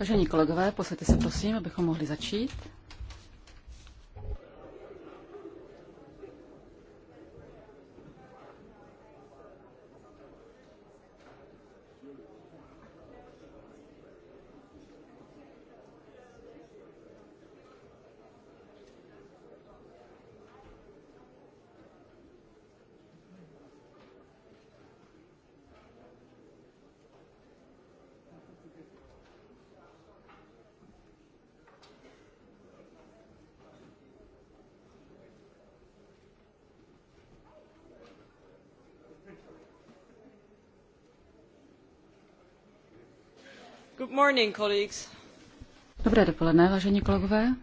Vážení kolegové, posaďte se prosím, abychom mohli začít. Dobré dopoledne, vážení kolegové.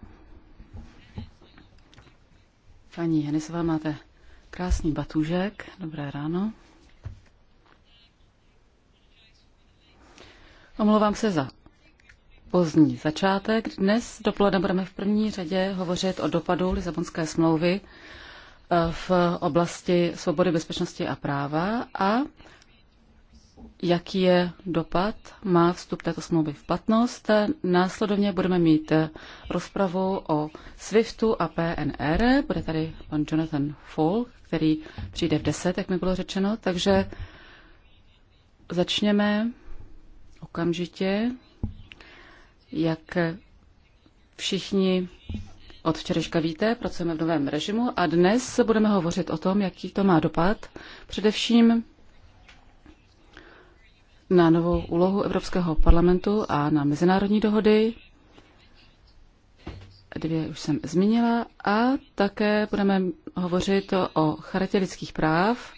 Paní Henisová, máte krásný batůžek. Dobré ráno. Omlouvám se za pozdní začátek. Dnes dopoledne budeme v první řadě hovořit o dopadu Lisabonské smlouvy eh, v oblasti svobody, bezpečnosti a práva a jaký je dopad, má vstup této smlouvy v platnost. Následovně budeme mít rozpravu o SWIFTu a PNR. Bude tady pan Jonathan Fall, který přijde v 10, jak mi bylo řečeno. Takže začněme okamžitě, jak všichni od včerejška víte, pracujeme v novém režimu a dnes budeme hovořit o tom, jaký to má dopad, především na novou úlohu Evropského parlamentu a na mezinárodní dohody. Dvě už jsem zmínila. A také budeme hovořit o charitě lidských práv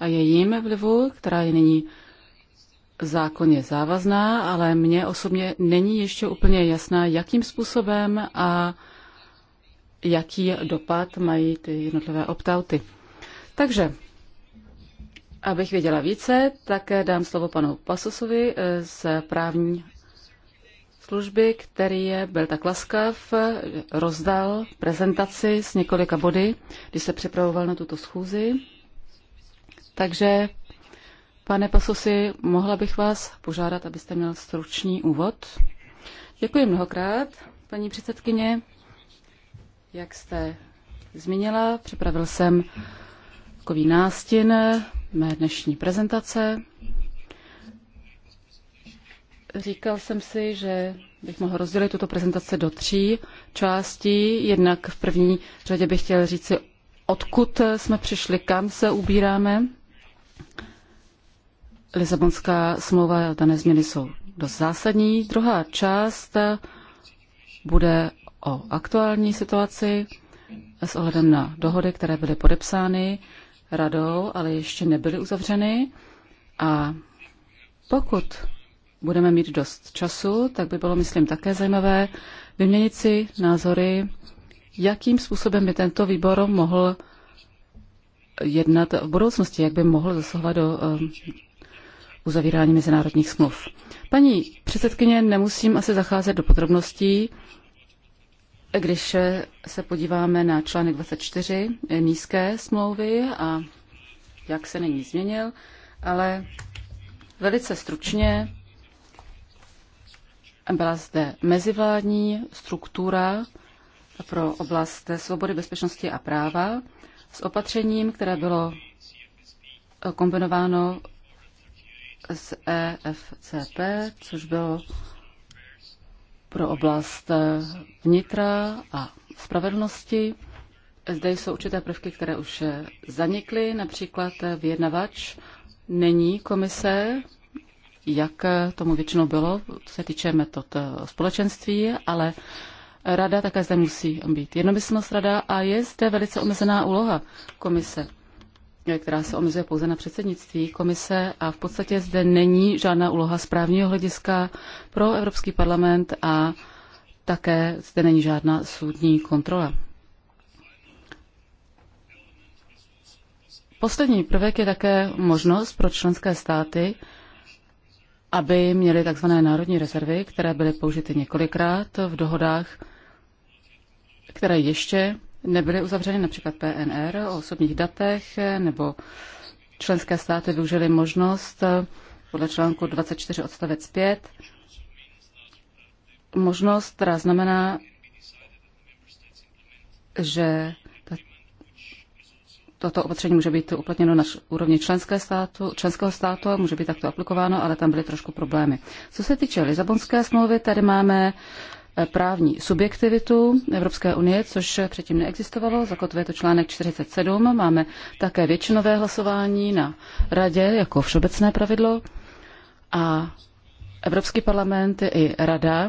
a jejím vlivu, která je nyní zákonně závazná, ale mně osobně není ještě úplně jasná, jakým způsobem a jaký dopad mají ty jednotlivé optauty. Takže Abych věděla více, tak dám slovo panu Pasosovi eh, z právní služby, který je, byl tak laskav, rozdal prezentaci s několika body, když se připravoval na tuto schůzi. Takže, pane Pasosi, mohla bych vás požádat, abyste měl stručný úvod. Děkuji mnohokrát, paní předsedkyně. Jak jste zmínila, připravil jsem takový nástin mé dnešní prezentace. Říkal jsem si, že bych mohl rozdělit tuto prezentaci do tří částí. Jednak v první řadě bych chtěl říci, odkud jsme přišli, kam se ubíráme. Lisabonská smlouva a dané změny jsou dost zásadní. Druhá část bude o aktuální situaci s ohledem na dohody, které byly podepsány radou, ale ještě nebyly uzavřeny. A pokud budeme mít dost času, tak by bylo, myslím, také zajímavé vyměnit si názory, jakým způsobem by tento výbor mohl jednat v budoucnosti, jak by mohl zasahovat do um, uzavírání mezinárodních smluv. Paní předsedkyně, nemusím asi zacházet do podrobností. Když se podíváme na článek 24 eh, nízké smlouvy a jak se není změnil, ale velice stručně byla zde mezivládní struktura pro oblast svobody, bezpečnosti a práva s opatřením, které bylo eh, kombinováno s EFCP, což bylo pro oblast eh, vnitra a spravedlnosti. Zde jsou určité prvky, které už eh, zanikly, například eh, vyjednavač není komise, jak tomu většinou bylo, co se týče metod společenství, ale rada také zde musí být jednomyslnost rada a je zde velice omezená úloha komise která se omezuje pouze na předsednictví komise a v podstatě zde není žádná úloha správního hlediska pro Evropský parlament a také zde není žádná soudní kontrola. Poslední prvek je také možnost pro členské státy, aby měly tzv. národní rezervy, které byly použity několikrát v dohodách, které ještě nebyly uzavřeny, například PNR o osobních datech, nebo členské státy využily možnost eh, podle článku 24 odstavec 5, možnost, která znamená, že toto opatření může být uplatněno na úrovni členské státu, členského státu a může být takto aplikováno, ale tam byly trošku problémy. Co se týče Lizabonské smlouvy, tady máme právní subjektivitu Evropské unie, což předtím neexistovalo. Zakotvuje to článek 47. Máme také většinové hlasování na radě jako všeobecné pravidlo. A Evropský parlament i rada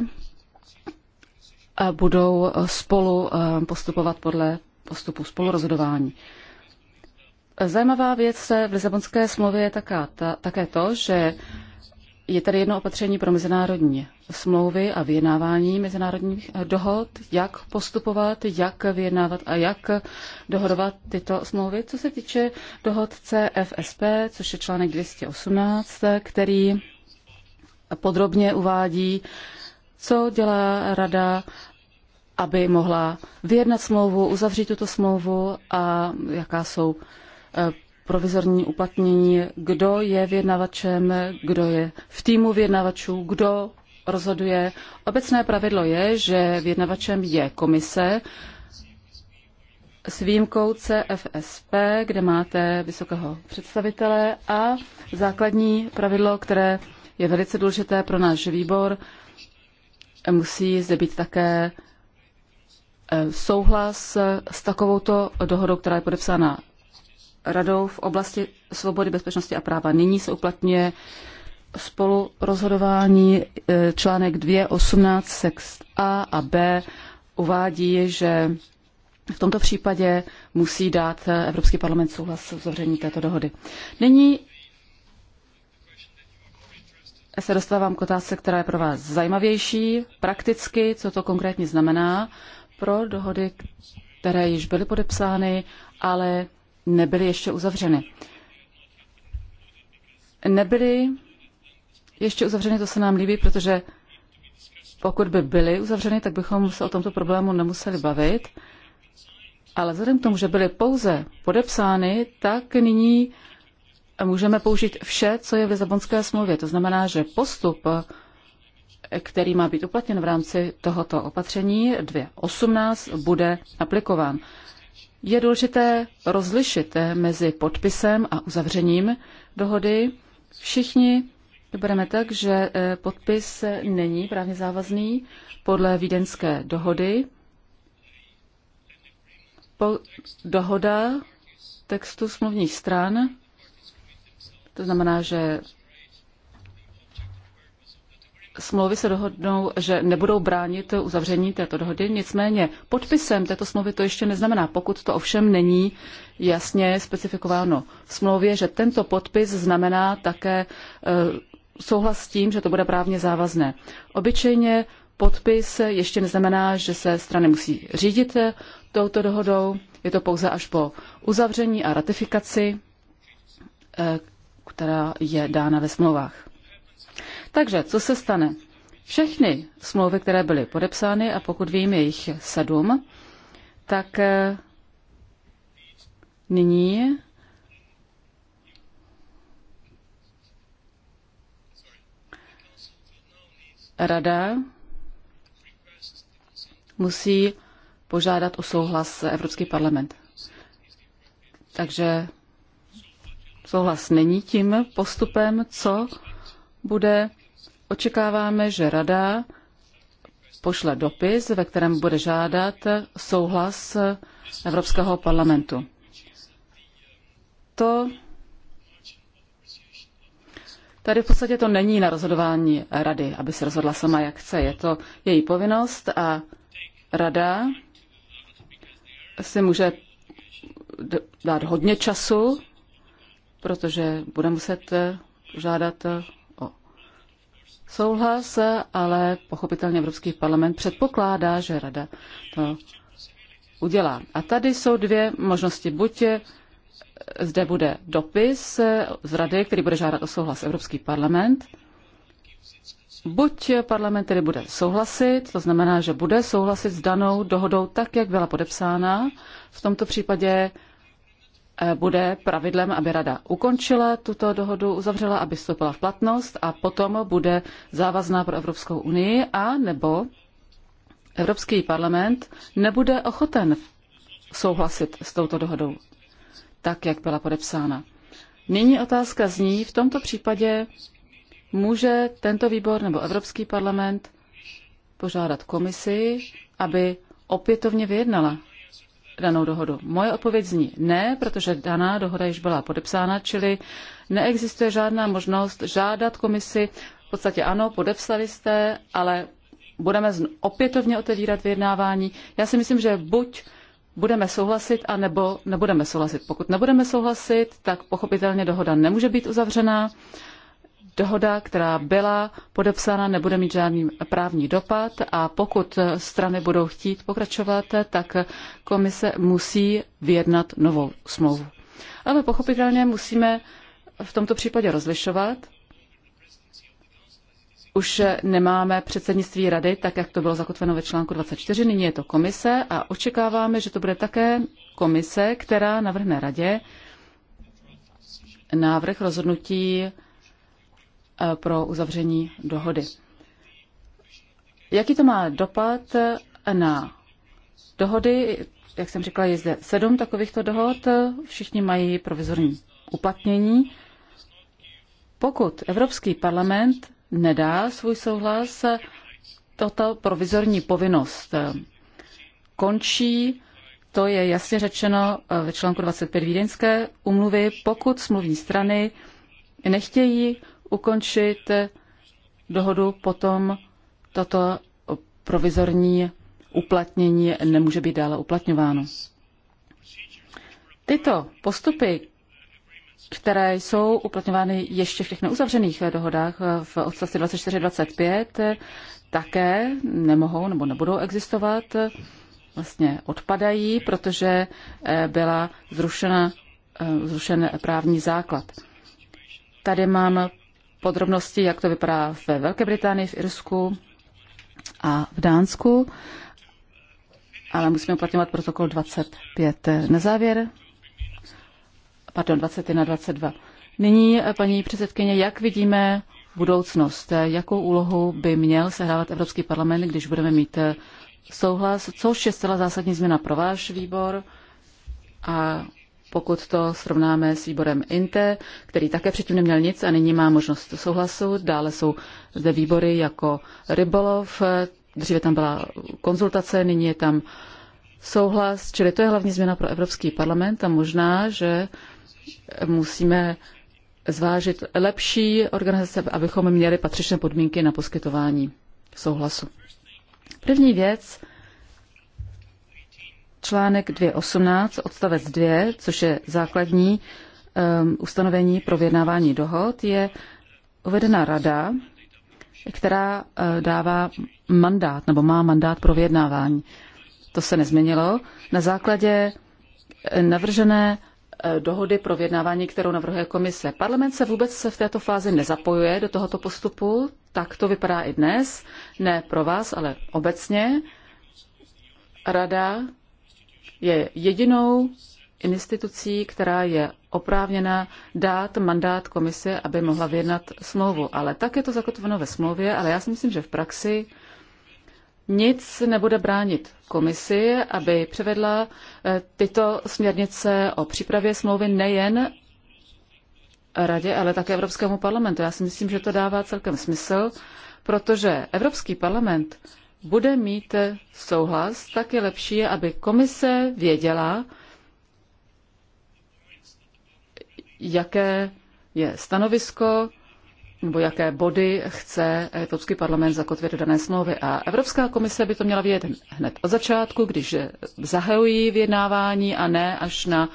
budou spolu eh, postupovat podle postupu spolurozhodování. Zajímavá věc v Lisabonské smlouvě je taká, ta, také to, že je tady jedno opatření pro mezinárodní smlouvy a vyjednávání mezinárodních eh, dohod, jak postupovat, jak vyjednávat a jak dohodovat tyto smlouvy. Co se týče dohod CFSP, což je článek 218, který podrobně uvádí, co dělá rada, aby mohla vyjednat smlouvu, uzavřít tuto smlouvu a jaká jsou eh, provizorní uplatnění, kdo je vyjednavačem, kdo je v týmu vyjednavačů, kdo rozhoduje. Obecné pravidlo je, že vyjednavačem je komise s výjimkou CFSP, kde máte vysokého představitele a základní pravidlo, které je velice důležité pro náš výbor, musí zde být také eh, souhlas s takovouto dohodou, která je podepsána radou v oblasti svobody, bezpečnosti a práva. Nyní se uplatňuje spolu rozhodování e, článek 2, 18, sex A a B uvádí, že v tomto případě musí dát e, Evropský parlament souhlas s uzavřením této dohody. Nyní se dostávám k otázce, která je pro vás zajímavější, prakticky, co to konkrétně znamená pro dohody, které již byly podepsány, ale nebyly ještě uzavřeny. Nebyly ještě uzavřeny, to se nám líbí, protože pokud by byly uzavřeny, tak bychom se o tomto problému nemuseli bavit. Ale vzhledem k tomu, že byly pouze podepsány, tak nyní můžeme použít vše, co je v Lisabonské smlouvě. To znamená, že postup, který má být uplatněn v rámci tohoto opatření 2.18, bude aplikován. Je důležité rozlišit mezi podpisem a uzavřením dohody. Všichni to bereme tak, že eh, podpis není právně závazný podle výdenské dohody. Po dohoda textu smluvních stran, to znamená, že smlouvy se dohodnou, že nebudou bránit uzavření této dohody, nicméně podpisem této smlouvy to ještě neznamená, pokud to ovšem není jasně specifikováno v smlouvě, že tento podpis znamená také e, souhlas s tím, že to bude právně závazné. Obyčejně podpis ještě neznamená, že se strany musí řídit touto dohodou, je to pouze až po uzavření a ratifikaci, e, která je dána ve smlouvách. Takže co se stane? Všechny smlouvy, které byly podepsány, a pokud vím, je jich sedm, tak eh, nyní Rada musí požádat o souhlas Evropský parlament. Takže souhlas není tím postupem, co bude Očekáváme, že Rada pošle dopis, ve kterém bude žádat souhlas Evropského parlamentu. To Tady v podstatě to není na rozhodování rady, aby se rozhodla sama, jak chce. Je to její povinnost a rada si může dát hodně času, protože bude muset žádat souhlas, ale pochopitelně Evropský parlament předpokládá, že rada to udělá. A tady jsou dvě možnosti. Buď zde bude dopis z rady, který bude žádat o souhlas Evropský parlament, Buď parlament tedy bude souhlasit, to znamená, že bude souhlasit s danou dohodou tak, jak byla podepsána. V tomto případě bude pravidlem, aby rada ukončila tuto dohodu, uzavřela, aby vstoupila v platnost a potom bude závazná pro Evropskou unii a nebo Evropský parlament nebude ochoten souhlasit s touto dohodou, tak jak byla podepsána. Nyní otázka zní, v tomto případě může tento výbor nebo Evropský parlament požádat komisi, aby opětovně vyjednala danou dohodu? Moje odpověď zní ne, protože daná dohoda již byla podepsána, čili neexistuje žádná možnost žádat komisi. V podstatě ano, podepsali jste, ale budeme opětovně otevírat vyjednávání. Já si myslím, že buď budeme souhlasit, anebo nebudeme souhlasit. Pokud nebudeme souhlasit, tak pochopitelně dohoda nemůže být uzavřená dohoda, která byla podepsána, nebude mít žádný právní dopad a pokud strany budou chtít pokračovat, tak komise musí vyjednat novou smlouvu. Ale pochopitelně musíme v tomto případě rozlišovat. Už nemáme předsednictví rady, tak jak to bylo zakotveno ve článku 24, nyní je to komise a očekáváme, že to bude také komise, která navrhne radě návrh rozhodnutí pro uzavření dohody. Jaký to má dopad na dohody? Jak jsem říkala, je zde sedm takovýchto dohod. Všichni mají provizorní uplatnění. Pokud Evropský parlament nedá svůj souhlas, toto provizorní povinnost končí. To je jasně řečeno ve článku 25 Vídeňské umluvy, pokud smluvní strany nechtějí ukončit dohodu, potom toto provizorní uplatnění nemůže být dále uplatňováno. Tyto postupy, které jsou uplatňovány ještě v těch neuzavřených dohodách v odstavci 24-25, také nemohou nebo nebudou existovat, vlastně odpadají, protože eh, byla zrušena, eh, zrušen právní základ. Tady mám podrobnosti, jak to vypadá ve Velké Británii, v Irsku a v Dánsku, ale musíme uplatňovat protokol 25. Na závěr, pardon, 21 22. Nyní, paní předsedkyně, jak vidíme budoucnost? Jakou úlohu by měl sehrávat Evropský parlament, když budeme mít souhlas? Což je zcela zásadní změna pro váš výbor? A pokud to srovnáme s výborem INTE, který také předtím neměl nic a nyní má možnost souhlasu. Dále jsou zde výbory jako rybolov, dříve tam byla konzultace, nyní je tam souhlas, čili to je hlavní změna pro Evropský parlament a možná, že musíme zvážit lepší organizace, abychom měli patřičné podmínky na poskytování souhlasu. První věc článek 2.18 odstavec 2, což je základní um, ustanovení pro vyjednávání dohod, je uvedena rada, která uh, dává mandát nebo má mandát pro vyjednávání. To se nezměnilo. Na základě eh, navržené eh, dohody pro vyjednávání, kterou navrhuje komise. Parlament se vůbec se v této fázi nezapojuje do tohoto postupu, tak to vypadá i dnes, ne pro vás, ale obecně. Rada je jedinou institucí, která je oprávněna dát mandát komise, aby mohla vyjednat smlouvu. Ale tak je to zakotveno ve smlouvě, ale já si myslím, že v praxi nic nebude bránit komisi, aby převedla eh, tyto směrnice o přípravě smlouvy nejen radě, ale také Evropskému parlamentu. Já si myslím, že to dává celkem smysl, protože Evropský parlament bude mít souhlas, tak je lepší, aby komise věděla, jaké je stanovisko nebo jaké body chce Evropský parlament zakotvit do dané smlouvy. A Evropská komise by to měla vědět hned od začátku, když zahajují vyjednávání a ne až na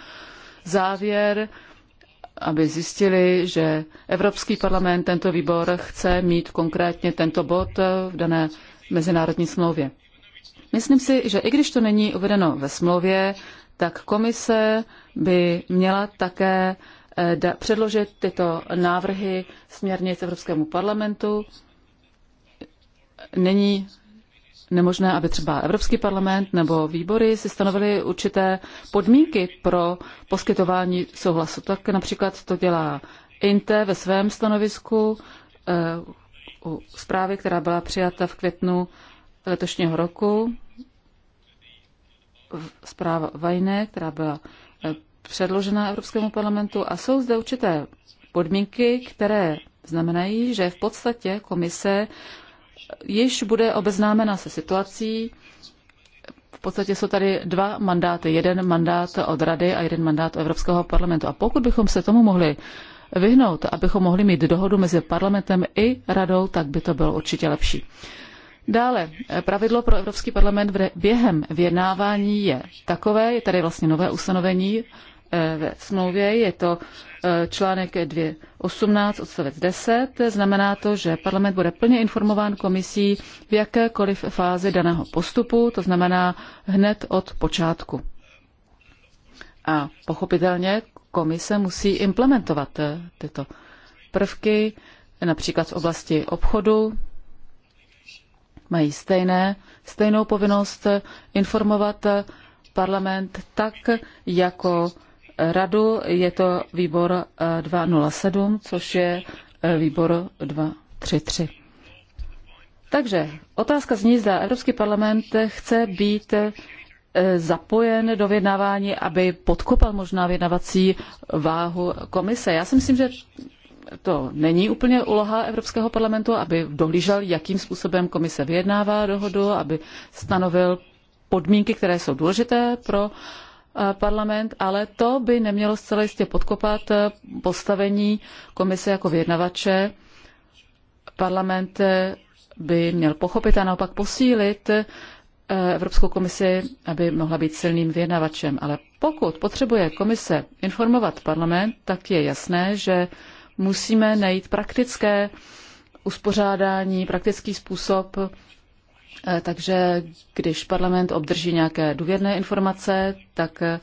závěr, aby zjistili, že Evropský parlament, tento výbor chce mít konkrétně tento bod v dané mezinárodní smlouvě. Myslím si, že i když to není uvedeno ve smlouvě, tak komise by měla také eh, předložit tyto návrhy směrnic Evropskému parlamentu. Není nemožné, aby třeba Evropský parlament nebo výbory si stanovily určité podmínky pro poskytování souhlasu. Tak například to dělá INTE ve svém stanovisku eh, u zprávy, která byla přijata v květnu letošního roku. Zpráva Vajné, která byla eh, předložena Evropskému parlamentu a jsou zde určité podmínky, které znamenají, že v podstatě komise již bude obeznámena se situací. V podstatě jsou tady dva mandáty. Jeden mandát od Rady a jeden mandát od Evropského parlamentu. A pokud bychom se tomu mohli vyhnout, abychom mohli mít dohodu mezi parlamentem i radou, tak by to bylo určitě lepší. Dále, pravidlo pro Evropský parlament během vyjednávání je takové, je tady vlastně nové ustanovení eh, ve smlouvě, je to eh, článek 2.18 odstavec 10, znamená to, že parlament bude plně informován komisí v jakékoliv fázi daného postupu, to znamená hned od počátku. A pochopitelně komise musí implementovat eh, tyto prvky, například v oblasti obchodu, mají stejné, stejnou povinnost eh, informovat eh, parlament tak jako radu. Je to výbor 207, což je výbor 233. Takže otázka zní, zda Evropský parlament chce být Eh, zapojen do vyjednávání, aby podkopal možná vyjednavací váhu komise. Já si myslím, že to není úplně úloha Evropského parlamentu, aby dohlížel, jakým způsobem komise vyjednává dohodu, aby stanovil podmínky, které jsou důležité pro eh, parlament, ale to by nemělo zcela jistě podkopat eh, postavení komise jako vyjednavače. Parlament by měl pochopit a naopak posílit Eh, Evropskou komisi, aby mohla být silným vyjednavačem. Ale pokud potřebuje komise informovat parlament, tak je jasné, že musíme najít praktické uspořádání, praktický způsob. Eh, takže když parlament obdrží nějaké důvěrné informace, tak eh,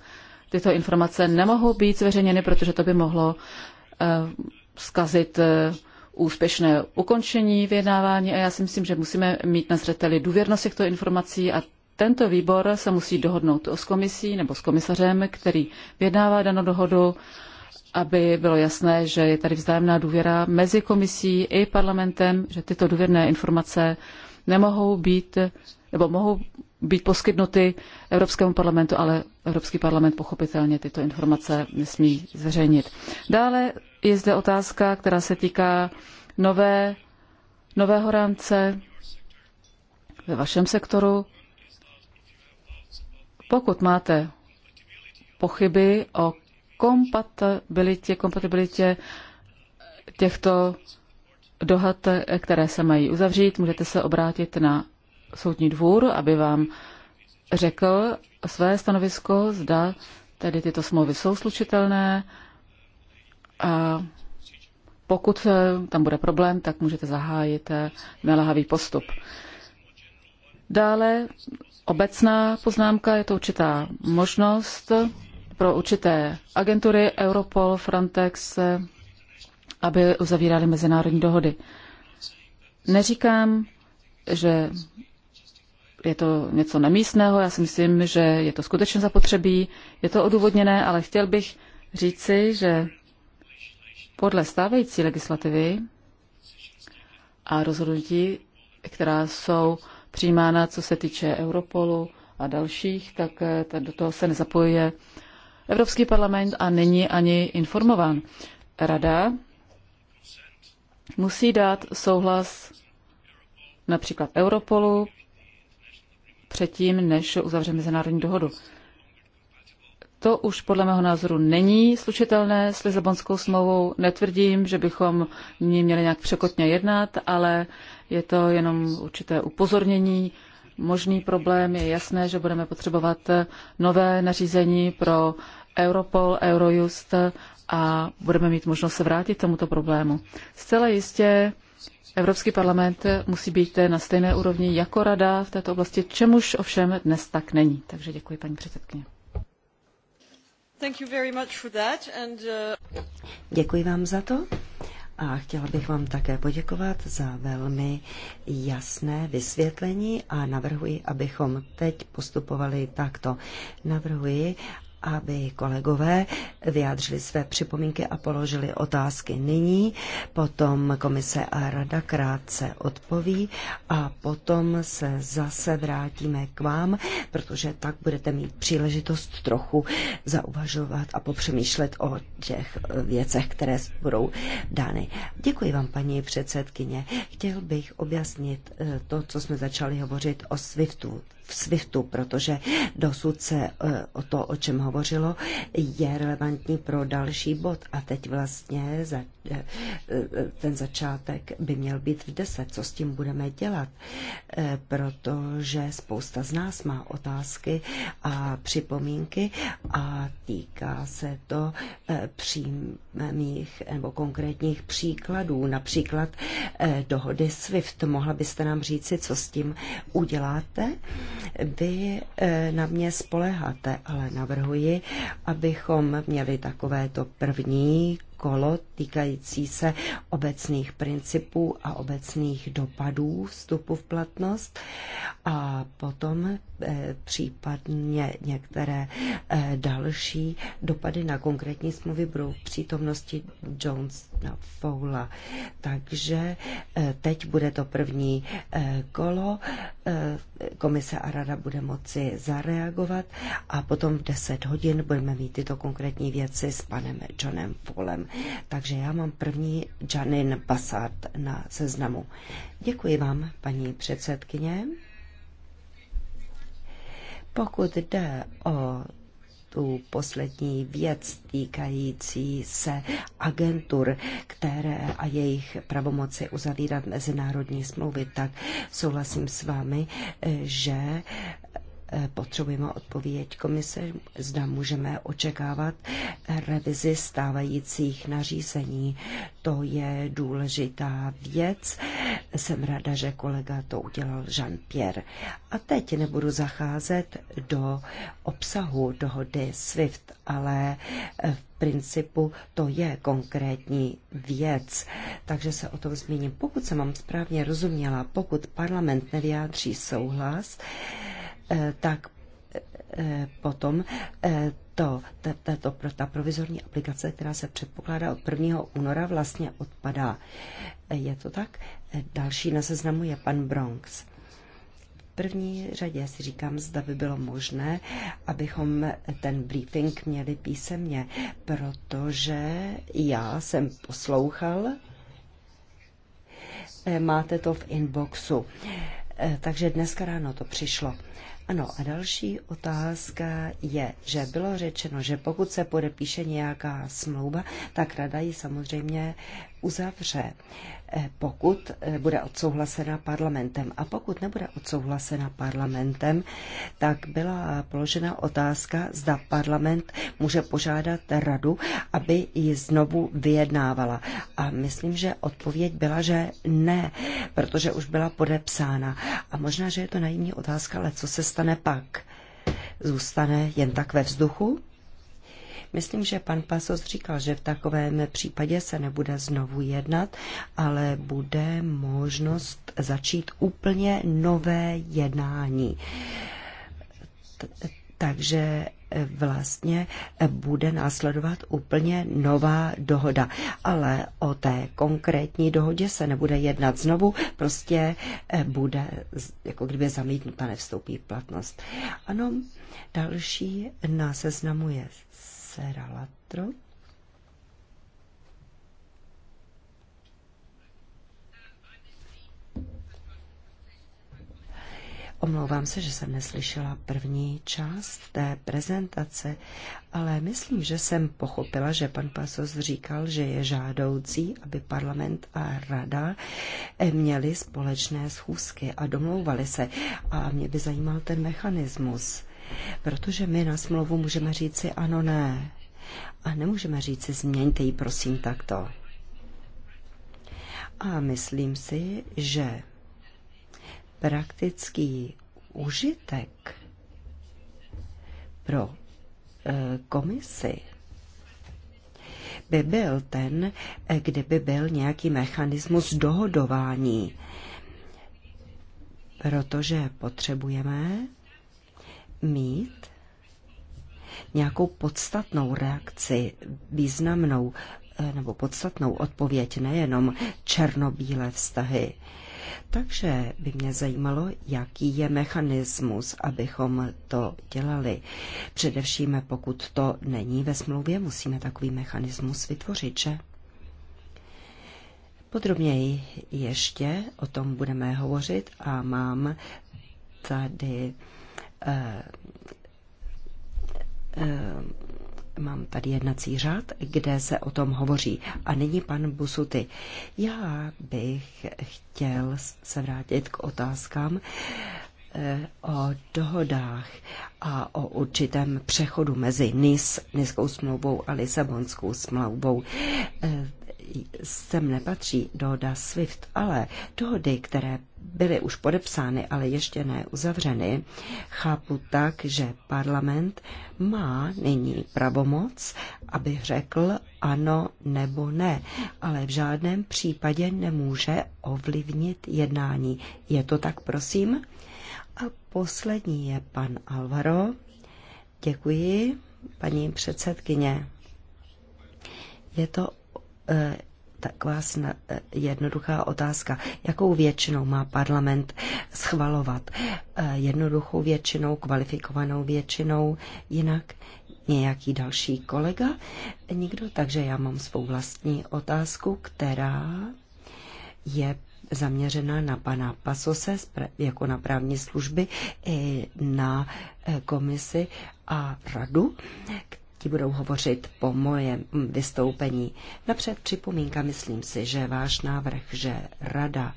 tyto informace nemohou být zveřejněny, protože to by mohlo zkazit úspěšné ukončení vyjednávání a já si myslím, že musíme mít na zřeteli důvěrnost těchto informací a tento výbor se musí dohodnout s komisí nebo s komisařem, který vyjednává danou dohodu, aby bylo jasné, že je tady vzájemná důvěra mezi komisí i parlamentem, že tyto důvěrné informace nemohou být nebo mohou být poskytnuty Evropskému parlamentu, ale Evropský parlament pochopitelně tyto informace nesmí zveřejnit. Dále je zde otázka, která se týká nové, nového rámce ve vašem sektoru. Pokud máte pochyby o kompatibilitě, kompatibilitě těchto dohad, které se mají uzavřít, můžete se obrátit na soudní dvůr, aby vám řekl své stanovisko, zda tedy tyto smlouvy jsou slučitelné a pokud tam bude problém, tak můžete zahájit nelahavý postup. Dále obecná poznámka, je to určitá možnost pro určité agentury Europol, Frontex, aby uzavírali mezinárodní dohody. Neříkám, že je to něco nemístného, já si myslím, že je to skutečně zapotřebí, je to odůvodněné, ale chtěl bych říci, že podle stávající legislativy a rozhodnutí, která jsou přijímána, co se týče Europolu a dalších, tak eh, do toho se nezapojuje Evropský parlament a není ani informován. Rada musí dát souhlas například Europolu, předtím, než uzavře mezinárodní dohodu. To už podle mého názoru není slučitelné s Lizabonskou smlouvou. Netvrdím, že bychom ní měli nějak překotně jednat, ale je to jenom určité upozornění. Možný problém je jasné, že budeme potřebovat nové nařízení pro Europol, Eurojust a budeme mít možnost se vrátit k tomuto problému. Zcela jistě Evropský parlament musí být na stejné úrovni jako rada v této oblasti, čemuž ovšem dnes tak není. Takže děkuji, paní předsedkyně. Uh, děkuji vám za to a chtěla bych vám také poděkovat za velmi jasné vysvětlení a navrhuji, abychom teď postupovali takto. Navrhuji, aby kolegové vyjádřili své připomínky a položili otázky nyní, potom komise a rada krátce odpoví a potom se zase vrátíme k vám, protože tak budete mít příležitost trochu zauvažovat a popřemýšlet o těch věcech, které budou dány. Děkuji vám, paní předsedkyně. Chtěl bych objasnit eh, to, co jsme začali hovořit o SWIFTu v SWIFTu, protože dosud se eh, o to, o čem hovořilo, je relevantní pro další bod. A teď vlastně za, eh, eh, ten začátek by měl být v 10. Co s tím budeme dělat? Protože spousta z nás má otázky a připomínky a týká se to přímých nebo konkrétních příkladů, například dohody SWIFT. Mohla byste nám říci, co s tím uděláte? Vy eh, na mě spoleháte, ale navrhuji, abychom měli takovéto první kolo týkající se obecných principů a obecných dopadů vstupu v platnost a potom eh, případně některé eh, další dopady na konkrétní smluvy budou v přítomnosti na Foula. Takže eh, teď bude to první kolo, komise a rada bude moci zareagovat a potom v 10 hodin budeme mít tyto konkrétní věci s panem Johnem Foulem takže já mám první Janin Basard na seznamu. Děkuji vám, paní předsedkyně. Pokud jde o tu poslední věc týkající se agentur, které a jejich pravomoci uzavírat mezinárodní smlouvy, tak souhlasím s vámi, že Eh, potřebujeme odpověď komise, zda můžeme očekávat revizi stávajících nařízení. To je důležitá věc. Jsem ráda, že kolega to udělal Jean-Pierre. A teď nebudu zacházet do obsahu dohody SWIFT, ale eh, v principu to je konkrétní věc. Takže se o tom zmíním. Pokud se mám správně rozuměla, pokud parlament nevyjádří souhlas, Eh, tak eh, potom eh, to, ta, ta, to, ta provizorní aplikace, která se předpokládá od 1. února, vlastně odpadá. Je to tak? Další na seznamu je pan Bronx. V první řadě si říkám, zda by bylo možné, abychom ten briefing měli písemně, protože já jsem poslouchal, máte to v inboxu. Takže dneska ráno to přišlo. Ano, a další otázka je, že bylo řečeno, že pokud se podepíše nějaká smlouva, tak rada ji samozřejmě uzavře, eh, pokud eh, bude odsouhlasena parlamentem. A pokud nebude odsouhlasena parlamentem, tak byla položena otázka, zda parlament může požádat radu, aby ji znovu vyjednávala. A myslím, že odpověď byla, že ne, protože už byla podepsána. A možná, že je to naivní otázka, ale co se stane pak? Zůstane jen tak ve vzduchu? Myslím, že pan Pasos říkal, že v takovém případě se nebude znovu jednat, ale bude možnost začít úplně nové jednání. Takže vlastně bude následovat úplně nová dohoda. Ale o té konkrétní dohodě se nebude jednat znovu, prostě bude, jako kdyby zamítnuta, nevstoupí v platnost. Ano, další na seznamu je Sera Latro. Omlouvám se, že jsem neslyšela první část té prezentace, ale myslím, že jsem pochopila, že pan Pasos říkal, že je žádoucí, aby parlament a rada eh, měli společné schůzky a domlouvali se. A mě by zajímal ten mechanismus. Protože my na smlouvu můžeme říci ano, ne. A nemůžeme říci změňte ji prosím takto. A myslím si, že praktický užitek pro eh, komisi by byl ten, eh, kdyby byl nějaký mechanismus dohodování, protože potřebujeme mít nějakou podstatnou reakci, významnou eh, nebo podstatnou odpověď, nejenom černobílé vztahy. Takže by mě zajímalo, jaký je mechanismus, abychom to dělali. Především pokud to není ve smlouvě, musíme takový mechanismus vytvořit, že? Podrobněji ještě o tom budeme hovořit a mám tady Eh, eh, mám tady jednací řád, kde se o tom hovoří. A nyní pan Busuty. Já bych chtěl se vrátit k otázkám eh, o dohodách a o určitém přechodu mezi NIS, NISkou smlouvou a Lisabonskou smlouvou sem nepatří dohoda SWIFT, ale dohody, které byly už podepsány, ale ještě ne uzavřeny, chápu tak, že parlament má nyní pravomoc, aby řekl ano nebo ne, ale v žádném případě nemůže ovlivnit jednání. Je to tak, prosím? A poslední je pan Alvaro. Děkuji, paní předsedkyně. Je to Eh, taková eh, jednoduchá otázka. Jakou většinou má parlament schvalovat? Eh, jednoduchou většinou, kvalifikovanou většinou, jinak nějaký další kolega? Nikdo, takže já mám svou vlastní otázku, která je zaměřena na pana Pasose jako na právní služby i na komisi a radu, ti budou hovořit po mojem vystoupení. Napřed připomínka, myslím si, že váš návrh, že rada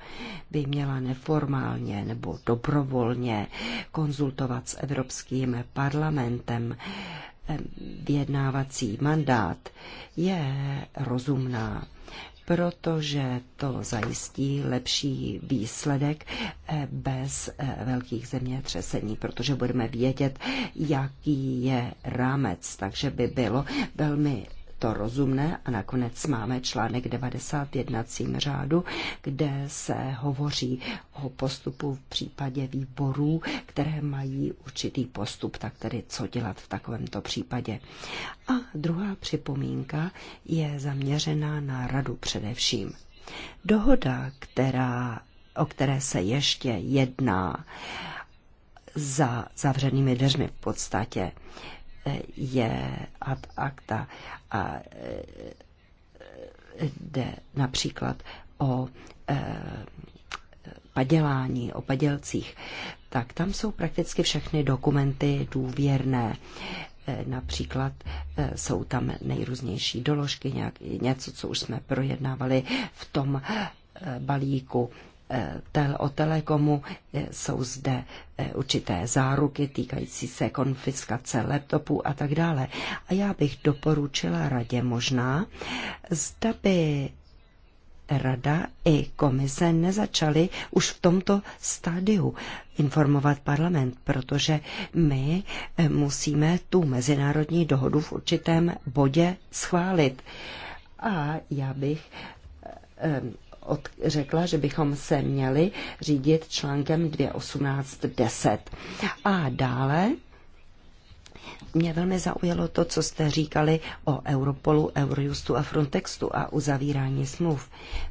by měla neformálně nebo dobrovolně konzultovat s Evropským parlamentem vyjednávací mandát, je rozumná protože to zajistí lepší výsledek eh, bez eh, velkých zemětřesení, protože budeme vědět, jaký je rámec. Takže by bylo velmi to rozumné a nakonec máme článek 90 jednacím řádu, kde se hovoří o postupu v případě výborů, které mají určitý postup, tak tedy co dělat v takovémto případě. A druhá připomínka je zaměřená na radu především. Dohoda, která, o které se ještě jedná za zavřenými dveřmi v podstatě, je ad acta a e, jde například o e, padělání, o padělcích, tak tam jsou prakticky všechny dokumenty důvěrné. E, například jsou tam nejrůznější doložky, nějak, něco, co už jsme projednávali v tom balíku o telekomu jsou zde e, určité záruky týkající se konfiskace laptopů a tak dále. A já bych doporučila radě možná, zda by Rada i komise nezačaly už v tomto stádiu informovat parlament, protože my e, musíme tu mezinárodní dohodu v určitém bodě schválit. A já bych e, od, řekla, že bychom se měli řídit článkem 2.18.10. A dále mě velmi zaujalo to, co jste říkali o Europolu, Eurojustu a Frontextu a uzavírání smluv.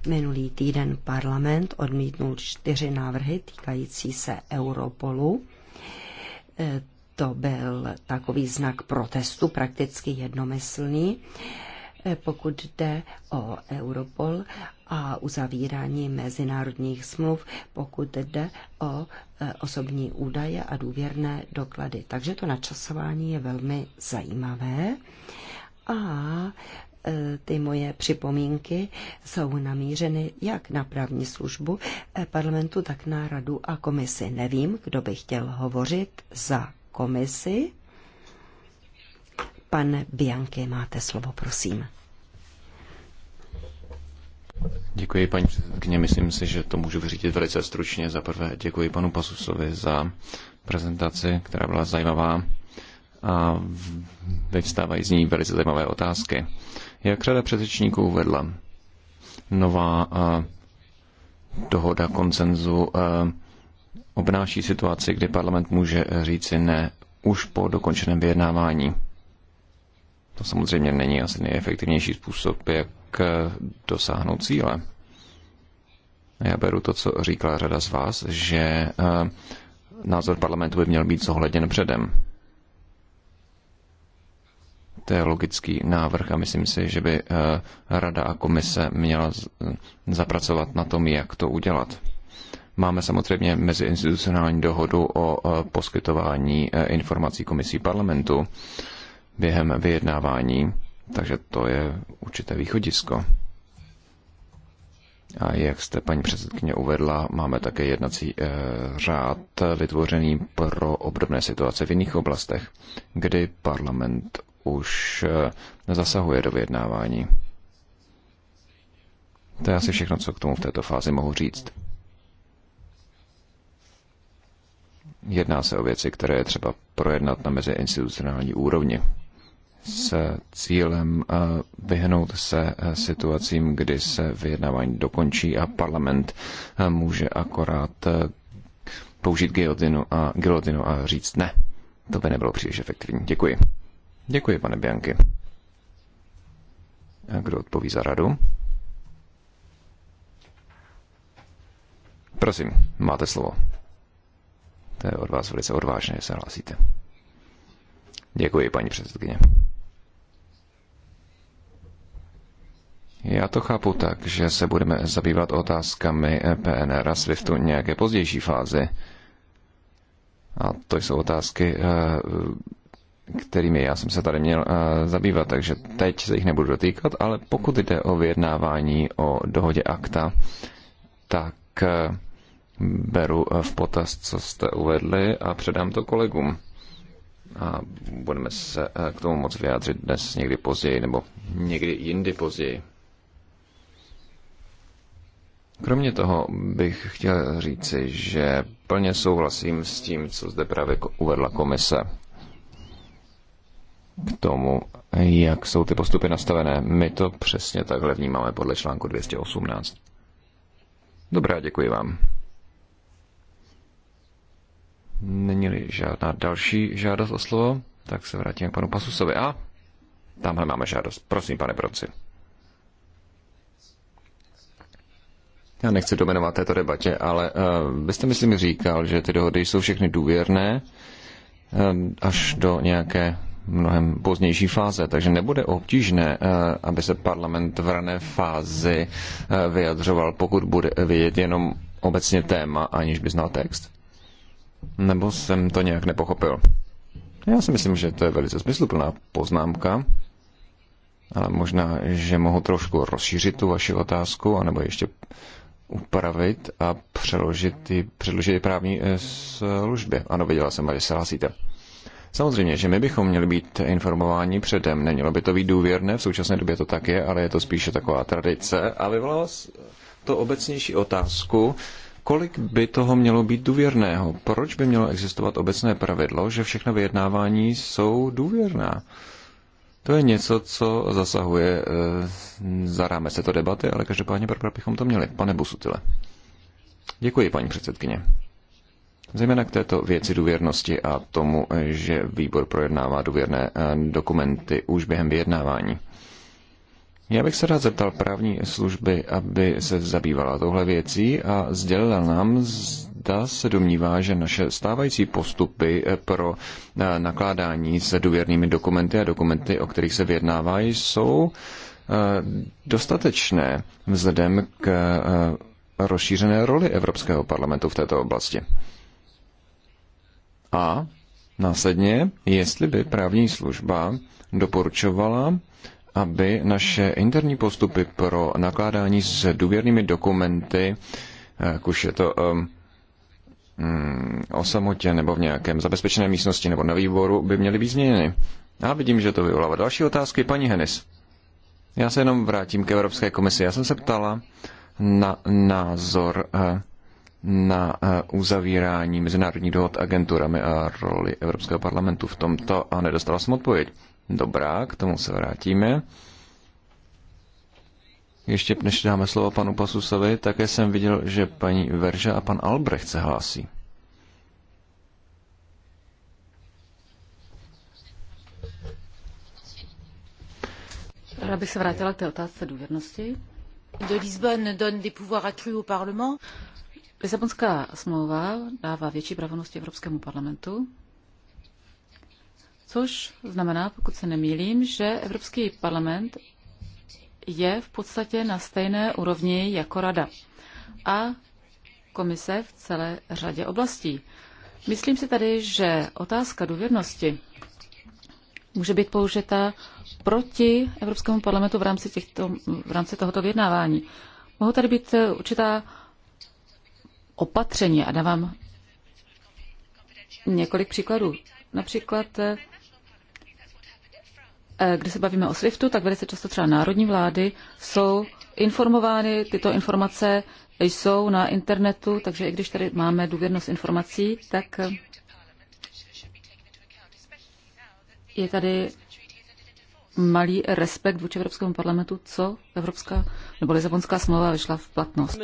Minulý týden parlament odmítnul čtyři návrhy týkající se Europolu. E, to byl takový znak protestu, prakticky jednomyslný. E, pokud jde o Europol a uzavírání mezinárodních smluv, pokud jde o e, osobní údaje a důvěrné doklady. Takže to načasování je velmi zajímavé. A e, ty moje připomínky jsou namířeny jak na právní službu parlamentu, tak na radu a komisi. Nevím, kdo by chtěl hovořit za komisi. Pane Bianke, máte slovo, prosím. Děkuji, paní předsedkyně. Myslím si, že to můžu vyřídit velice stručně. Za prvé děkuji panu Pasusovi za prezentaci, která byla zajímavá a vyvstávají z ní velice zajímavé otázky. Jak řada předřečníků uvedla, nová dohoda koncenzu obnáší situaci, kdy parlament může říci ne už po dokončeném vyjednávání. To samozřejmě není asi nejefektivnější způsob, jak dosáhnout cíle. Já beru to, co říkala řada z vás, že eh, názor parlamentu by měl být zohledněn předem. To je logický návrh a myslím si, že by eh, rada a komise měla zapracovat na tom, jak to udělat. Máme samozřejmě meziinstitucionální dohodu o eh, poskytování informací komisí parlamentu během vyjednávání, takže to je určité východisko. A jak jste, paní předsedkyně, uvedla, máme také jednací e, řád vytvořený pro obdobné situace v jiných oblastech, kdy parlament už e, eh, zasahuje do vyjednávání. To je asi všechno, co k tomu v této fázi mohu říct. Jedná se o věci, které je třeba projednat na meziinstitucionální úrovni s cílem eh, vyhnout se eh, situacím, kdy se vyjednávání dokončí a parlament eh, může akorát použít gilotinu a, gilotinu a říct ne. To by nebylo příliš efektivní. Děkuji. Děkuji, pane Bianky. A kdo odpoví za radu? Prosím, máte slovo. To je od vás velice odvážné, že se hlásíte. Děkuji, paní předsedkyně. Já to chápu tak, že se budeme zabývat otázkami PNR a SWIFTu nějaké pozdější fázi. A to jsou otázky, eh, kterými já jsem se tady měl eh, zabývat, takže teď se jich nebudu dotýkat, ale pokud jde o vyjednávání o dohodě akta, tak eh, beru v potaz, co jste uvedli a předám to kolegům. A budeme se k tomu moc vyjádřit dnes někdy později nebo někdy jindy později. Kromě toho bych chtěl říci, že plně souhlasím s tím, co zde právě uvedla komise k tomu, jak jsou ty postupy nastavené. My to přesně takhle vnímáme podle článku 218. Dobrá, děkuji vám. Není-li žádná další žádost o slovo, tak se vrátím k panu Pasusovi. A tamhle máme žádost. Prosím, pane Proci. Já nechci domenovat této debatě, ale uh, byste myslím říkal, že ty dohody jsou všechny důvěrné uh, až do nějaké mnohem pozdější fáze, takže nebude obtížné, eh, aby se parlament v rané fázi vyjadřoval, pokud bude vědět jenom obecně téma, aniž by znal text. Nebo jsem to nějak nepochopil? Já si myslím, že to je velice smysluplná poznámka, ale možná, že mohu trošku rozšířit tu vaši otázku, anebo ještě upravit a přeložit ty, předložit ty právní eh, službě. Ano, viděla jsem, že se hlásíte. Samozřejmě, že my bychom měli být informováni předem. Nemělo by to být důvěrné, v současné době to tak je, ale je to spíše taková tradice. A vyvolalo to obecnější otázku, kolik by toho mělo být důvěrného? Proč by mělo existovat obecné pravidlo, že všechna vyjednávání jsou důvěrná? To je něco, co zasahuje eh, za rámec této debaty, ale každopádně pro bychom to měli. Pane Busutile. Děkuji, paní předsedkyně. Zejména k této věci důvěrnosti a tomu, eh, že výbor projednává důvěrné eh, dokumenty už během vyjednávání. Já bych se rád zeptal právní služby, aby se zabývala touhle věcí a sdělila nám, ta se domnívá, že naše stávající postupy eh, pro eh, nakládání s důvěrnými dokumenty a dokumenty, o kterých se vyjednává, jsou eh, dostatečné vzhledem k rozšířené roli Evropského parlamentu v této oblasti. A následně, jestli by právní služba doporučovala, aby naše interní postupy pro nakládání s důvěrnými dokumenty, jak už je to um, Hmm, o samotě nebo v nějakém zabezpečené místnosti nebo na výboru by měly být změněny. A vidím, že to vyvolává další otázky. Paní Henis, já se jenom vrátím k Evropské komisi. Já jsem se ptala na názor eh, na eh, uzavírání mezinárodních dohod agenturami a roli Evropského parlamentu v tomto a nedostala jsem odpověď. Dobrá, k tomu se vrátíme. Ještě než dáme slovo panu Pasusovi, také jsem viděl, že paní Verža a pan Albrecht se hlásí. Ráda bych se vrátila k té otázce důvěrnosti. De Lisbonne donne des pouvoirs accrus au Parlement. Lisabonská smlouva dává větší pravomoci Evropskému parlamentu, což znamená, pokud se nemýlím, že Evropský parlament je v podstatě na stejné úrovni jako rada a komise v celé řadě oblastí. Myslím si tady, že otázka důvěrnosti může být použita proti Evropskému parlamentu v rámci, těchto, v rámci tohoto vyjednávání. Mohou tady být určitá opatření a dávám několik příkladů. Například eh, Eh, když se bavíme o SWIFTu, tak velice často třeba národní vlády jsou informovány, tyto informace jsou na internetu, takže i když tady máme důvěrnost informací, tak eh, je tady malý respekt vůči Evropskému parlamentu, co Evropská nebo Lizabonská smlouva vyšla v platnost.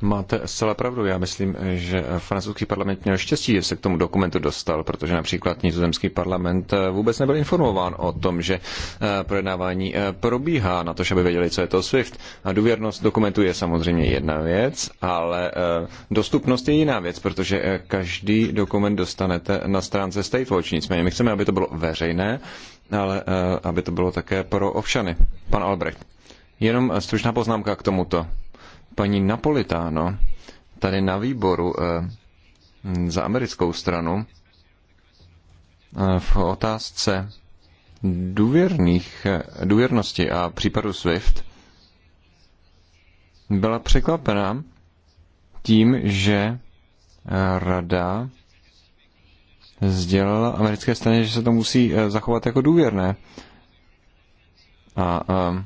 Máte zcela pravdu. Já myslím, že francouzský parlament měl štěstí, že se k tomu dokumentu dostal, protože například nizozemský parlament eh, vůbec nebyl informován o tom, že eh, projednávání eh, probíhá na to, aby věděli, co je to SWIFT. A důvěrnost dokumentu je samozřejmě jedna věc, ale dostupnost je jiná věc, protože každý dokument dostanete na stránce Watch. Nicméně my chceme, aby to bylo veřejné, ale aby to bylo také pro občany. Pan Albrecht. Jenom stručná poznámka k tomuto paní Napolitáno tady na výboru eh, za americkou stranu eh, v otázce důvěrných, eh, důvěrnosti a případu SWIFT byla překvapená tím, že rada sdělila americké straně, že se to musí zachovat jako důvěrné. A, a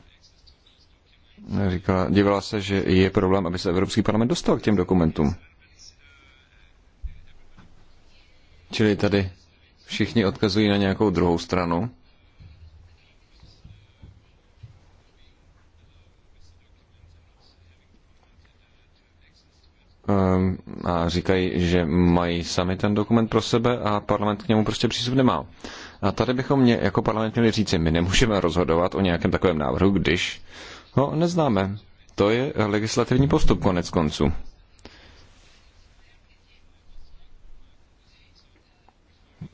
říkala, dívala se, že je problém, aby se Evropský parlament dostal k těm dokumentům. Čili tady všichni odkazují na nějakou druhou stranu. Ehm, a říkají, že mají sami ten dokument pro sebe a parlament k němu prostě přístup nemá. A tady bychom mě, jako parlament měli říci, my nemůžeme rozhodovat o nějakém takovém návrhu, když uh, ho no, neznáme. To je legislativní postup konec konců.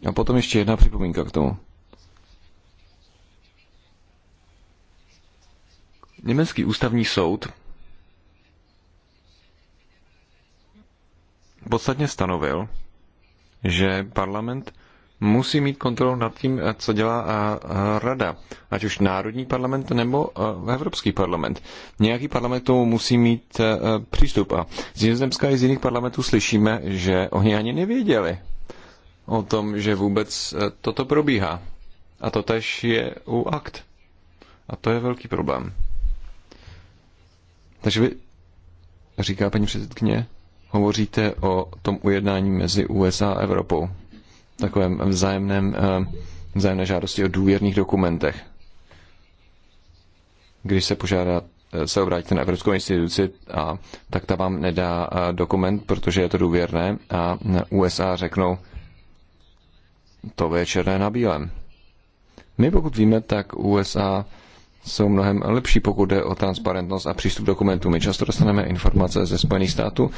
A potom ještě jedna připomínka k tomu. Německý ústavní soud podstatně stanovil, že parlament musí mít kontrolu nad tím, eh, co dělá eh, eh, rada, ať už národní parlament nebo Evropský parlament. Nějaký parlament tomu musí mít přístup. A z Nizozemska i z jiných parlamentů slyšíme, že oni ani nevěděli o tom, že vůbec toto probíhá. A to tež je u akt. A to je velký problém. Takže vy, říká paní předsedkyně, hovoříte o tom ujednání mezi USA a Evropou takovém vzájemném, eh, vzájemné žádosti o důvěrných dokumentech. Když se požádá eh, se obrátíte na Evropskou instituci, a, tak ta vám nedá eh, dokument, protože je to důvěrné a USA řeknou, to je černé na bílém. My pokud víme, tak USA jsou mnohem lepší, pokud jde o transparentnost a přístup dokumentů. My často dostaneme informace ze Spojených států,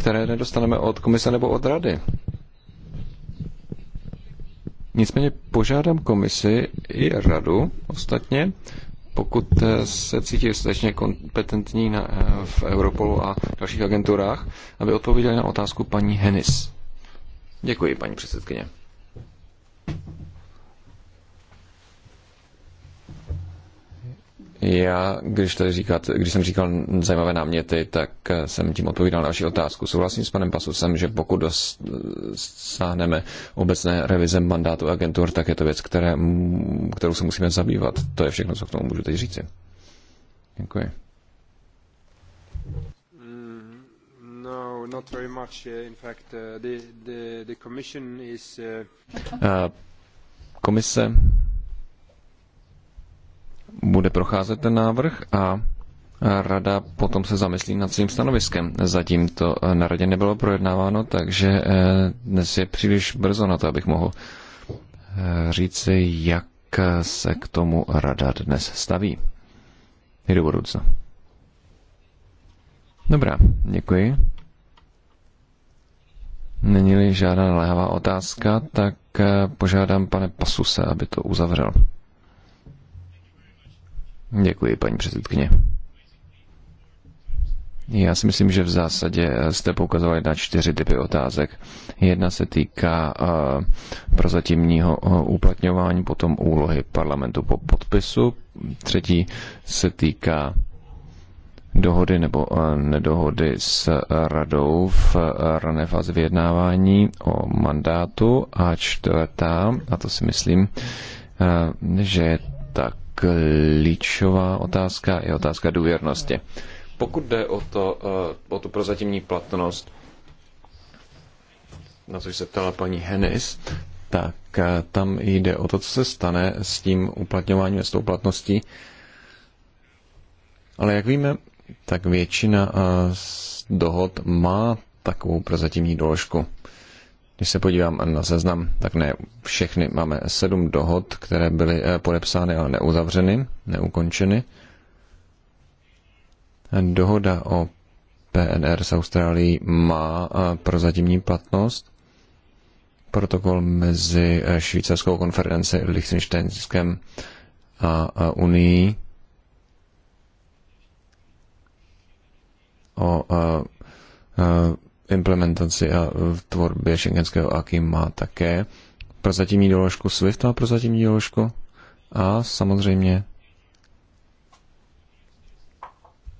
které nedostaneme od komise nebo od rady. Nicméně požádám komisi i radu ostatně, pokud eh, se cítí dostatečně kompetentní na, eh, v Europolu a dalších agenturách, aby odpověděli na otázku paní Henis. Děkuji, paní předsedkyně. Já, když, tady říkat, když jsem říkal zajímavé náměty, tak eh, jsem tím odpovídal na vaši otázku. Souhlasím s panem Pasusem, že pokud dosáhneme obecné revize mandátu agentur, tak je to věc, které, kterou se musíme zabývat. To je všechno, co k tomu můžu teď říci. Děkuji. Mm, no, komise bude procházet ten návrh a Rada potom se zamyslí nad svým stanoviskem. Zatím to eh, na radě nebylo projednáváno, takže eh, dnes je příliš brzo na to, abych mohl eh, říci, jak se k tomu rada dnes staví. I do budoucna. Dobrá, děkuji. Není-li žádná naléhavá otázka, tak požádám pane Pasuse, aby to uzavřel. Děkuji, paní předsedkyně. Já si myslím, že v zásadě jste poukazovali na čtyři typy otázek. Jedna se týká eh, prozatímního eh, uplatňování, potom úlohy parlamentu po podpisu. Třetí se týká dohody nebo eh, nedohody s radou v rané fázi vyjednávání o mandátu. A čtvrtá, a to si myslím, že je klíčová otázka je otázka důvěrnosti. Pokud jde o, to, eh, o tu prozatímní platnost, na což se ptala paní Henis, tak eh, tam jde o to, co se stane s tím uplatňováním, s tou platností. Ale jak víme, tak většina eh, dohod má takovou prozatímní doložku. Když se podívám na seznam, tak ne všechny. Máme sedm dohod, které byly eh, podepsány, ale neuzavřeny, neukončeny. Dohoda o PNR s Austrálií má eh, prozatímní platnost. Protokol mezi eh, švýcarskou konferenci Liechtensteinskem a Unii o implementaci a v tvorbě šengenského AKI má také prozatímní doložku SWIFT a prozatímní doložku a samozřejmě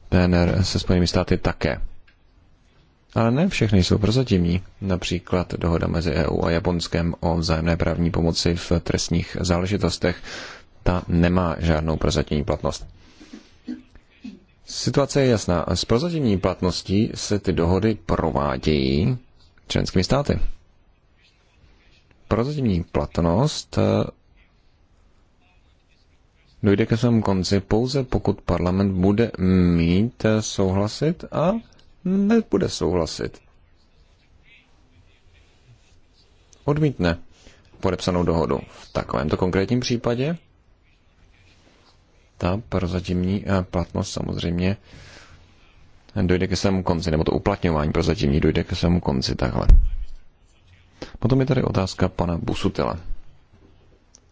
PNR se Spojenými státy také. Ale ne všechny jsou prozatímní. Například dohoda mezi EU a Japonskem o vzájemné právní pomoci v trestních záležitostech. Ta nemá žádnou prozatímní platnost. Situace je jasná. S prozatímní platností se ty dohody provádějí členskými státy. Prozatímní platnost eh, dojde ke svému konci pouze pokud parlament bude mít eh, souhlasit a nebude souhlasit. Odmítne podepsanou dohodu. V takovémto konkrétním případě pro prozatímní eh, platnost samozřejmě dojde ke svému konci, nebo to uplatňování prozatímní dojde ke svému konci takhle. Potom je tady otázka pana Busutela.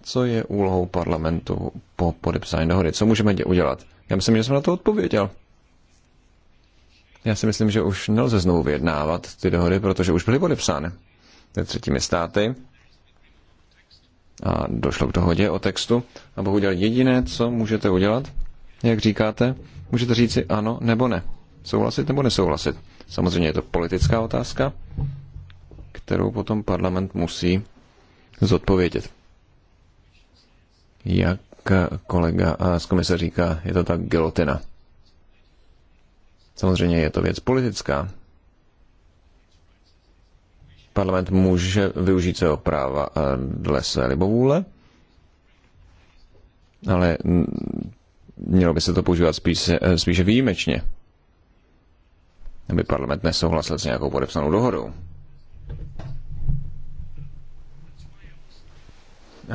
Co je úlohou parlamentu po podepsání dohody? Co můžeme udělat? Já myslím, že jsem na to odpověděl. Já si myslím, že už nelze znovu vyjednávat ty dohody, protože už byly podepsány se třetími státy a došlo k dohodě o textu. A udělal jediné, co můžete udělat, jak říkáte, můžete říci ano nebo ne. Souhlasit nebo nesouhlasit. Samozřejmě je to politická otázka, kterou potom parlament musí zodpovědět. Jak kolega z komise říká, je to tak gelotina. Samozřejmě je to věc politická, Parlament může využít svého práva eh, dle své libovůle, ale mělo by se to používat spíše, eh, spíše výjimečně, aby parlament nesouhlasil s nějakou podepsanou dohodou.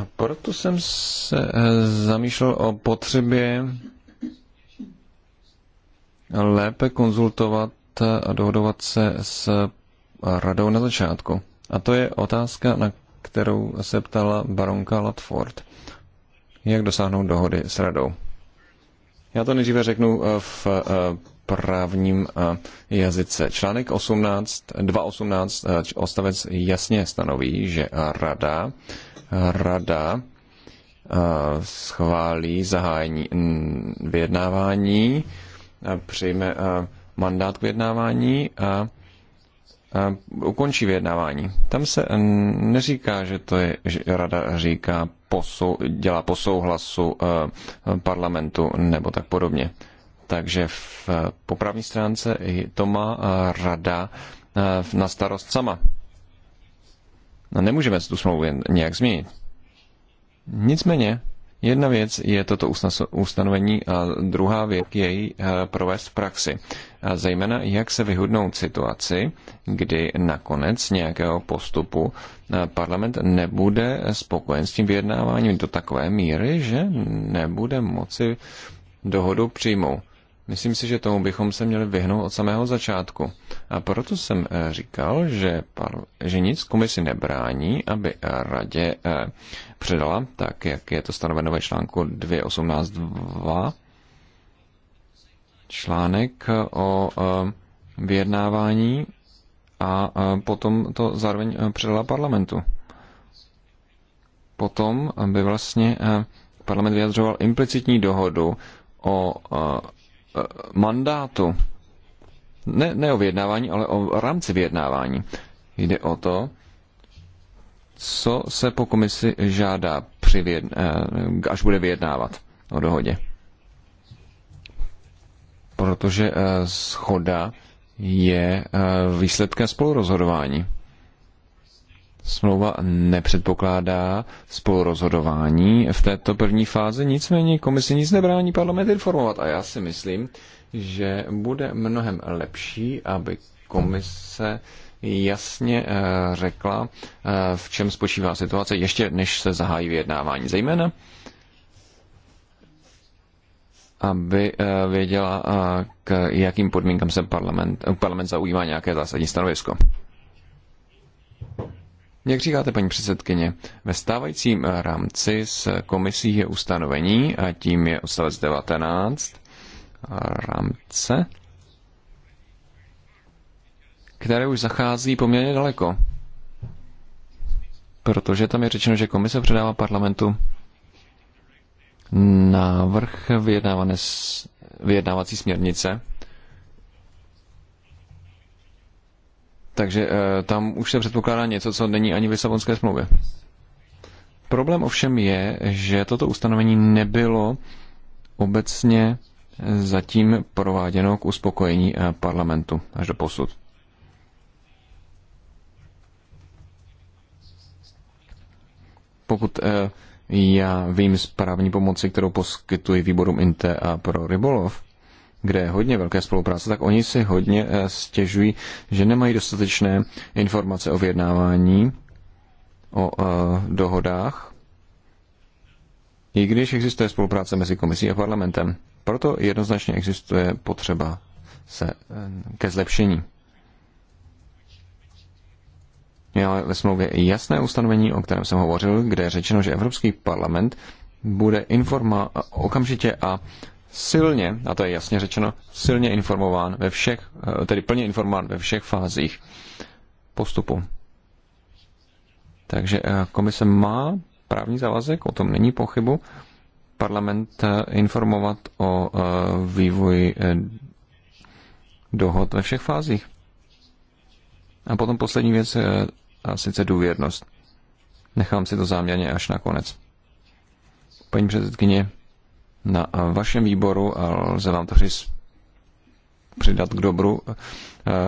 A proto jsem se eh, zamýšlel o potřebě lépe konzultovat a dohodovat se s radou na začátku. A to je otázka, na kterou se ptala baronka Latford. Jak dosáhnout dohody s radou? Já to nejdříve řeknu eh, v eh, právním eh, jazyce. Článek 18, 2.18 ostavec jasně stanoví, že rada, rada schválí zahájení mm, vyjednávání, přijme mandát k vyjednávání a ukončí vyjednávání. Tam se eh, neříká, že to je, že rada říká, posou, dělá posouhlasu eh, parlamentu nebo tak podobně. Takže v popravní stránce to má eh, rada na starost sama. No nemůžeme tu smlouvu nějak změnit. Nicméně, Jedna věc je toto ustanovení a druhá věc je jej eh, provést v praxi. A zejména jak se vyhudnout situaci, kdy nakonec nějakého postupu eh, parlament nebude spokojen s tím vyjednáváním do takové míry, že nebude moci dohodu přijmout. Myslím si, že tomu bychom se měli vyhnout od samého začátku. A proto jsem eh, říkal, že, par, že nic komisi nebrání, aby radě eh, předala, tak jak je to stanoveno ve článku 2.18.2, článek eh, o vyjednávání a potom to zároveň předala parlamentu. Potom by vlastně parlament vyjadřoval implicitní dohodu o Eh, mandátu. Ne, ne o vyjednávání, ale o rámci vyjednávání. Jde o to, co se po komisi žádá, při vyjedn... Eh, až bude vyjednávat o dohodě. Protože eh, schoda je výsledkem spolurozhodování. Smlouva nepředpokládá spolurozhodování v této první fázi, nicméně komisi nic nebrání parlament informovat. A já si myslím, že bude mnohem lepší, aby komise jasně eh, řekla, eh, v čem spočívá situace, ještě než se zahájí vyjednávání. Zejména, aby eh, věděla, k jakým podmínkám se parlament, parlament zaujímá nějaké zásadní stanovisko. Jak říkáte, paní předsedkyně, ve stávajícím eh, rámci s komisí je ustanovení a tím je odstavec 19 eh, rámce, které už zachází poměrně daleko. Protože tam je řečeno, že komise předává parlamentu návrh vyjednávací směrnice, Takže eh, tam už se předpokládá něco, co není ani v Lisabonské smlouvě. Problém ovšem je, že toto ustanovení nebylo obecně zatím prováděno k uspokojení eh, parlamentu až do posud. Pokud eh, já vím z právní pomoci, kterou poskytuji výborům INTE a pro rybolov, kde je hodně velké spolupráce, tak oni si hodně eh, stěžují, že nemají dostatečné informace o vyjednávání, o eh, dohodách, i když existuje spolupráce mezi komisí a parlamentem. Proto jednoznačně existuje potřeba se, eh, ke zlepšení. Je ale ve smlouvě jasné ustanovení, o kterém jsem hovořil, kde je řečeno, že Evropský parlament bude informa okamžitě a silně, a to je jasně řečeno, silně informován ve všech, eh, tedy plně informován ve všech fázích postupu. Takže eh, komise má právní závazek, o tom není pochybu, parlament eh, informovat o vývoji dohod ve všech fázích. A potom poslední věc, a sice důvěrnost. Nechám si to záměrně až na konec. Paní předsedkyně, na vašem výboru, a lze vám to přidat k dobru, eh,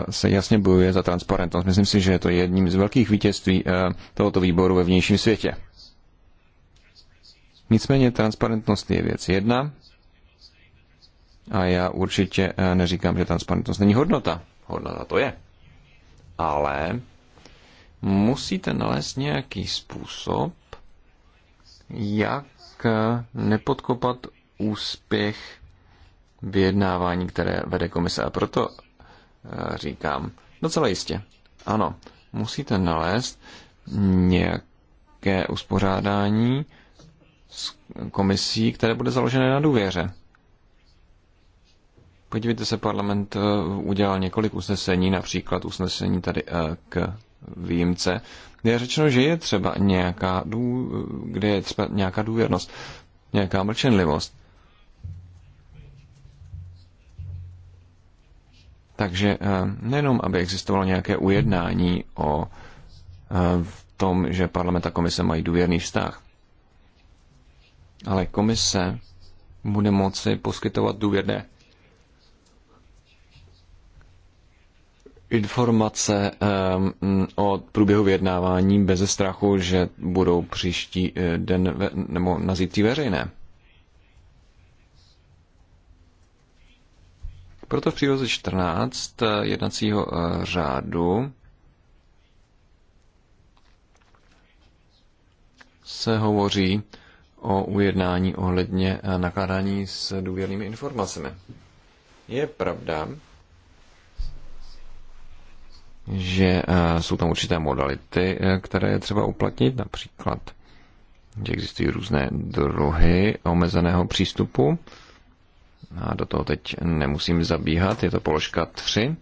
se jasně bojuje za transparentnost. Myslím si, že je to jedním z velkých vítězství eh, tohoto výboru ve vnějším světě. Nicméně transparentnost je věc jedna a já určitě eh, neříkám, že transparentnost není hodnota. Hodnota to je. Ale musíte nalézt nějaký způsob, jak nepodkopat úspěch vyjednávání, které vede komise. A proto eh, říkám, docela jistě, ano, musíte nalézt nějaké uspořádání s komisí, které bude založené na důvěře. Podívejte se, parlament eh, udělal několik usnesení, například usnesení tady eh, k výjimce, kde je řečeno, že je třeba nějaká, dů, kde je třeba nějaká důvěrnost, nějaká mlčenlivost. Takže eh, nejenom, aby existovalo nějaké ujednání o eh, tom, že parlament a komise mají důvěrný vztah, ale komise bude moci poskytovat důvěrné informace um, o průběhu vyjednávání bez strachu, že budou příští den ve, nebo na zítří veřejné. Proto v příloze 14 eh, jednacího eh, řádu se hovoří o ujednání ohledně eh, nakládání s důvěrnými informacemi. Je pravda, že jsou tam určité modality, které je třeba uplatnit, například, že existují různé druhy omezeného přístupu, a do toho teď nemusím zabíhat, je to položka 3,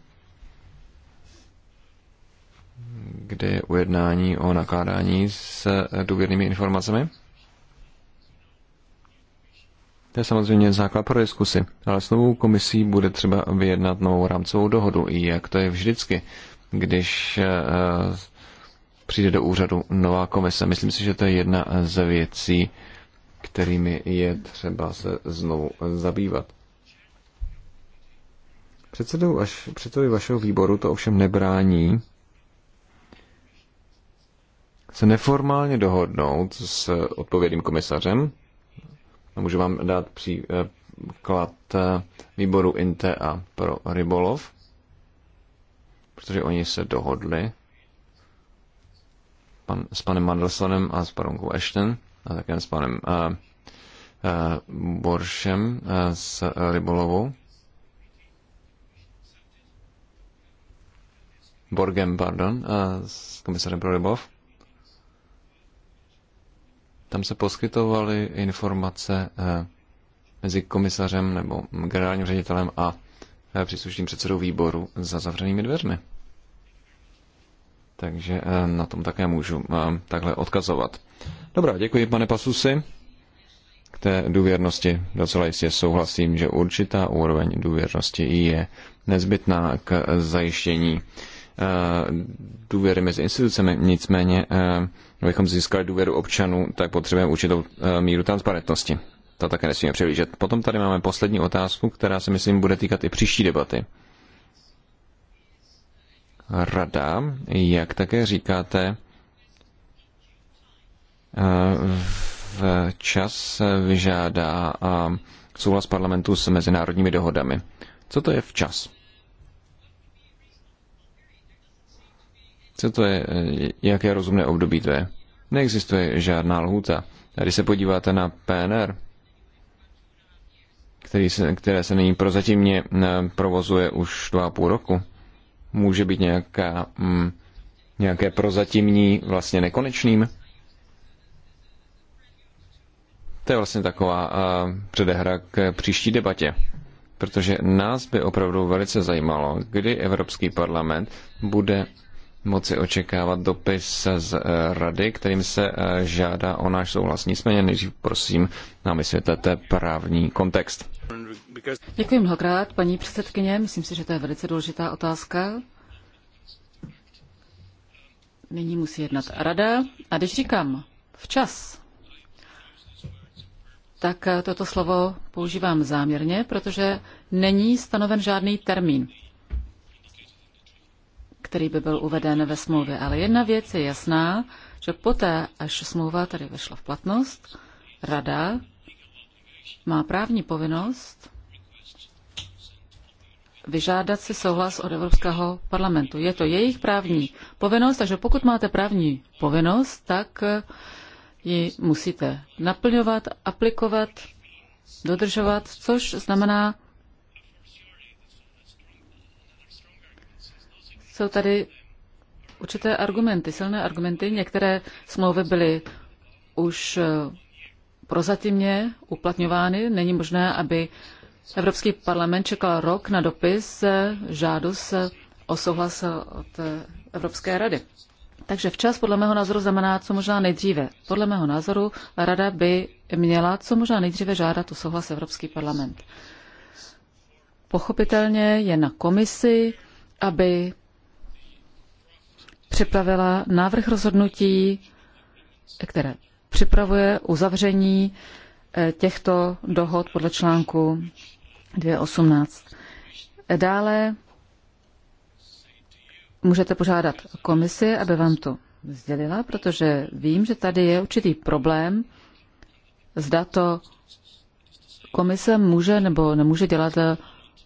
kde je ujednání o nakládání s eh, důvěrnými informacemi. To je samozřejmě základ pro diskusy, ale s novou komisí bude třeba vyjednat novou rámcovou dohodu, i jak to je vždycky, když eh, přijde do úřadu nová komise. Myslím si, že to je jedna ze věcí, kterými je třeba se znovu zabývat. Předsedou až, předsedou vašeho výboru to ovšem nebrání se neformálně dohodnout s odpovědným komisařem. A můžu vám dát příklad eh, výboru INTEA pro rybolov, protože oni se dohodli pan, s panem Mandelsonem a s panem Ashton a také s panem eh, eh, Boršem eh, z Rybolovou. Borgem, pardon, s komisarem pro rybov. Tam se poskytovaly informace mezi komisařem nebo generálním ředitelem a příslušným předsedou výboru za zavřenými dveřmi. Takže eh, na tom také můžu eh, takhle odkazovat. Dobrá, děkuji pane Pasusi. K té důvěrnosti docela jistě souhlasím, že určitá úroveň důvěrnosti je nezbytná k zajištění eh, důvěry mezi institucemi. Nicméně, abychom získali důvěru občanů, tak potřebujeme určitou míru transparentnosti. To také nesmíme přehlížet. Potom tady máme poslední otázku, která se myslím bude týkat i příští debaty rada, jak také říkáte, v čas vyžádá souhlas parlamentu s mezinárodními dohodami. Co to je včas? Co to je, jaké rozumné období to je? Neexistuje žádná lhůta. Tady když se podíváte na PNR, který se, které se nyní prozatímně eh, provozuje už dva a půl roku, může být nějaká, mm, nějaké prozatímní vlastně nekonečným? To je vlastně taková a, eh, předehra k příští debatě protože nás by opravdu velice zajímalo, kdy Evropský parlament bude moci očekávat dopis z eh, rady, kterým se eh, žádá o náš souhlas. Nicméně nejdřív prosím nám vysvětlete právní kontext. Děkuji mnohokrát, paní předsedkyně. Myslím si, že to je velice důležitá otázka. Nyní musí jednat rada. A když říkám včas, tak toto slovo používám záměrně, protože není stanoven žádný termín, který by byl uveden ve smlouvě. Ale jedna věc je jasná, že poté, až smlouva tady vešla v platnost, rada má právní povinnost vyžádat si souhlas od Evropského parlamentu. Je to jejich právní povinnost, takže pokud máte právní povinnost, tak ji musíte naplňovat, aplikovat, dodržovat, což znamená, jsou tady určité argumenty, silné argumenty. Některé smlouvy byly už prozatímně uplatňovány. Není možné, aby Evropský parlament čekal rok na dopis žádost o souhlas od Evropské rady. Takže včas podle mého názoru znamená co možná nejdříve. Podle mého názoru rada by měla co možná nejdříve žádat o souhlas Evropský parlament. Pochopitelně je na komisi, aby připravila návrh rozhodnutí, které připravuje uzavření eh, těchto dohod podle článku 218. Dále můžete požádat komisi, aby vám to sdělila, protože vím, že tady je určitý problém, zda to komise může nebo nemůže dělat eh,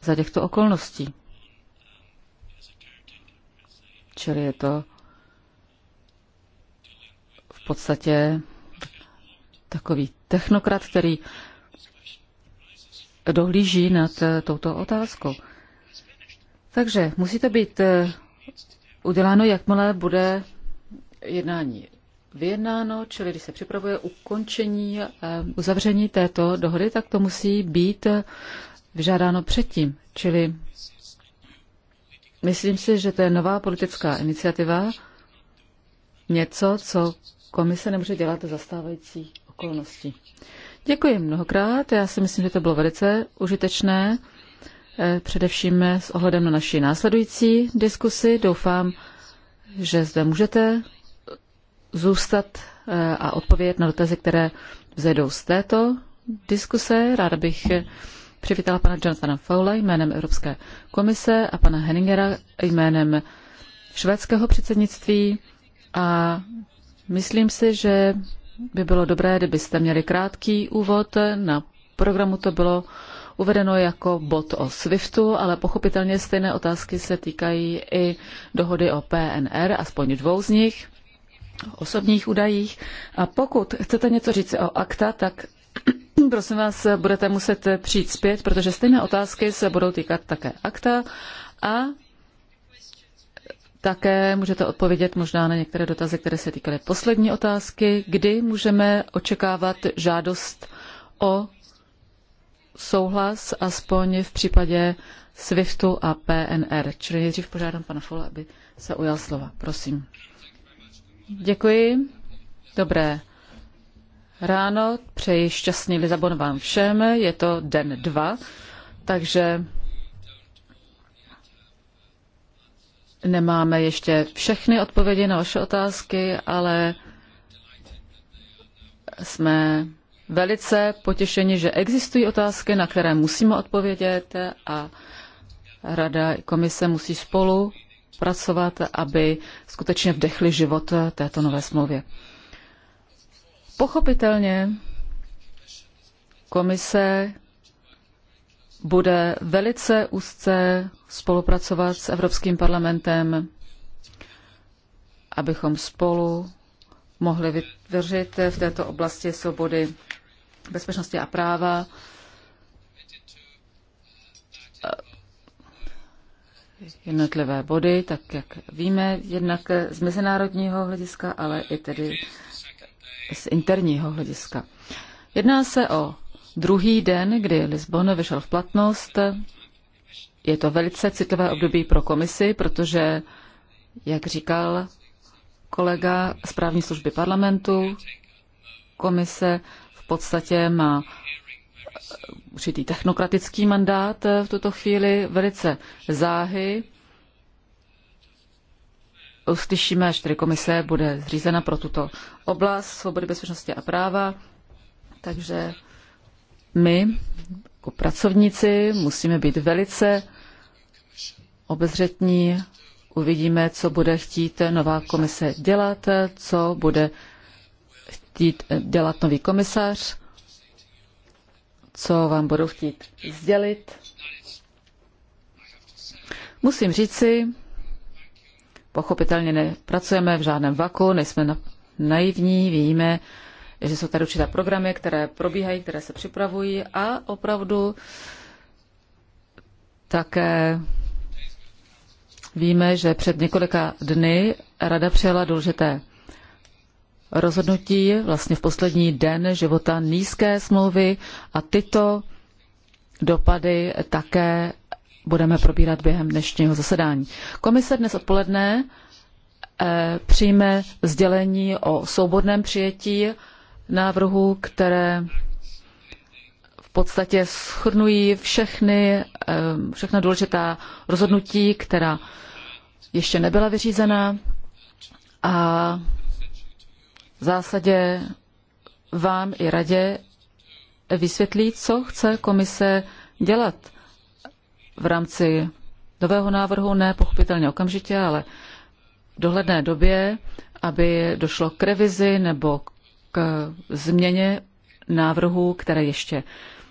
za těchto okolností. Čili je to v podstatě takový technokrat, který dohlíží nad eh, touto otázkou. Takže musíte být eh, uděláno, jakmile bude jednání vyjednáno, čili když se připravuje ukončení, eh, uzavření této dohody, tak to musí být vyžádáno předtím. Čili myslím si, že to je nová politická iniciativa, něco, co komise nemůže dělat za stávající okolnosti. Děkuji mnohokrát. Já si myslím, že to bylo velice užitečné, eh, především s ohledem na naši následující diskusi. Doufám, že zde můžete zůstat eh, a odpovědět na dotazy, které vzejdou z této diskuse. Ráda bych eh, přivítala pana Jonathana Fowla jménem Evropské komise a pana Henningera jménem švédského předsednictví a myslím si, že by bylo dobré, kdybyste měli krátký úvod. Na programu to bylo uvedeno jako bod o SWIFTu, ale pochopitelně stejné otázky se týkají i dohody o PNR, aspoň dvou z nich, osobních údajích. A pokud chcete něco říct o akta, tak prosím vás, budete muset přijít zpět, protože stejné otázky se budou týkat také akta a také můžete odpovědět možná na některé dotazy, které se týkaly poslední otázky. Kdy můžeme očekávat žádost o souhlas, aspoň v případě SWIFTu a PNR? Čili nejdřív požádám pana Fola, aby se ujal slova. Prosím. Děkuji. Dobré ráno. Přeji šťastný Lizabon vám všem. Je to den dva, takže Nemáme ještě všechny odpovědi na vaše otázky, ale jsme velice potěšeni, že existují otázky, na které musíme odpovědět a Rada i komise musí spolu pracovat, aby skutečně vdechli život této nové smlouvě. Pochopitelně komise bude velice úzce spolupracovat s Evropským parlamentem, abychom spolu mohli vytvořit v této oblasti svobody, bezpečnosti a práva. Jednotlivé body, tak jak víme, jednak z mezinárodního hlediska, ale i tedy z interního hlediska. Jedná se o druhý den, kdy Lisbon vyšel v platnost. Je to velice citlivé období pro komisi, protože, jak říkal kolega z právní služby parlamentu, komise v podstatě má určitý technokratický mandát v tuto chvíli, velice záhy. Uslyšíme, že tedy komise bude zřízena pro tuto oblast svobody, bezpečnosti a práva, takže my, jako pracovníci, musíme být velice obezřetní. Uvidíme, co bude chtít nová komise dělat, co bude chtít dělat nový komisař, co vám budou chtít sdělit. Musím říci, pochopitelně nepracujeme v žádném vaku, nejsme naivní, víme, že jsou tady určité programy, které probíhají, které se připravují a opravdu také víme, že před několika dny Rada přijala důležité rozhodnutí vlastně v poslední den života nízké smlouvy a tyto dopady také budeme probírat během dnešního zasedání. Komise dnes odpoledne eh, přijme sdělení o svobodném přijetí návrhů, které v podstatě schrnují všechny, eh, všechna důležitá rozhodnutí, která ještě nebyla vyřízena a v zásadě vám i radě vysvětlí, co chce komise dělat v rámci nového návrhu, ne pochopitelně okamžitě, ale v dohledné době, aby došlo k revizi nebo k změně návrhů, které ještě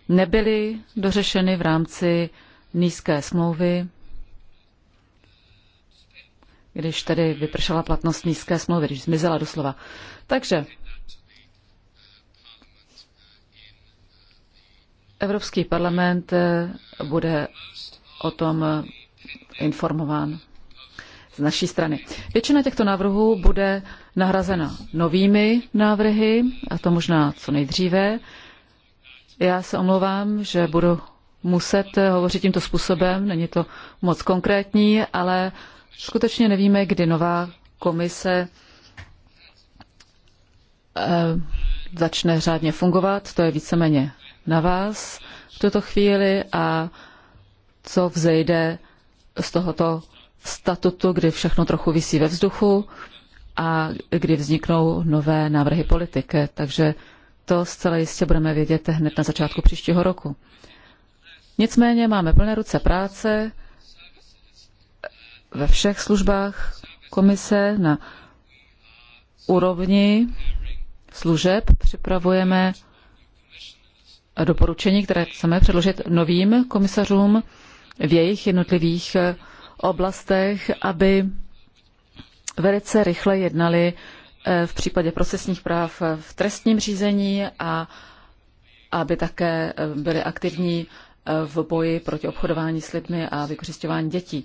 nebyly dořešeny v rámci nízké smlouvy, když tedy vypršela platnost nízké smlouvy, když zmizela doslova. Takže Evropský parlament bude o tom informován naší strany. Většina těchto návrhů bude nahrazena novými návrhy, a to možná co nejdříve. Já se omlouvám, že budu muset hovořit tímto způsobem, není to moc konkrétní, ale skutečně nevíme, kdy nová komise eh, začne řádně fungovat, to je víceméně na vás v tuto chvíli a co vzejde z tohoto statutu, kdy všechno trochu visí ve vzduchu a kdy vzniknou nové návrhy politiky, Takže to zcela jistě budeme vědět hned na začátku příštího roku. Nicméně máme plné ruce práce ve všech službách komise na úrovni služeb připravujeme doporučení, které chceme předložit novým komisařům v jejich jednotlivých oblastech, aby velice rychle jednali eh, v případě procesních práv eh, v trestním řízení a aby také eh, byli aktivní v boji proti obchodování s lidmi a vykořišťování dětí.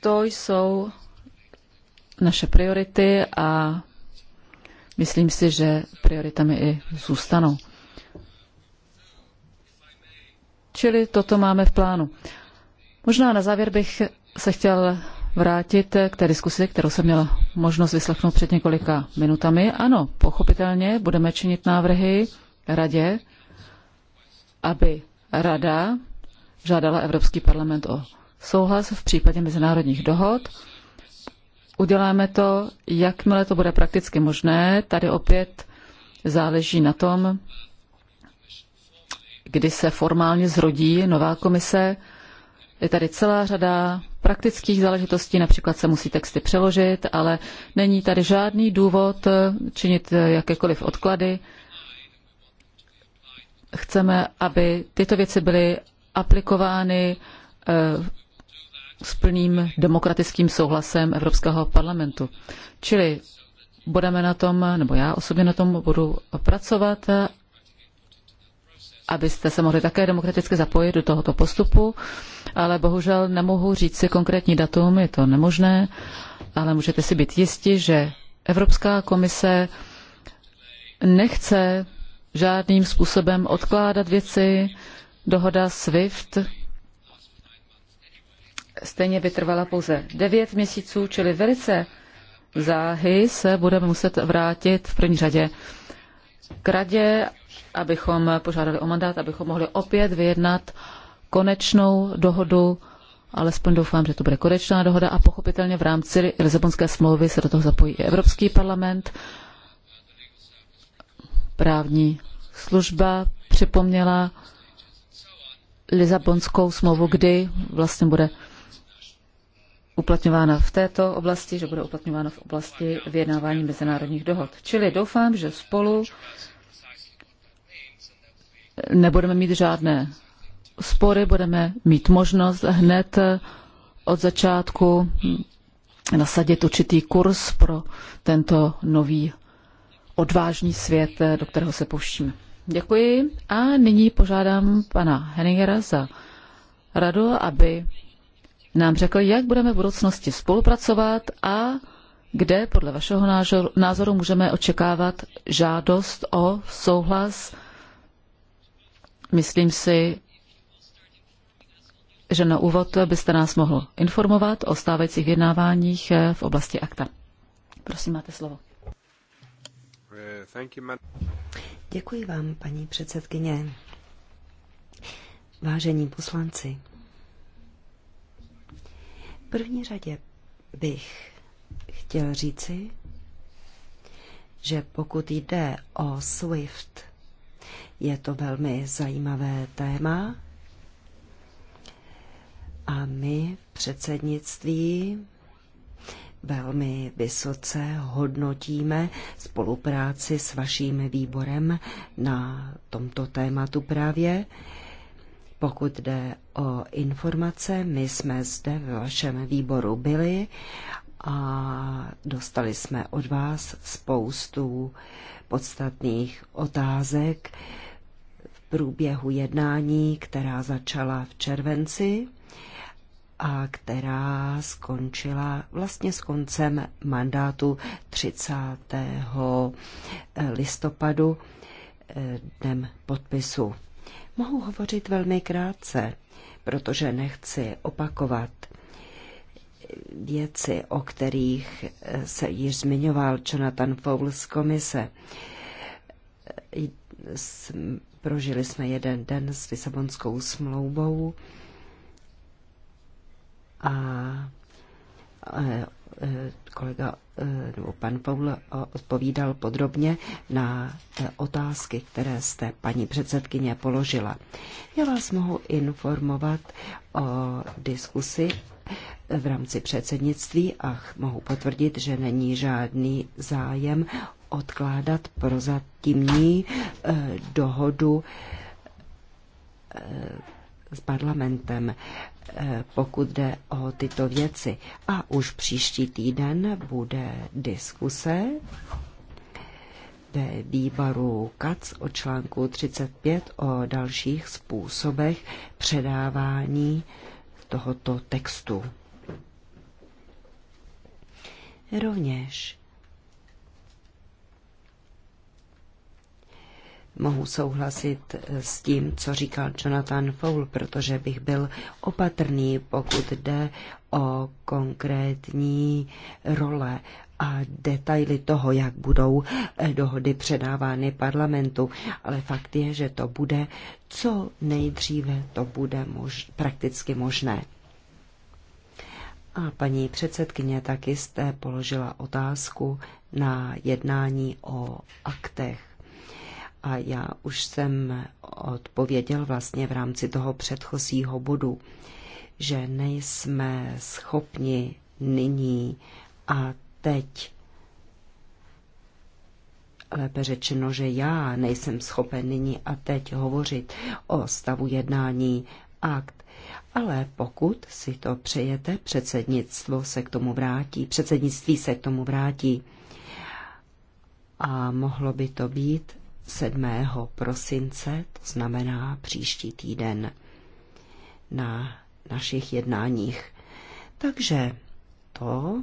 To jsou naše priority a myslím si, že prioritami i zůstanou. Čili toto máme v plánu. Možná na závěr bych se chtěl vrátit k té diskusi, kterou jsem měla možnost vyslechnout před několika minutami. Ano, pochopitelně budeme činit návrhy radě, aby rada žádala Evropský parlament o souhlas v případě mezinárodních dohod. Uděláme to, jakmile to bude prakticky možné. Tady opět záleží na tom, kdy se formálně zrodí nová komise. Je tady celá řada praktických záležitostí, například se musí texty přeložit, ale není tady žádný důvod činit jakékoliv odklady. Chceme, aby tyto věci byly aplikovány eh, s plným demokratickým souhlasem Evropského parlamentu. Čili budeme na tom, nebo já osobně na tom budu pracovat, eh, abyste se mohli také demokraticky zapojit do tohoto postupu ale bohužel nemohu říct si konkrétní datum, je to nemožné, ale můžete si být jisti, že Evropská komise nechce žádným způsobem odkládat věci. Dohoda SWIFT stejně vytrvala pouze 9 měsíců, čili velice záhy se budeme muset vrátit v první řadě k radě, abychom požádali o mandát, abychom mohli opět vyjednat konečnou dohodu, alespoň doufám, že to bude konečná dohoda a pochopitelně v rámci Lisabonské smlouvy se do toho zapojí i Evropský parlament. Právní služba připomněla Lisabonskou smlouvu, kdy vlastně bude uplatňována v této oblasti, že bude uplatňována v oblasti vyjednávání mezinárodních dohod. Čili doufám, že spolu nebudeme mít žádné spory budeme mít možnost hned eh, od začátku nasadit určitý kurz pro tento nový odvážný svět, eh, do kterého se pouštíme. Děkuji a nyní požádám pana Henningera za radu, aby nám řekl, jak budeme v budoucnosti spolupracovat a kde podle vašeho názoru můžeme očekávat žádost o souhlas, myslím si, že na úvod byste nás mohl informovat o stávajících vyjednáváních eh, v oblasti akta. Prosím, máte slovo. Děkuji vám, paní předsedkyně. Vážení poslanci, v první řadě bych chtěl říci, že pokud jde o SWIFT, je to velmi zajímavé téma, a my v předsednictví velmi vysoce hodnotíme spolupráci s vaším výborem na tomto tématu právě. Pokud jde o informace, my jsme zde ve vašem výboru byli a dostali jsme od vás spoustu podstatných otázek v průběhu jednání, která začala v červenci a která skončila vlastně s koncem mandátu 30. Eh, listopadu eh, dnem podpisu. Mohu hovořit velmi krátce, protože nechci opakovat věci, o kterých eh, se již zmiňoval Jonathan Fowl z komise. Prožili jsme jeden den s Lisabonskou smlouvou a e, e, kolega e, nebo pan Paul odpovídal podrobně na otázky, které jste paní předsedkyně položila. Já vás mohu informovat o diskusi v rámci předsednictví a mohu potvrdit, že není žádný zájem odkládat prozatímní dohodu s parlamentem. Eh, pokud jde o tyto věci. A už příští týden bude diskuse ve výboru KAC o článku 35 o dalších způsobech předávání tohoto textu. Rovněž mohu souhlasit s tím, co říkal Jonathan Foul, protože bych byl opatrný, pokud jde o konkrétní role a detaily toho, jak budou eh, dohody předávány parlamentu. Ale fakt je, že to bude co nejdříve, to bude mož, prakticky možné. A paní předsedkyně, taky jste položila otázku na jednání o aktech a já už jsem odpověděl vlastně v rámci toho předchozího bodu, že nejsme schopni nyní a teď lépe řečeno, že já nejsem schopen nyní a teď hovořit o stavu jednání akt. Ale pokud si to přejete, předsednictvo se k tomu vrátí, předsednictví se k tomu vrátí. A mohlo by to být 7. prosince, to znamená příští týden, na našich jednáních. Takže to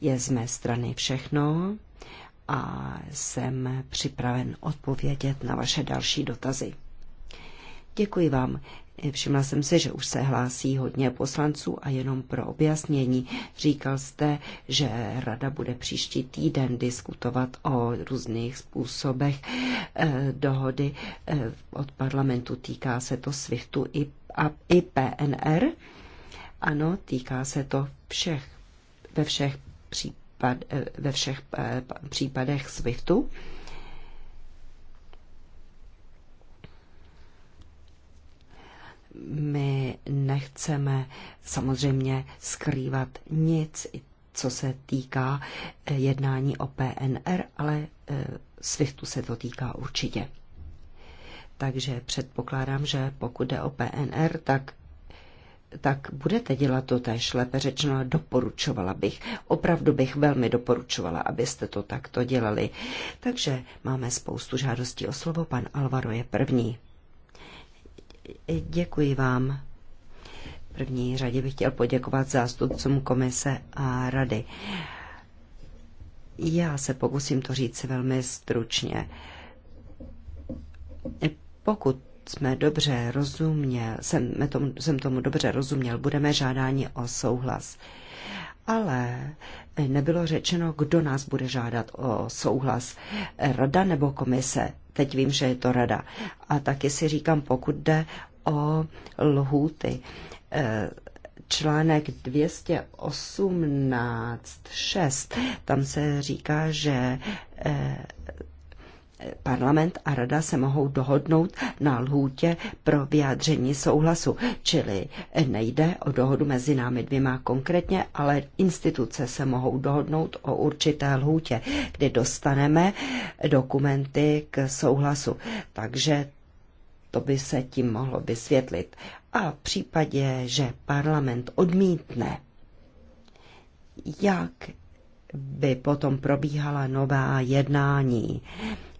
je z mé strany všechno a jsem připraven odpovědět na vaše další dotazy. Děkuji vám. Všimla jsem si, že už se hlásí hodně poslanců a jenom pro objasnění. Říkal jste, že rada bude příští týden diskutovat o různých způsobech eh, dohody eh, od parlamentu. Týká se to SWIFTu i, a, i PNR? Ano, týká se to všech, ve všech, případ, eh, ve všech případech SWIFTu. my nechceme samozřejmě skrývat nic, co se týká eh, jednání o PNR, ale eh, SWIFTu se to týká určitě. Takže předpokládám, že pokud jde o PNR, tak tak budete dělat to tež, lépe řečeno doporučovala bych. Opravdu bych velmi doporučovala, abyste to takto dělali. Takže máme spoustu žádostí o slovo, pan Alvaro je první. Děkuji vám. V první řadě bych chtěl poděkovat zástupcům komise a rady. Já se pokusím to říct velmi stručně. Pokud jsme dobře rozuměl, jsem tomu, jsem tomu dobře rozuměl, budeme žádání o souhlas. Ale nebylo řečeno, kdo nás bude žádat o souhlas, rada nebo komise. Teď vím, že je to rada. A taky si říkám, pokud jde o lhůty, eh, článek 218.6, tam se říká, že eh, parlament a rada se mohou dohodnout na lhůtě pro vyjádření souhlasu, čili nejde o dohodu mezi námi dvěma konkrétně, ale instituce se mohou dohodnout o určité lhůtě, kdy dostaneme dokumenty k souhlasu. Takže to by se tím mohlo vysvětlit. A v případě, že parlament odmítne, jak by potom probíhala nová jednání.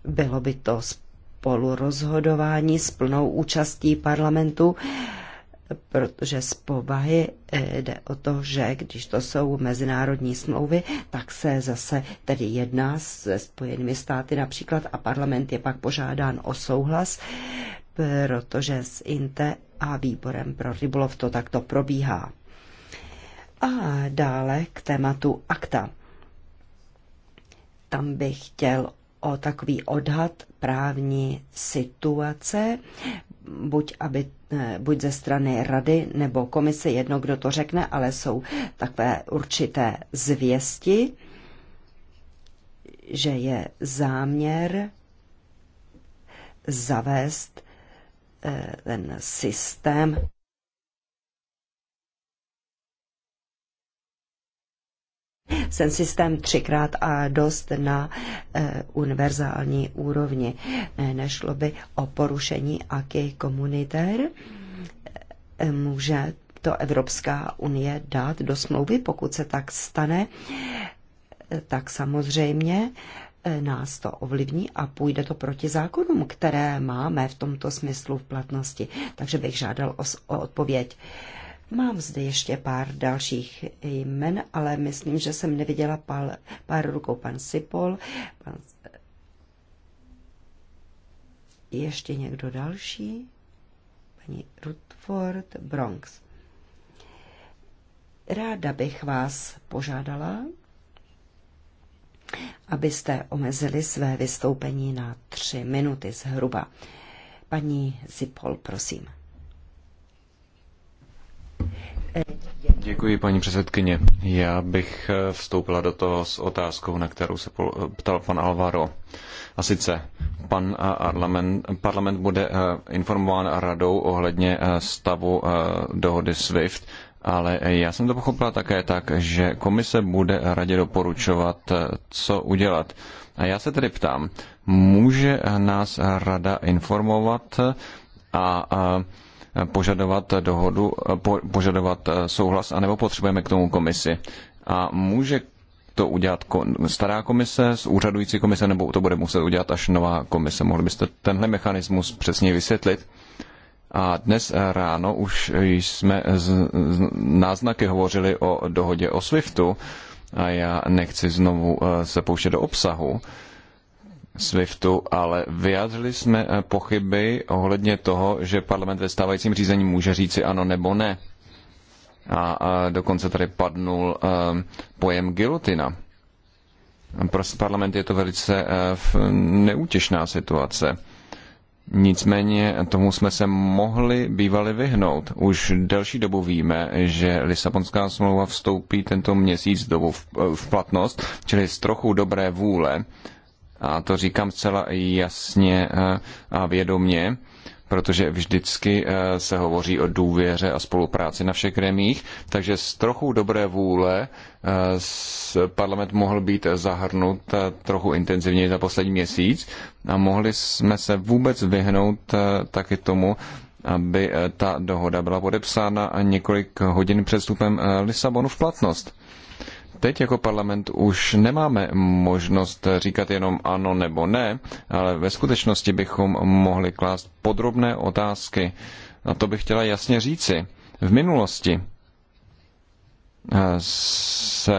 Bylo by to spolurozhodování s plnou účastí parlamentu, protože z povahy eh, jde o to, že když to jsou mezinárodní smlouvy, tak se zase tedy jedná se Spojenými státy například a parlament je pak požádán o souhlas, protože s INTE a výborem pro rybolov to takto probíhá. A dále k tématu akta. Tam bych chtěl o takový odhad právní situace, buď, aby, eh, buď ze strany rady nebo komise, jedno, kdo to řekne, ale jsou takové určité zvěsti, že je záměr zavést eh, ten systém ten systém třikrát a dost na e, univerzální úrovni. E, nešlo by o porušení aky komunitér. E, může to Evropská unie dát do smlouvy, pokud se tak stane, tak samozřejmě nás to ovlivní a půjde to proti zákonům, které máme v tomto smyslu v platnosti. Takže bych žádal o, o odpověď. E, Mám zde ještě pár dalších jmen, ale myslím, že jsem neviděla pár, pár rukou pan Sipol, pan... ještě někdo další, paní Rutford Bronx. Ráda bych vás požádala, abyste omezili své vystoupení na tři minuty zhruba. Paní Zipol, prosím. Děkuji, paní předsedkyně. Já bych eh, vstoupila do toho s otázkou, na kterou se eh, ptal pan Alvaro. A sice, pan eh, parlament, parlament bude informován radou ohledně stavu dohody SWIFT, ale já jsem to pochopila také tak, že komise bude radě doporučovat, co udělat. A já se tedy ptám, může nás rada informovat a, a požadovat dohodu, požadovat eh, souhlas, anebo potřebujeme k tomu komisi. A může to udělat stará komise, z úřadující komise, nebo to bude muset udělat až nová komise. Mohli byste tenhle mechanismus přesně vysvětlit? A dnes eh, ráno už jsme z náznaky hovořili o dohodě o SWIFTu a já nechci znovu eh, se pouštět do obsahu, SWIFTu, ale vyjádřili jsme eh, pochyby ohledně toho, že parlament ve stávajícím řízení může říci ano nebo ne. A, a dokonce tady padnul ehm, pojem gilotina. Pro parlament je to velice eh, neútěšná situace. Nicméně tomu jsme se mohli bývali vyhnout. Už delší dobu víme, že Lisabonská smlouva vstoupí tento měsíc dobu v, eh, v platnost, čili s trochu dobré vůle a to říkám zcela jasně eh, a vědomně, protože vždycky eh, se hovoří o důvěře a spolupráci na všech gremích, takže s trochu dobré vůle eh, parlament mohl být zahrnut trochu intenzivněji za poslední měsíc a mohli jsme se vůbec vyhnout taky tomu, aby ta dohoda byla podepsána několik hodin před vstupem Lisabonu v platnost teď jako parlament už nemáme možnost říkat jenom ano nebo ne, ale ve skutečnosti bychom mohli klást podrobné otázky. A to bych chtěla jasně říci. V minulosti eh, se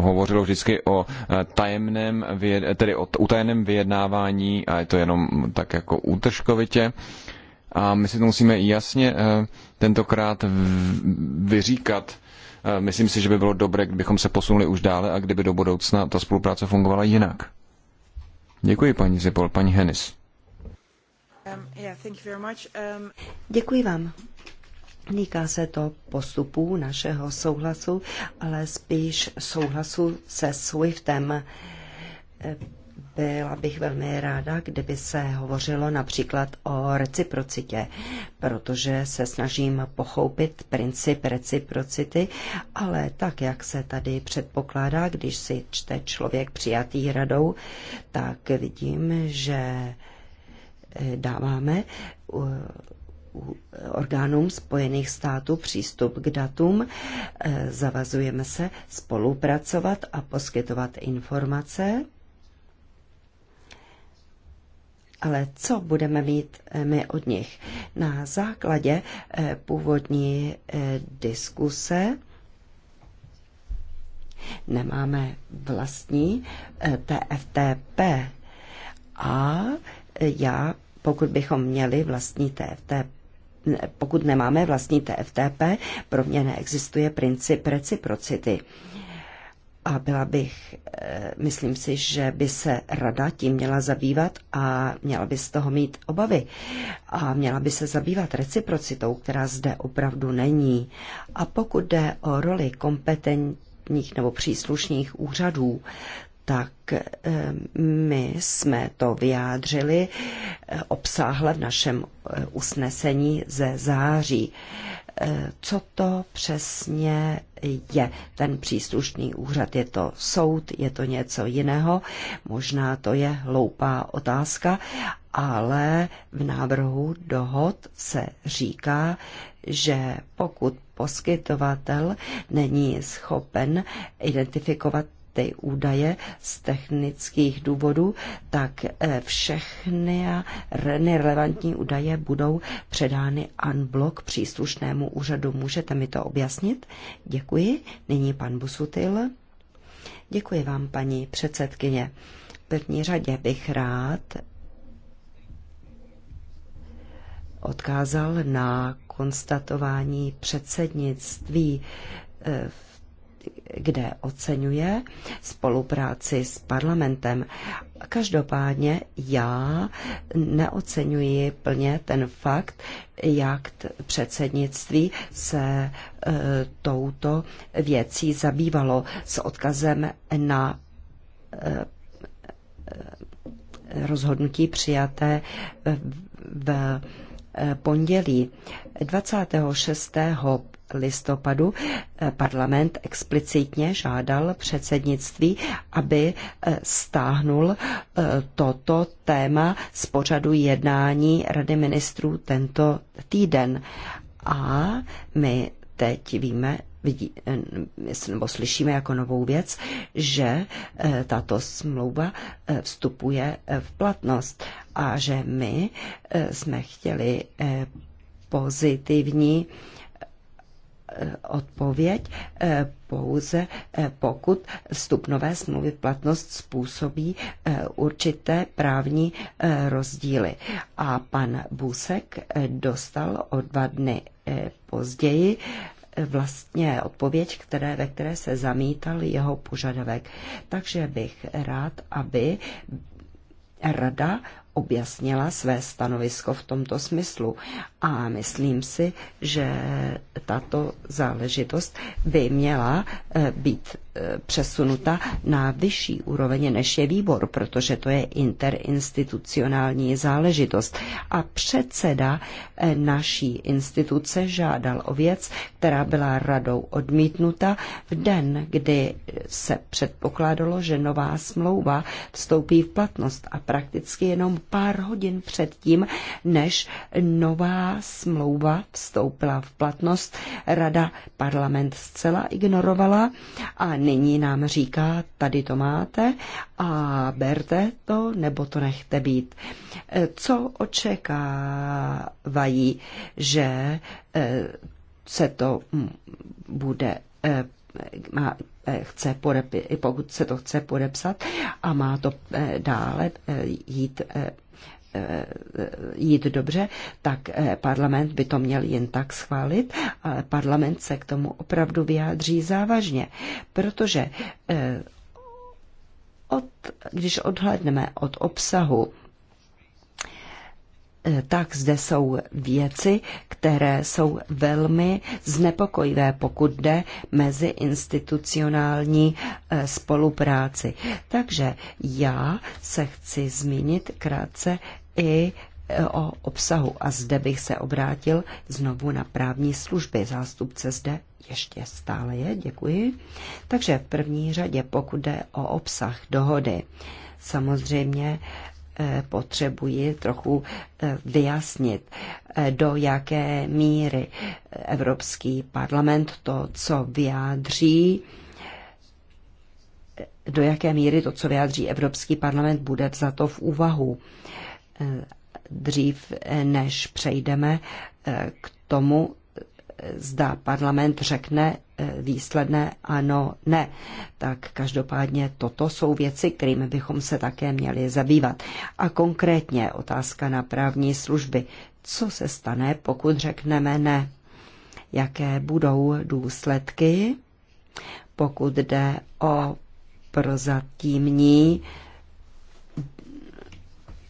hovořilo vždycky o eh, tajemném, tedy o utajeném vyjednávání a je to jenom tak jako útržkovitě. A my si to musíme jasně eh, tentokrát vyříkat, Myslím si, že by bylo dobré, kdybychom se posunuli už dále a kdyby do budoucna ta spolupráce fungovala jinak. Děkuji, paní Zipol, paní Henis. Um, yeah, um... Děkuji vám. Týká se to postupů našeho souhlasu, ale spíš souhlasu se SWIFTem. Byla bych velmi ráda, kdyby se hovořilo například o reciprocitě, protože se snažím pochopit princip reciprocity, ale tak, jak se tady předpokládá, když si čte člověk přijatý radou, tak vidím, že eh, dáváme orgánům Spojených států přístup k datům, eh, zavazujeme se spolupracovat a poskytovat informace ale co budeme mít eh, my od nich? Na základě eh, původní eh, diskuse nemáme vlastní TFTP a já, pokud bychom měli vlastní TFTP, pokud nemáme vlastní TFTP, pro mě neexistuje princip reciprocity. A byla bych, eh, myslím si, že by se rada tím měla zabývat a měla by z toho mít obavy. A měla by se zabývat reciprocitou, která zde opravdu není. A pokud jde o roli kompetentních nebo příslušných úřadů, tak eh, my jsme to vyjádřili eh, obsáhle v našem usnesení ze září co to přesně je ten příslušný úřad. Je to soud, je to něco jiného, možná to je hloupá otázka, ale v návrhu dohod se říká, že pokud poskytovatel není schopen identifikovat ty údaje z technických důvodů, tak eh, všechny relevantní údaje budou předány unblock příslušnému úřadu. Můžete mi to objasnit? Děkuji. Nyní pan Busutil. Děkuji vám, paní předsedkyně. V první řadě bych rád odkázal na konstatování předsednictví v eh, kde oceňuje spolupráci s parlamentem. Každopádně já neocenuji plně ten fakt, jak předsednictví se e, touto věcí zabývalo s odkazem na e, e rozhodnutí přijaté v, v pondělí 26 listopadu eh, parlament explicitně žádal předsednictví, aby eh, stáhnul eh, toto téma z pořadu jednání Rady ministrů tento týden. A my teď víme, vidí, eh, nebo slyšíme jako novou věc, že eh, tato smlouva eh, vstupuje v platnost a že my jsme chtěli pozitivní odpověď pouze pokud vstup nové smlouvy v platnost způsobí určité právní rozdíly. A pan Busek dostal o dva dny později vlastně odpověď, které, ve které se zamítal jeho požadavek. Takže bych rád, aby rada objasnila své stanovisko v tomto smyslu. A myslím si, že tato záležitost by měla eh, být přesunuta na vyšší úroveň než je výbor, protože to je interinstitucionální záležitost. A předseda eh, naší instituce žádal o věc, která byla radou odmítnuta v den, kdy se předpokládalo, že nová smlouva vstoupí v platnost a prakticky jenom pár hodin předtím, než nová smlouva vstoupila v platnost, rada parlament zcela ignorovala a nyní nám říká, tady to máte a berte to, nebo to nechte být. Eh, co očekávají, že eh, se to mm, bude eh, má, chce podepi, pokud se to chce podepsat a má to dále jít Eh, jít dobře, tak eh, parlament by to měl jen tak schválit, ale parlament se k tomu opravdu vyjádří závažně, protože eh, od, když odhledneme od obsahu Eh, tak zde jsou věci, které jsou velmi znepokojivé, pokud jde mezi institucionální eh, spolupráci. Takže já se chci zmínit krátce i eh, o obsahu a zde bych se obrátil znovu na právní služby. Zástupce zde ještě stále je, děkuji. Takže v první řadě, pokud jde o obsah dohody, samozřejmě potřebuji trochu eh, vyjasnit, eh, do jaké míry Evropský parlament to, co vyjádří, eh, do jaké míry to, co vyjádří Evropský parlament, bude za to v úvahu. Dřív, než přejdeme k tomu, zda parlament řekne eh, výsledné ano, ne. Tak každopádně toto jsou věci, kterými bychom se také měli zabývat. A konkrétně otázka na právní služby. Co se stane, pokud řekneme ne? Jaké budou důsledky, pokud jde o prozatímní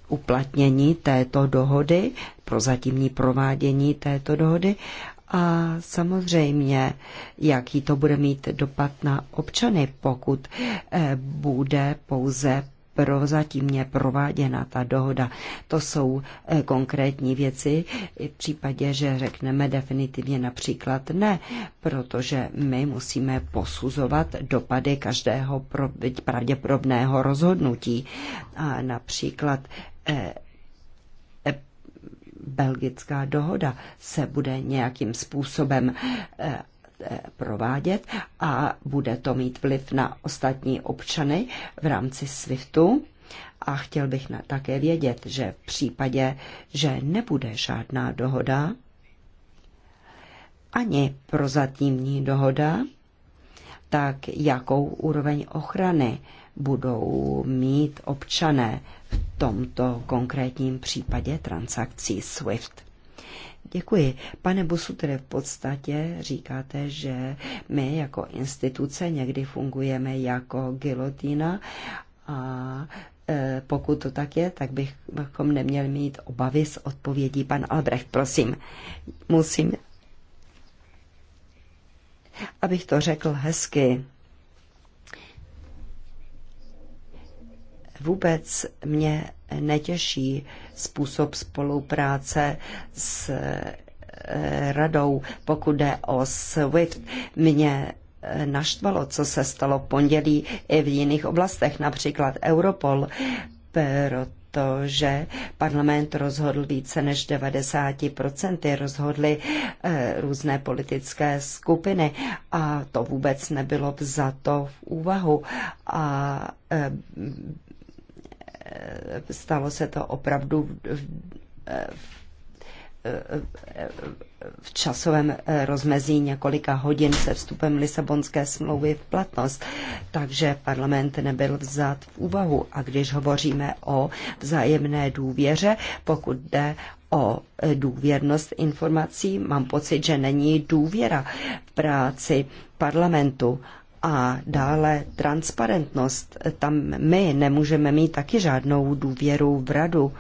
uplatnění této dohody, prozatímní provádění této dohody a samozřejmě, jaký to bude mít dopad na občany, pokud eh, bude pouze prozatímně prováděna ta dohoda. To jsou eh, konkrétní věci v případě, že řekneme definitivně například ne, protože my musíme posuzovat dopady každého pravděpodobného rozhodnutí. A například eh, belgická dohoda se bude nějakým způsobem eh, eh, provádět a bude to mít vliv na ostatní občany v rámci SWIFTu. A chtěl bych také vědět, že v případě, že nebude žádná dohoda, ani prozatímní dohoda, tak jakou úroveň ochrany budou mít občané v tomto konkrétním případě transakcí SWIFT. Děkuji. Pane Bosu, tedy v podstatě říkáte, že my jako instituce někdy fungujeme jako gilotina a e, pokud to tak je, tak bychom neměli mít obavy s odpovědí. Pan Albrecht, prosím, musím, abych to řekl hezky. Vůbec mě netěší způsob spolupráce s eh, radou, pokud jde o SWIFT. Mě eh, naštvalo, co se stalo pondělí i v jiných oblastech, například Europol, protože parlament rozhodl více než 90%, rozhodly eh, různé politické skupiny a to vůbec nebylo vzato v úvahu a stalo se to opravdu v, v, v, v časovém rozmezí několika hodin se vstupem Lisabonské smlouvy v platnost, takže parlament nebyl vzat v úvahu. A když hovoříme o vzájemné důvěře, pokud jde o důvěrnost informací, mám pocit, že není důvěra v práci parlamentu a dále transparentnost. Tam my nemůžeme mít taky žádnou důvěru v radu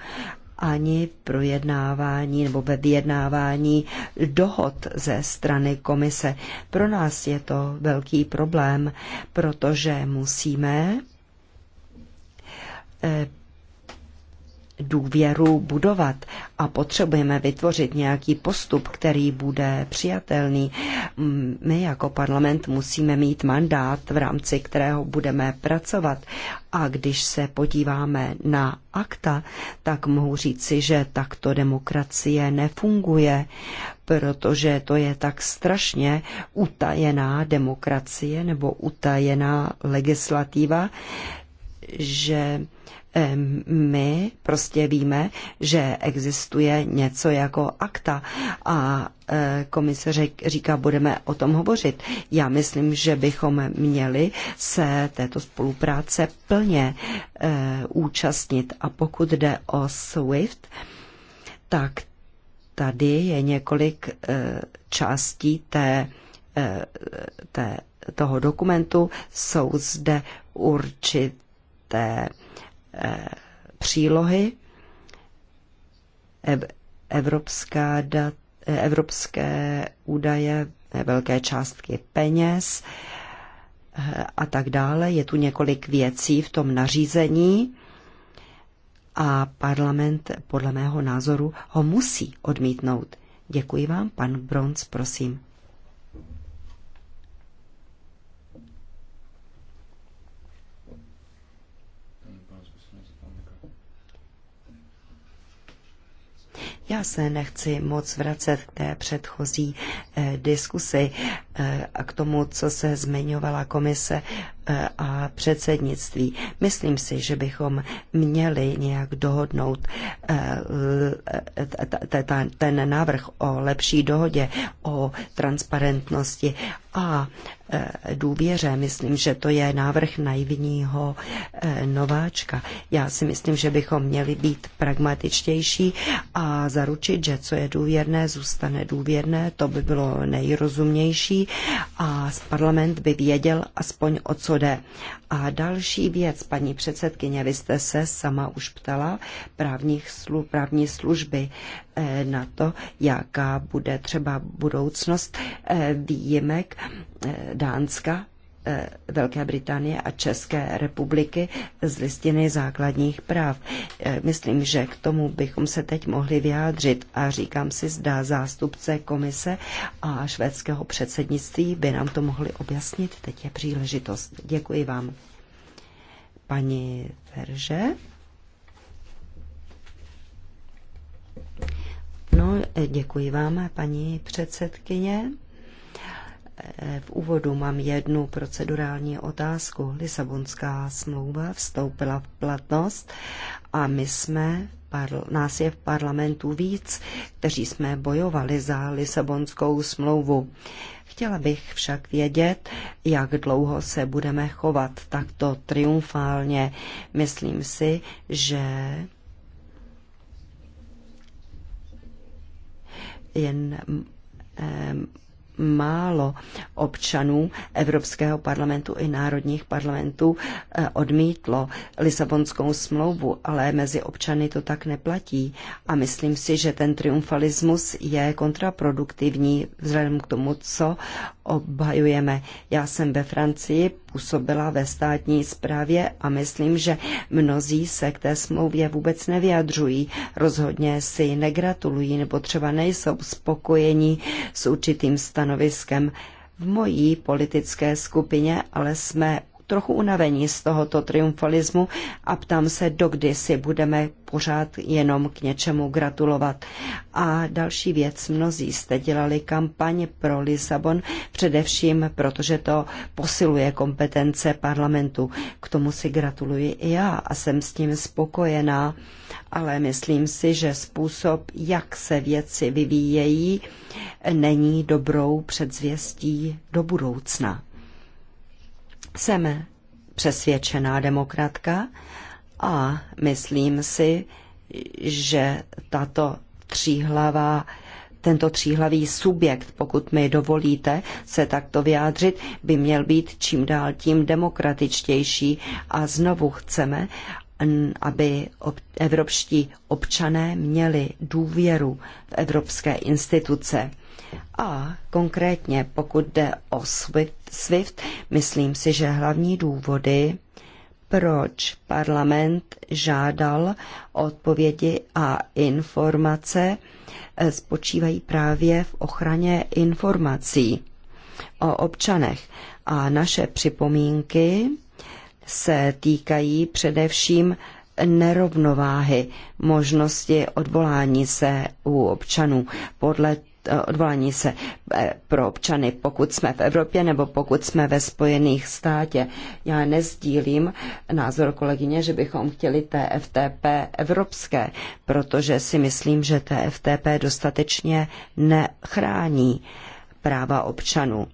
ani v projednávání nebo ve vyjednávání dohod ze strany komise. Pro nás je to velký problém, protože musíme eh, důvěru budovat a potřebujeme vytvořit nějaký postup, který bude přijatelný. My jako parlament musíme mít mandát, v rámci kterého budeme pracovat. A když se podíváme na akta, tak mohu říci, že takto demokracie nefunguje, protože to je tak strašně utajená demokracie nebo utajená legislativa, že my prostě víme, že existuje něco jako akta a e, komise říká, budeme o tom hovořit. Já myslím, že bychom měli se této spolupráce plně e, účastnit. A pokud jde o SWIFT, tak tady je několik e, částí té, té, toho dokumentu. Jsou zde určité přílohy, evropská dat, evropské údaje, velké částky peněz eh, a tak dále. Je tu několik věcí v tom nařízení a parlament podle mého názoru ho musí odmítnout. Děkuji vám, pan Bronc, prosím. Já se nechci moc vracet k té předchozí eh, diskusi, a k tomu, co se zmiňovala komise e, a předsednictví. Myslím si, že bychom měli nějak dohodnout e, e, ten návrh o lepší dohodě, o transparentnosti a důvěře. Myslím, že to je návrh naivního nováčka. Já si myslím, že bychom měli být pragmatičtější a zaručit, že co je důvěrné, zůstane důvěrné. To by bylo nejrozumější a parlament by věděl aspoň o co jde. A další věc, paní předsedkyně, vy jste se sama už ptala právních slu, právní služby eh, na to, jaká bude třeba budoucnost eh, výjimek eh, Dánska Eh, Velké Británie a České republiky z listiny základních práv. Eh, myslím, že k tomu bychom se teď mohli vyjádřit a říkám si, zda zástupce komise a švédského předsednictví by nám to mohli objasnit. Teď je příležitost. Děkuji vám. Paní Verže. No, eh, děkuji vám, paní předsedkyně v úvodu mám jednu procedurální otázku. Lisabonská smlouva vstoupila v platnost a my jsme, nás je v parlamentu víc, kteří jsme bojovali za Lisabonskou smlouvu. Chtěla bych však vědět, jak dlouho se budeme chovat takto triumfálně. Myslím si, že jen eh, málo občanů Evropského parlamentu i národních parlamentů eh, odmítlo Lisabonskou smlouvu, ale mezi občany to tak neplatí. A myslím si, že ten triumfalismus je kontraproduktivní vzhledem k tomu, co obhajujeme. Já jsem ve Francii působila ve státní správě a myslím, že mnozí se k té smlouvě vůbec nevyjadřují, rozhodně si negratulují nebo třeba nejsou spokojeni s určitým stanoviskem. V mojí politické skupině ale jsme trochu unavení z tohoto triumfalismu a ptám se, dokdy si budeme pořád jenom k něčemu gratulovat. A další věc, mnozí jste dělali kampaň pro Lisabon, především protože to posiluje kompetence parlamentu. K tomu si gratuluji i já a jsem s tím spokojená, ale myslím si, že způsob, jak se věci vyvíjejí, není dobrou předzvěstí do budoucna. Jsem přesvědčená demokratka a myslím si, že tato tříhlavá tento tříhlavý subjekt, pokud mi dovolíte se takto vyjádřit, by měl být čím dál tím demokratičtější a znovu chceme, aby evropští občané měli důvěru v evropské instituce. A konkrétně pokud jde o SWIFT, myslím si, že hlavní důvody, proč parlament žádal odpovědi a informace, eh, spočívají právě v ochraně informací o občanech. A naše připomínky se týkají především nerovnováhy možnosti odvolání se u občanů podle odvolání se eh, pro občany, pokud jsme v Evropě nebo pokud jsme ve Spojených státě. Já nezdílím názor kolegyně, že bychom chtěli TFTP evropské, protože si myslím, že TFTP dostatečně nechrání práva občanů.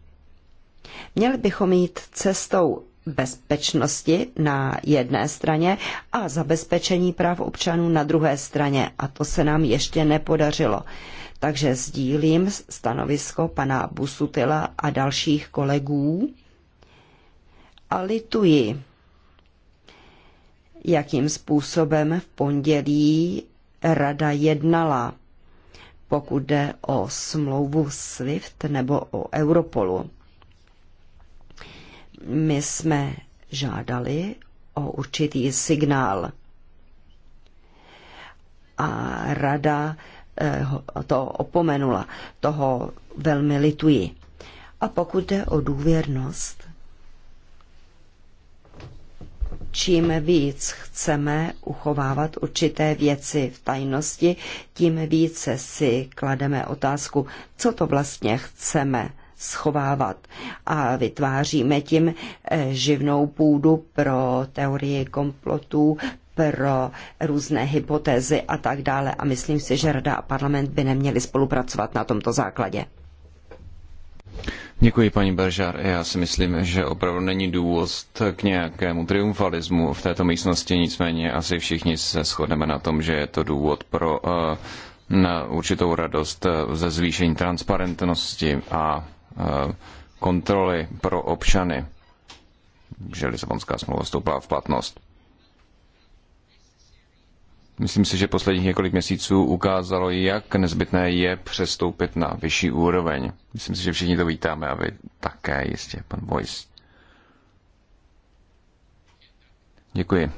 Měli bychom jít cestou bezpečnosti na jedné straně a zabezpečení práv občanů na druhé straně. A to se nám ještě nepodařilo. Takže sdílím stanovisko pana Busutila a dalších kolegů a lituji, jakým způsobem v pondělí rada jednala, pokud jde o smlouvu SWIFT nebo o Europolu. My jsme žádali o určitý signál. A rada Eh, to opomenula. Toho velmi lituji. A pokud jde o důvěrnost, čím víc chceme uchovávat určité věci v tajnosti, tím více si klademe otázku, co to vlastně chceme schovávat a vytváříme tím eh, živnou půdu pro teorie komplotů, pro různé hypotézy a tak dále. A myslím si, že Rada a parlament by neměli spolupracovat na tomto základě. Děkuji, paní Beržár. Já si myslím, že opravdu není důvod k nějakému triumfalismu v této místnosti, nicméně asi všichni se shodneme na tom, že je to důvod pro eh, na určitou radost eh, ze zvýšení transparentnosti a eh, kontroly pro občany, že Lisabonská smlouva vstoupila v platnost. Myslím si, že posledních několik měsíců ukázalo, jak nezbytné je přestoupit na vyšší úroveň. Myslím si, že všichni to vítáme a vy také jistě, pan Voice. Děkuji.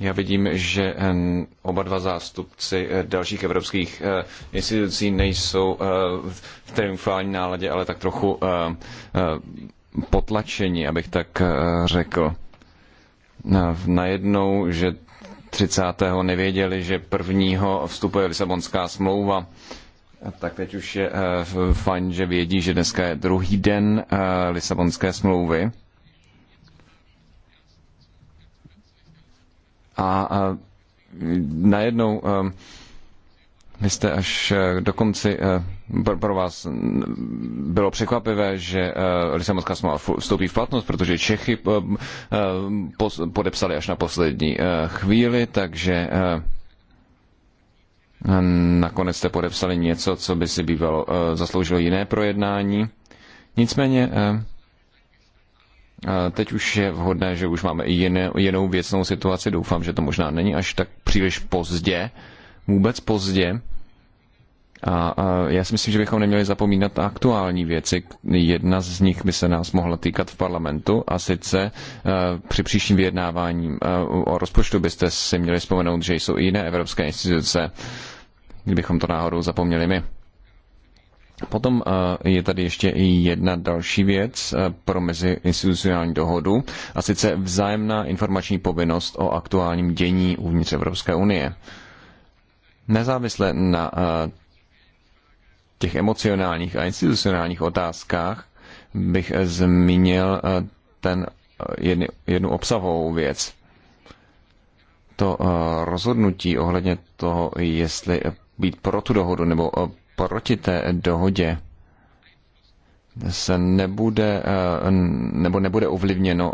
Já vidím, že eh, oba dva zástupci eh, dalších evropských eh, institucí nejsou v triumfální náladě, ale tak trochu potlačení, abych tak řekl najednou, že 30. nevěděli, že 1. vstupuje Lisabonská smlouva. Tak teď už je eh, fajn, že vědí, že dneska je druhý den eh, Lisabonské smlouvy. A eh, najednou vy jste až eh, do konci, eh, pro vás bylo překvapivé, že eh, Lisabonská smlouva vstoupí v platnost, protože Čechy podepsali až na poslední chvíli, takže nakonec jste podepsali něco, co by si bývalo zasloužilo jiné projednání. Nicméně Teď už je vhodné, že už máme i jinou věcnou situaci. Doufám, že to možná není až tak příliš pozdě vůbec pozdě. A, a já si myslím, že bychom neměli zapomínat na aktuální věci. Jedna z nich by se nás mohla týkat v parlamentu a sice uh, při příštím vyjednávání uh, o rozpočtu byste si měli vzpomenout, že jsou i jiné evropské instituce, kdybychom to náhodou zapomněli my. Potom eh, je tady ještě i jedna další věc pro meziinstitucionální dohodu, a sice vzájemná informační povinnost o aktuálním dění uvnitř Evropské unie nezávisle na eh, těch emocionálních a institucionálních otázkách bych eh, zmínil eh, ten jedny, jednu obsahovou věc. To rozhodnutí ohledně toho, jestli být pro tu dohodu nebo proti té dohodě, se nebude, nebo nebude ovlivněno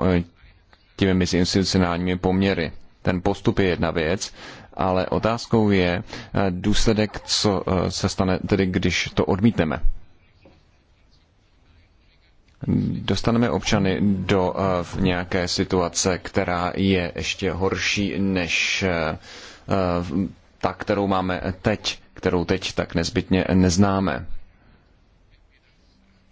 těmi institucionálními poměry. Ten postup je jedna věc, ale otázkou je eh, důsledek, co eh, se stane tedy, když to odmítneme dostaneme občany do eh, nějaké situace, která je ještě horší než ta, kterou máme teď, kterou teď tak nezbytně neznáme.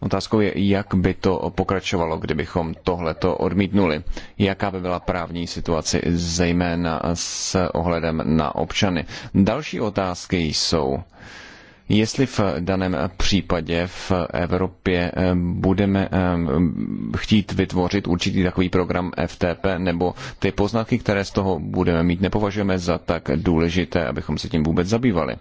Otázkou je, jak by to pokračovalo, kdybychom tohleto odmítnuli. Jaká by byla právní situace, zejména s ohledem na občany. Další otázky jsou, jestli v daném případě v Evropě eh, budeme eh, chtít vytvořit určitý takový program FTP, nebo ty poznatky, které z toho budeme mít, nepovažujeme za tak důležité, abychom se tím vůbec zabývali.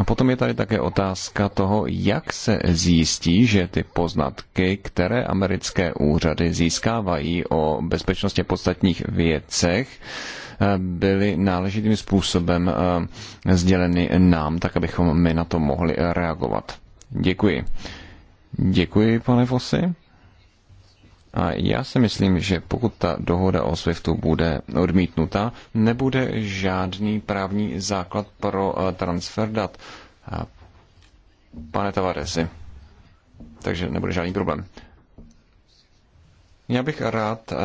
A potom je tady také otázka toho, jak se zjistí, že ty poznatky, které americké úřady získávají o bezpečnostě podstatních věcech, eh, byly náležitým způsobem eh, sděleny nám, tak abychom my na to mohli reagovat. Děkuji. Děkuji, pane Fosy. A já si myslím, že pokud ta dohoda o SWIFTu bude odmítnuta, nebude žádný právní základ pro eh, transfer dat. Pane Tavaresi, takže nebude žádný problém. Já bych rád eh,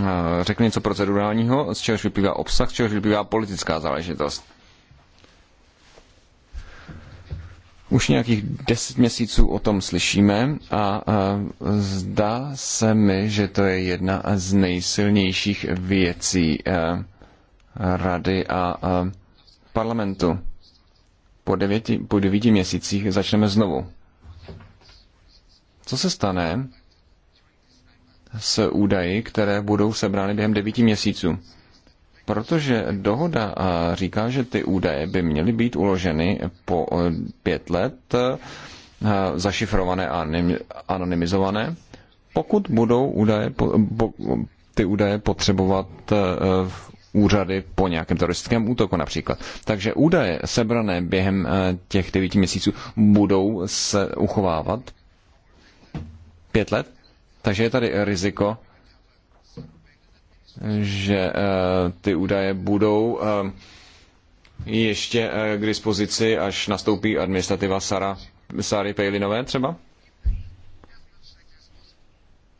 eh, řekl něco procedurálního, z čehož vyplývá obsah, z čehož vyplývá politická záležitost. Už nějakých deset měsíců o tom slyšíme a zdá se mi, že to je jedna z nejsilnějších věcí eh, rady a parlamentu. Po devěti, po devíti měsících začneme znovu. Co se stane s údaji, které budou sebrány během devíti měsíců? Protože dohoda říká, že ty údaje by měly být uloženy po e, pět let e, zašifrované a anonymizované, pokud budou údaje, ty údaje potřebovat e, úřady po nějakém teroristickém útoku například. Takže údaje sebrané během těch devíti měsíců budou se uchovávat pět let, takže je tady riziko, že eh, ty údaje budou eh, ještě eh, k dispozici, až nastoupí administrativa Sara, Sary Pejlinové třeba?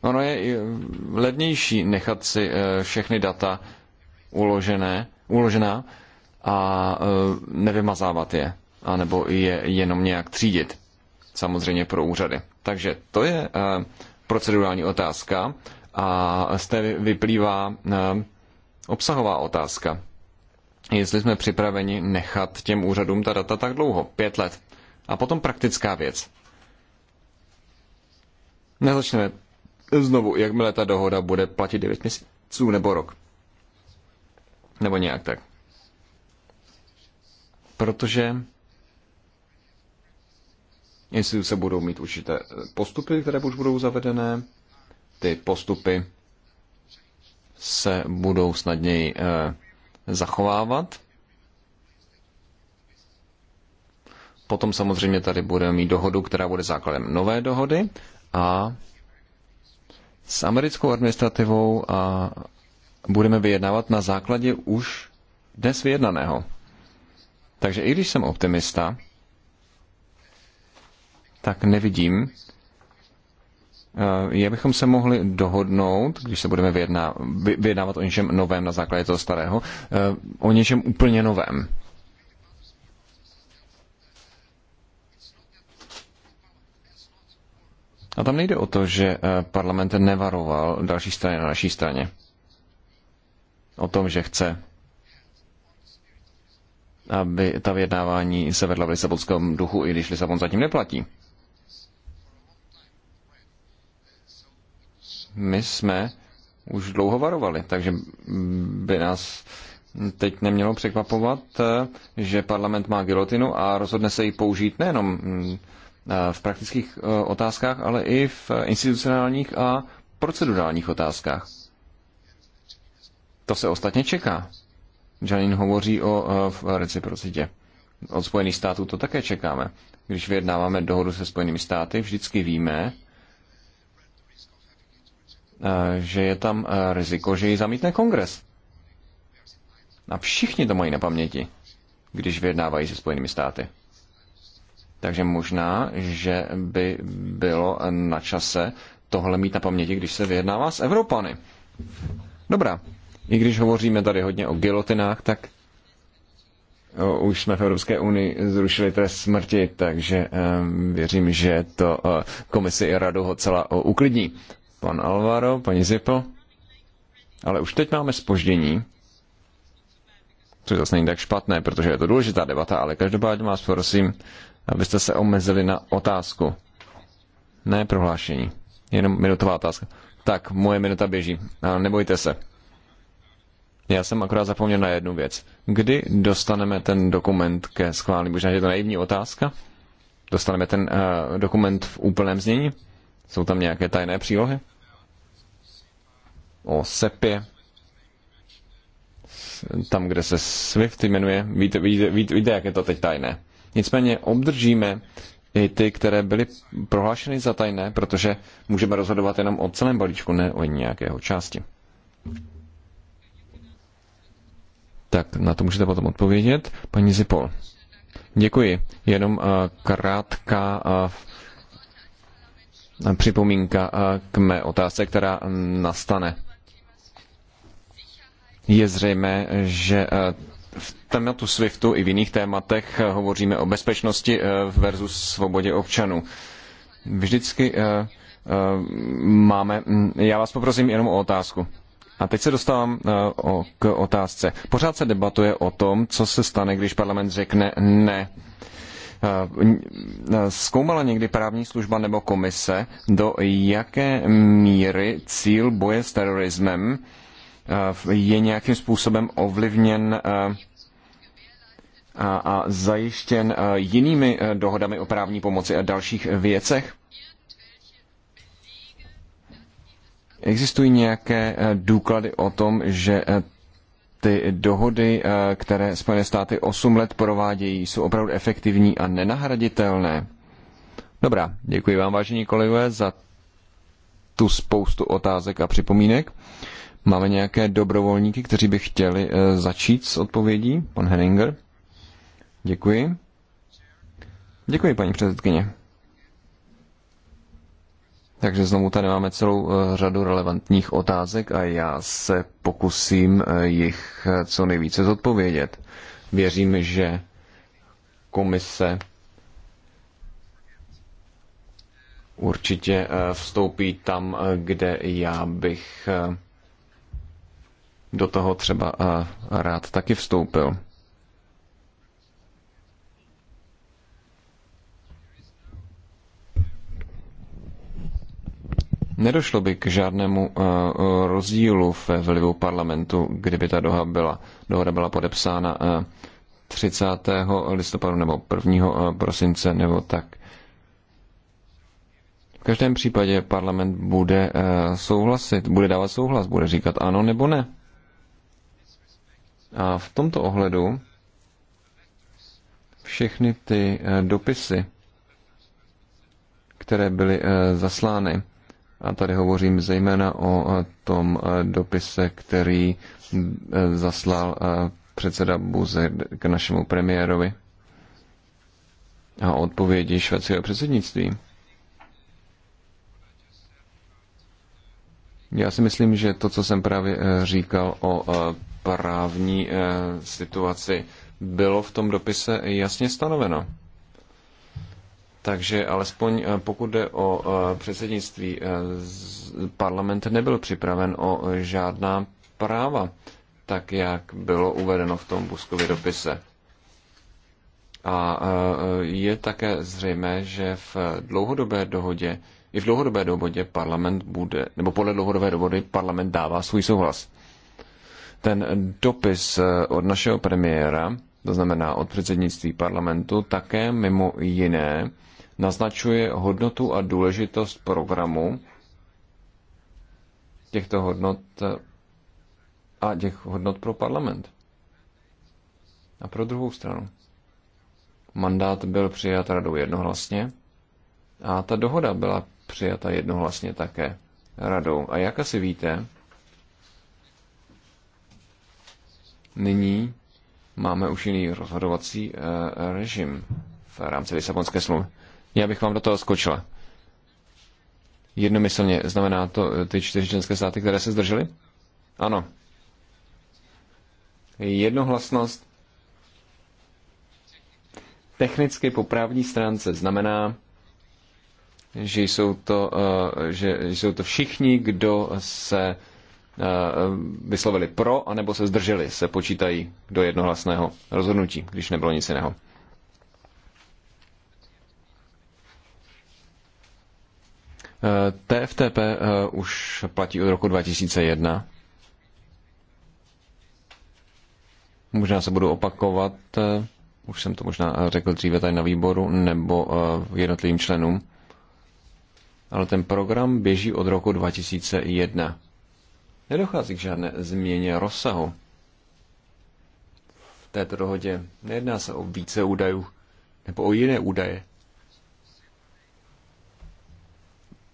Ono je levnější nechat si všechny data uložené, uložená a nevymazávat je, anebo je jenom nějak třídit, samozřejmě pro úřady. Takže to je procedurální otázka. A z té vyplývá eh, obsahová otázka. Jestli jsme připraveni nechat těm úřadům ta data tak dlouho, pět let. A potom praktická věc. Nezačneme znovu, jakmile ta dohoda bude platit 9 měsíců nebo rok. Nebo nějak tak. Protože jestli se budou mít určité postupy, které už budou zavedené, ty postupy se budou snadněji eh, zachovávat. Potom samozřejmě tady budeme mít dohodu, která bude základem nové dohody a s americkou administrativou a budeme vyjednávat na základě už dnes vyjednaného. Takže i když jsem optimista, tak nevidím, Eh, jak bychom se mohli dohodnout, když se budeme vyjedná, vyjednávat o něčem novém na základě toho starého, eh, o něčem úplně novém. A tam nejde o to, že eh, parlament nevaroval další straně na naší straně. O tom, že chce, aby ta vyjednávání se vedla v Lisabonském duchu, i když Lisabon zatím neplatí. my jsme už dlouho varovali, takže by nás teď nemělo překvapovat, že parlament má gilotinu a rozhodne se ji použít nejenom mm, eh, v praktických eh, otázkách, ale i v institucionálních a procedurálních otázkách. To se ostatně čeká. Janin hovoří o eh, reciprocitě. Od Spojených států to také čekáme. Když vyjednáváme dohodu se Spojenými státy, vždycky víme, Eh, že je tam eh, riziko, že ji zamítne kongres. A všichni to mají na paměti, když vyjednávají se Spojenými státy. Takže možná, že by bylo eh, na čase tohle mít na paměti, když se vyjednává s Evropany. Dobrá. I když hovoříme tady hodně o gilotinách, tak už jsme v Evropské unii zrušili trest smrti, takže věřím, že to komisi i radu ho celá uklidní pan Alvaro, paní Zipo. Ale už teď máme spoždění, což zase není tak špatné, protože je to důležitá debata, ale každopádně vás prosím, abyste se omezili na otázku. Ne prohlášení. Jenom minutová otázka. Tak, moje minuta běží. A nebojte se. Já jsem akorát zapomněl na jednu věc. Kdy dostaneme ten dokument ke schválení? Možná, že je to naivní otázka. Dostaneme ten uh, dokument v úplném znění? Jsou tam nějaké tajné přílohy? O SEPě? Tam, kde se SWIFT jmenuje? Víte, víte, víte, víte jak je to teď tajné. Nicméně obdržíme i ty, které byly prohlášeny za tajné, protože můžeme rozhodovat jenom o celém balíčku, ne o nějakého části. Tak na to můžete potom odpovědět. Paní Zipol. Děkuji. Jenom eh, krátká eh, připomínka eh, k mé otázce, která nastane. Je zřejmé, že eh, v tématu SWIFTu i v jiných tématech eh, hovoříme o bezpečnosti versus svobodě občanů. Vždycky máme. Mm, já vás poprosím jenom o otázku. A teď se dostávám k otázce. Pořád se debatuje o tom, co se stane, když parlament řekne ne. Eh, zkoumala někdy právní služba nebo komise, do jaké míry cíl boje s terorismem eh, je nějakým způsobem ovlivněn eh, a zajištěn jinými dohodami o právní pomoci a dalších věcech? Existují nějaké důklady o tom, že ty dohody, eh, které Spojené státy 8 let provádějí, jsou opravdu efektivní a nenahraditelné. Dobrá, děkuji vám, vážení kolegové, za tu spoustu otázek a připomínek. Máme nějaké dobrovolníky, kteří by chtěli eh, začít s odpovědí? Pan Henninger. Děkuji. Děkuji, paní předsedkyně. Takže znovu tady máme celou eh, řadu relevantních otázek a já se pokusím eh, jich eh, co nejvíce zodpovědět. Věřím, že komise určitě vstoupí tam, kde já bych do toho třeba rád taky vstoupil. Nedošlo by k žádnému eh, rozdílu ve vlivu parlamentu, kdyby ta doha byla, dohoda byla podepsána 30. Eh, listopadu nebo 1. Eh, prosince nebo tak. V každém případě parlament bude souhlasit, bude dávat souhlas, bude říkat ano nebo ne. A v tomto ohledu všechny ty dopisy, které byly zaslány, a tady hovořím zejména o eh, tom eh, dopise, který eh, zaslal předseda Buze k našemu premiérovi a odpovědi švédského předsednictví. Já si myslím, že to, co jsem právě říkal o právní situaci, bylo v tom dopise jasně stanoveno. Takže alespoň eh, pokud jde o eh, předsednictví, eh, parlament nebyl připraven o žádná práva, tak jak bylo uvedeno v tom Buskově dopise. A je také zřejmé, že v dlouhodobé dohodě, i v dlouhodobé dohodě parlament bude, nebo podle dlouhodobé dohody parlament dává svůj souhlas. Ten dopis od našeho premiéra, to znamená od předsednictví parlamentu, také mimo jiné naznačuje hodnotu a důležitost programu těchto hodnot a těch hodnot pro parlament. A pro druhou stranu. Mandát byl přijat radou jednohlasně a ta dohoda byla přijata jednohlasně také radou. A jak asi víte, nyní máme už jiný rozhodovací eh, režim v rámci Lisabonské smlouvy. Já bych vám do toho skočila. Jednomyslně znamená to eh, ty čtyři členské státy, které se zdržely? Ano. Jednohlasnost technicky po právní stránce znamená, že jsou to, eh, že jsou to všichni, kdo se eh, vyslovili pro, anebo se zdrželi, se počítají do jednohlasného rozhodnutí, když nebylo nic jiného. Eh, TFTP eh, už platí od roku 2001. Možná se budu opakovat, eh, už jsem to možná řekl dříve tady na výboru, nebo jednotlivým členům, ale ten program běží od roku 2001. Nedochází k žádné změně rozsahu v této dohodě. Nejedná se o více údajů nebo o jiné údaje.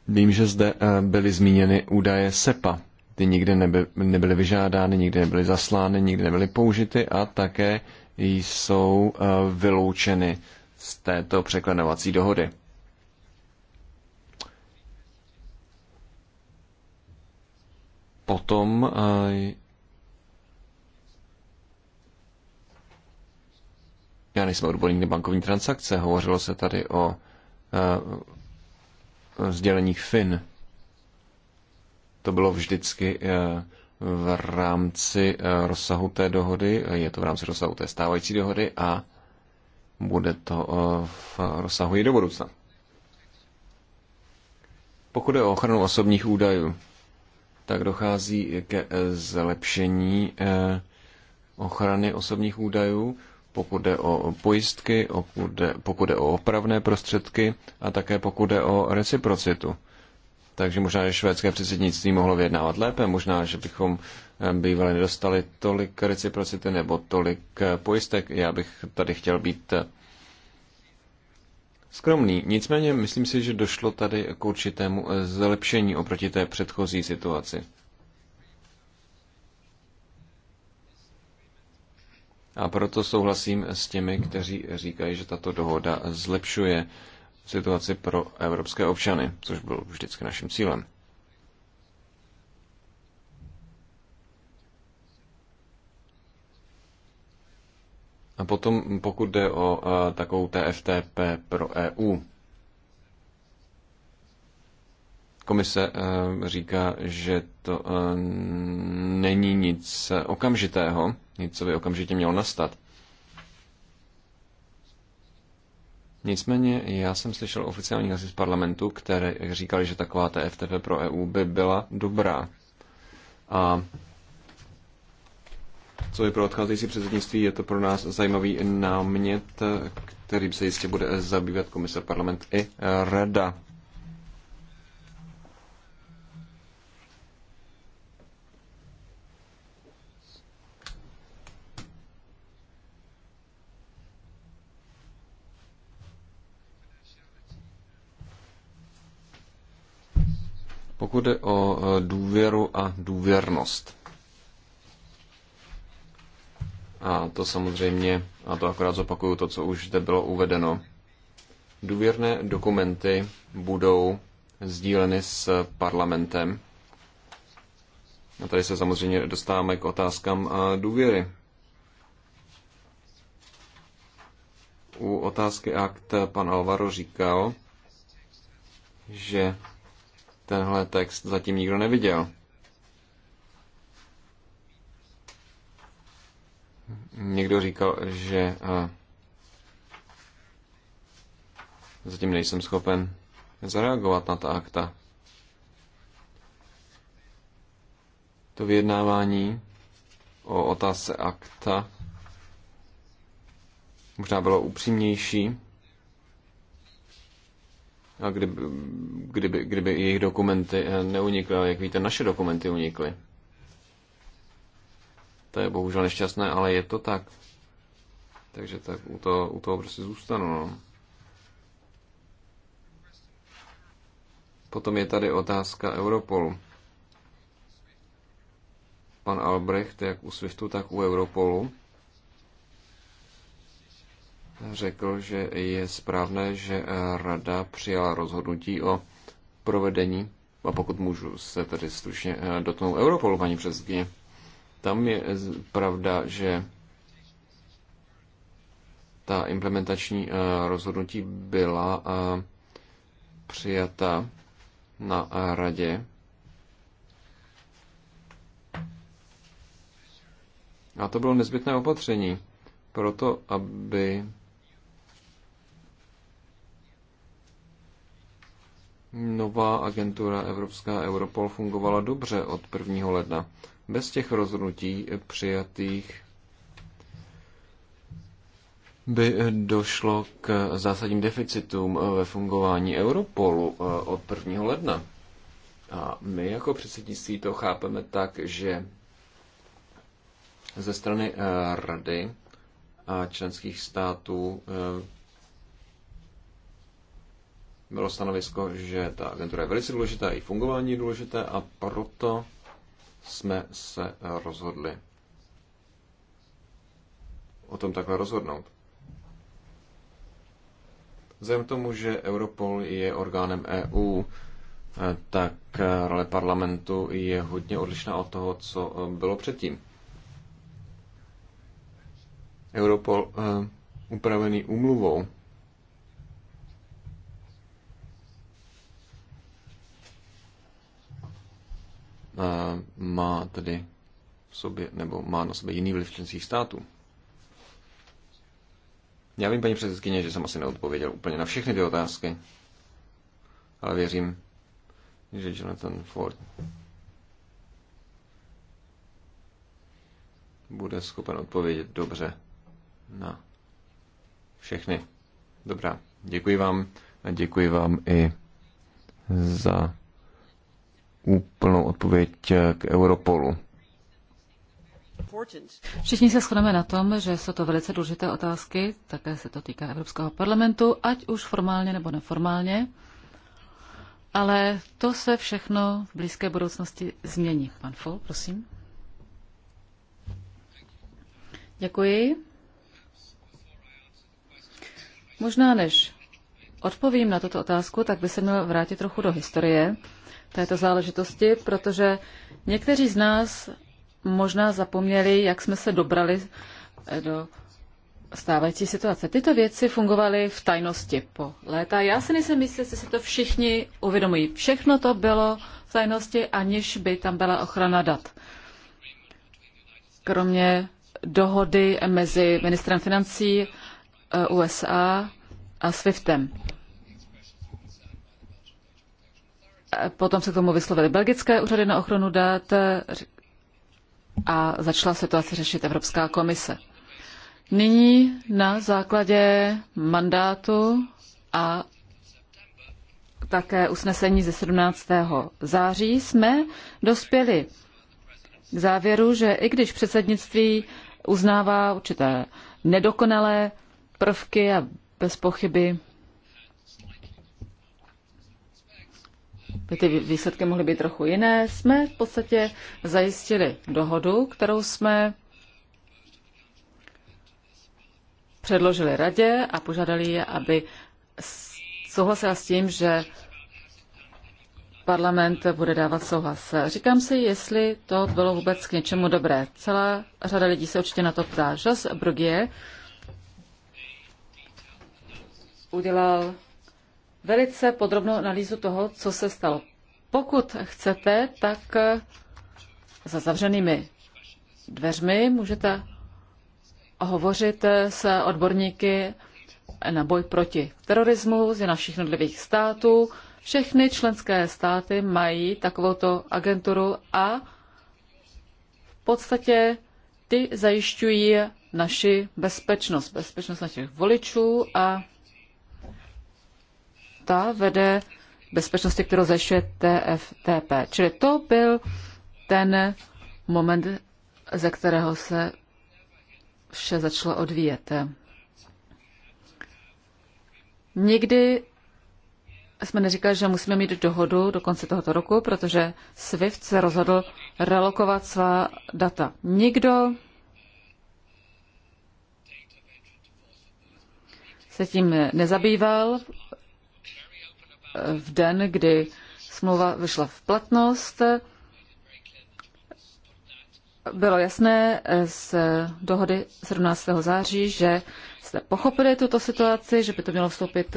Vím, že zde eh, byly zmíněny údaje SEPA. Ty nikdy neby, nebyly vyžádány, nikdy nebyly zaslány, nikdy nebyly použity a také jsou eh, vyloučeny z této překlenovací dohody. Potom eh, já nejsem odborník na bankovní transakce, hovořilo se tady o sděleních FIN. To bylo vždycky eh, v rámci eh, rozsahu té dohody, je to v rámci rozsahu té stávající dohody a bude to eh, v rozsahu i do budoucna. Pokud je o ochranu osobních údajů, tak dochází ke zlepšení ochrany osobních údajů pokud jde o pojistky, pokud jde o opravné prostředky a také pokud jde o reciprocitu. Takže možná, že švédské předsednictví mohlo vyjednávat lépe, možná, že bychom eh, bývali nedostali tolik reciprocity nebo tolik eh, pojistek. Já bych tady chtěl být eh, skromný. Nicméně myslím si, že došlo tady k určitému zlepšení oproti té předchozí situaci. A proto souhlasím s těmi, kteří říkají, že tato dohoda zlepšuje situaci pro evropské občany, což byl vždycky naším cílem. A potom, pokud jde o uh, takovou TFTP pro EU, komise uh, říká, že to uh, není nic okamžitého, něco by okamžitě mělo nastat. Nicméně já jsem slyšel oficiální hlasy z parlamentu, které říkali, že taková TFTP pro EU by byla dobrá. A co je pro odcházející předsednictví, je to pro nás zajímavý námět, kterým se jistě bude zabývat komise parlament i rada. Pokud jde o e, důvěru a důvěrnost. A to samozřejmě, a to akorát zopakuju to, co už zde bylo uvedeno. Důvěrné dokumenty budou sdíleny s parlamentem. A tady se samozřejmě dostáváme k otázkám důvěry. U otázky akt pan Alvaro říkal, že tenhle text zatím nikdo neviděl. Někdo říkal, že zatím nejsem schopen zareagovat na ta akta. To vyjednávání o otázce akta možná bylo upřímnější a kdyby, kdyby, kdyby jejich dokumenty eh, neunikly, ale jak víte, naše dokumenty unikly. To je bohužel nešťastné, ale je to tak. Takže tak u toho, u toho prostě zůstanu. No. Potom je tady otázka Europolu. Pan Albrecht, jak u SWIFTu, tak u Europolu řekl, že je správné, že rada přijala rozhodnutí o provedení, a pokud můžu se tedy stručně eh, dotknout Europolu, paní předsedkyně, tam je pravda, že ta implementační eh, rozhodnutí byla eh, přijata na radě. A to bylo nezbytné opatření proto, aby nová agentura Evropská Europol fungovala dobře od 1. ledna. Bez těch rozhodnutí přijatých by došlo k zásadním deficitům ve fungování Europolu eh, od 1. ledna. A my jako předsednictví to chápeme tak, že ze strany eh, Rady a členských států eh, bylo stanovisko, že ta agentura je velice důležitá, i fungování je důležité a proto jsme se rozhodli o tom takhle rozhodnout. Vzhledem k tomu, že Europol je orgánem EU, tak role parlamentu je hodně odlišná od toho, co bylo předtím. Europol eh, upravený umluvou má tedy v sobě, nebo má na sobě jiný vliv členských států. Já vím, paní předsedkyně, že jsem asi neodpověděl úplně na všechny ty otázky, ale věřím, že Jonathan Ford bude schopen odpovědět dobře na všechny. Dobrá, děkuji vám a děkuji vám i za úplnou odpověď eh, k Europolu. Všichni se shodneme na tom, že jsou to velice důležité otázky, také se to týká Evropského parlamentu, ať už formálně nebo neformálně. Ale to se všechno v blízké budoucnosti změní. Pan Fol, prosím. Děkuji. Možná než odpovím na tuto otázku, tak by se měl vrátit trochu do historie této záležitosti, protože někteří z nás možná zapomněli, jak jsme se dobrali eh, do stávající situace. Tyto věci fungovaly v tajnosti po léta. Já si nejsem jistý, jestli si to všichni uvědomují. Všechno to bylo v tajnosti, aniž by tam byla ochrana dat. Kromě dohody mezi ministrem financí eh, USA a SWIFTem. Potom se k tomu vyslovily belgické úřady na ochranu dat a začala situaci řešit Evropská komise. Nyní na základě mandátu a také usnesení ze 17. září jsme dospěli k závěru, že i když předsednictví uznává určité nedokonalé prvky a bez pochyby ty výsledky mohly být trochu jiné, jsme v podstatě zajistili dohodu, kterou jsme předložili radě a požádali je, aby souhlasila s tím, že parlament bude dávat souhlas. Říkám si, jestli to bylo vůbec k něčemu dobré. Celá řada lidí se určitě na to ptá. Jos Brugier udělal velice podrobnou analýzu toho, co se stalo. Pokud chcete, tak za zavřenými dveřmi můžete hovořit s odborníky na boj proti terorismu z našich jednotlivých států. Všechny členské státy mají takovouto agenturu a v podstatě ty zajišťují naši bezpečnost, bezpečnost našich voličů a ta vede bezpečnosti, kterou zajišťuje TFTP. Čili to byl ten moment, ze kterého se vše začalo odvíjet. Nikdy jsme neříkali, že musíme mít dohodu do konce tohoto roku, protože SWIFT se rozhodl relokovat svá data. Nikdo se tím nezabýval, v den, kdy smlouva vyšla v platnost. Bylo jasné z dohody 17. září, že jste pochopili tuto situaci, že by to mělo vstoupit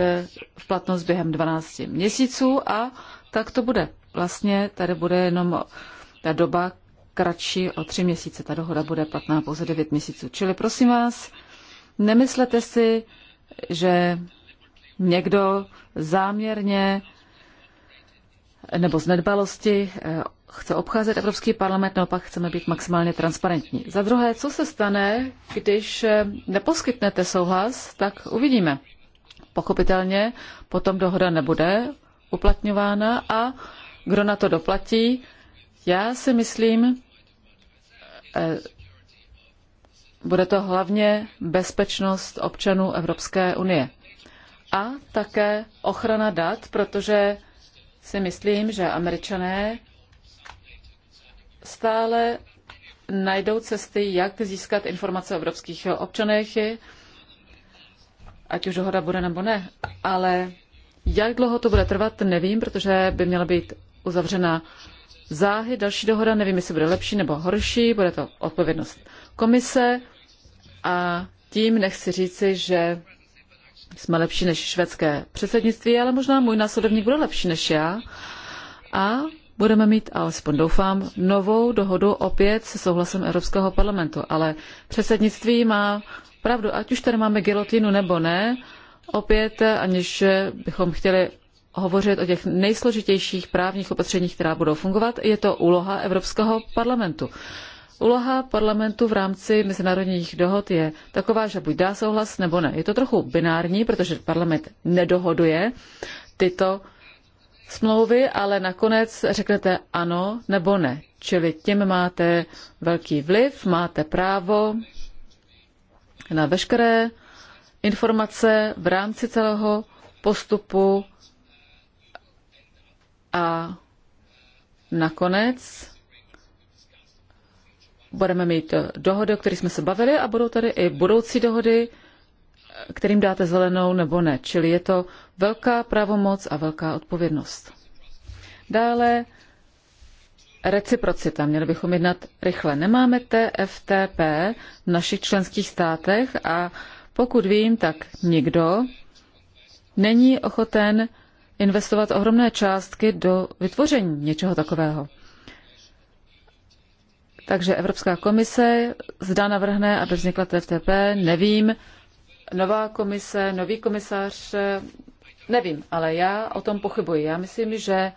v platnost během 12 měsíců a tak to bude. Vlastně tady bude jenom ta doba kratší o tři měsíce. Ta dohoda bude platná pouze 9 měsíců. Čili prosím vás, nemyslete si, že někdo záměrně nebo z nedbalosti eh, chce obcházet Evropský parlament, naopak chceme být maximálně transparentní. Za druhé, co se stane, když eh, neposkytnete souhlas, tak uvidíme. Pochopitelně potom dohoda nebude uplatňována a kdo na to doplatí, já si myslím, eh, bude to hlavně bezpečnost občanů Evropské unie a také ochrana dat, protože si myslím, že američané stále najdou cesty, jak získat informace o evropských občanech, ať už dohoda bude nebo ne. Ale jak dlouho to bude trvat, nevím, protože by měla být uzavřena záhy. Další dohoda, nevím, jestli bude lepší nebo horší, bude to odpovědnost komise. A tím nechci říci, že jsme lepší než švédské předsednictví, ale možná můj následovník bude lepší než já. A budeme mít, alespoň doufám, novou dohodu opět se souhlasem Evropského parlamentu. Ale předsednictví má pravdu, ať už tady máme gilotinu nebo ne, opět, aniž bychom chtěli hovořit o těch nejsložitějších právních opatřeních, která budou fungovat, je to úloha Evropského parlamentu. Úloha parlamentu v rámci mezinárodních dohod je taková, že buď dá souhlas, nebo ne. Je to trochu binární, protože parlament nedohoduje tyto smlouvy, ale nakonec řeknete ano nebo ne. Čili tím máte velký vliv, máte právo na veškeré informace v rámci celého postupu a nakonec budeme mít eh, dohody, o kterých jsme se bavili a budou tady i budoucí dohody, kterým dáte zelenou nebo ne. Čili je to velká pravomoc a velká odpovědnost. Dále reciprocita. Měli bychom jednat rychle. Nemáme TFTP v našich členských státech a pokud vím, tak nikdo není ochoten investovat ohromné částky do vytvoření něčeho takového. Takže Evropská komise zda navrhne, aby vznikla TFTP, nevím. Nová komise, nový komisař, nevím, ale já o tom pochybuji. Já myslím, že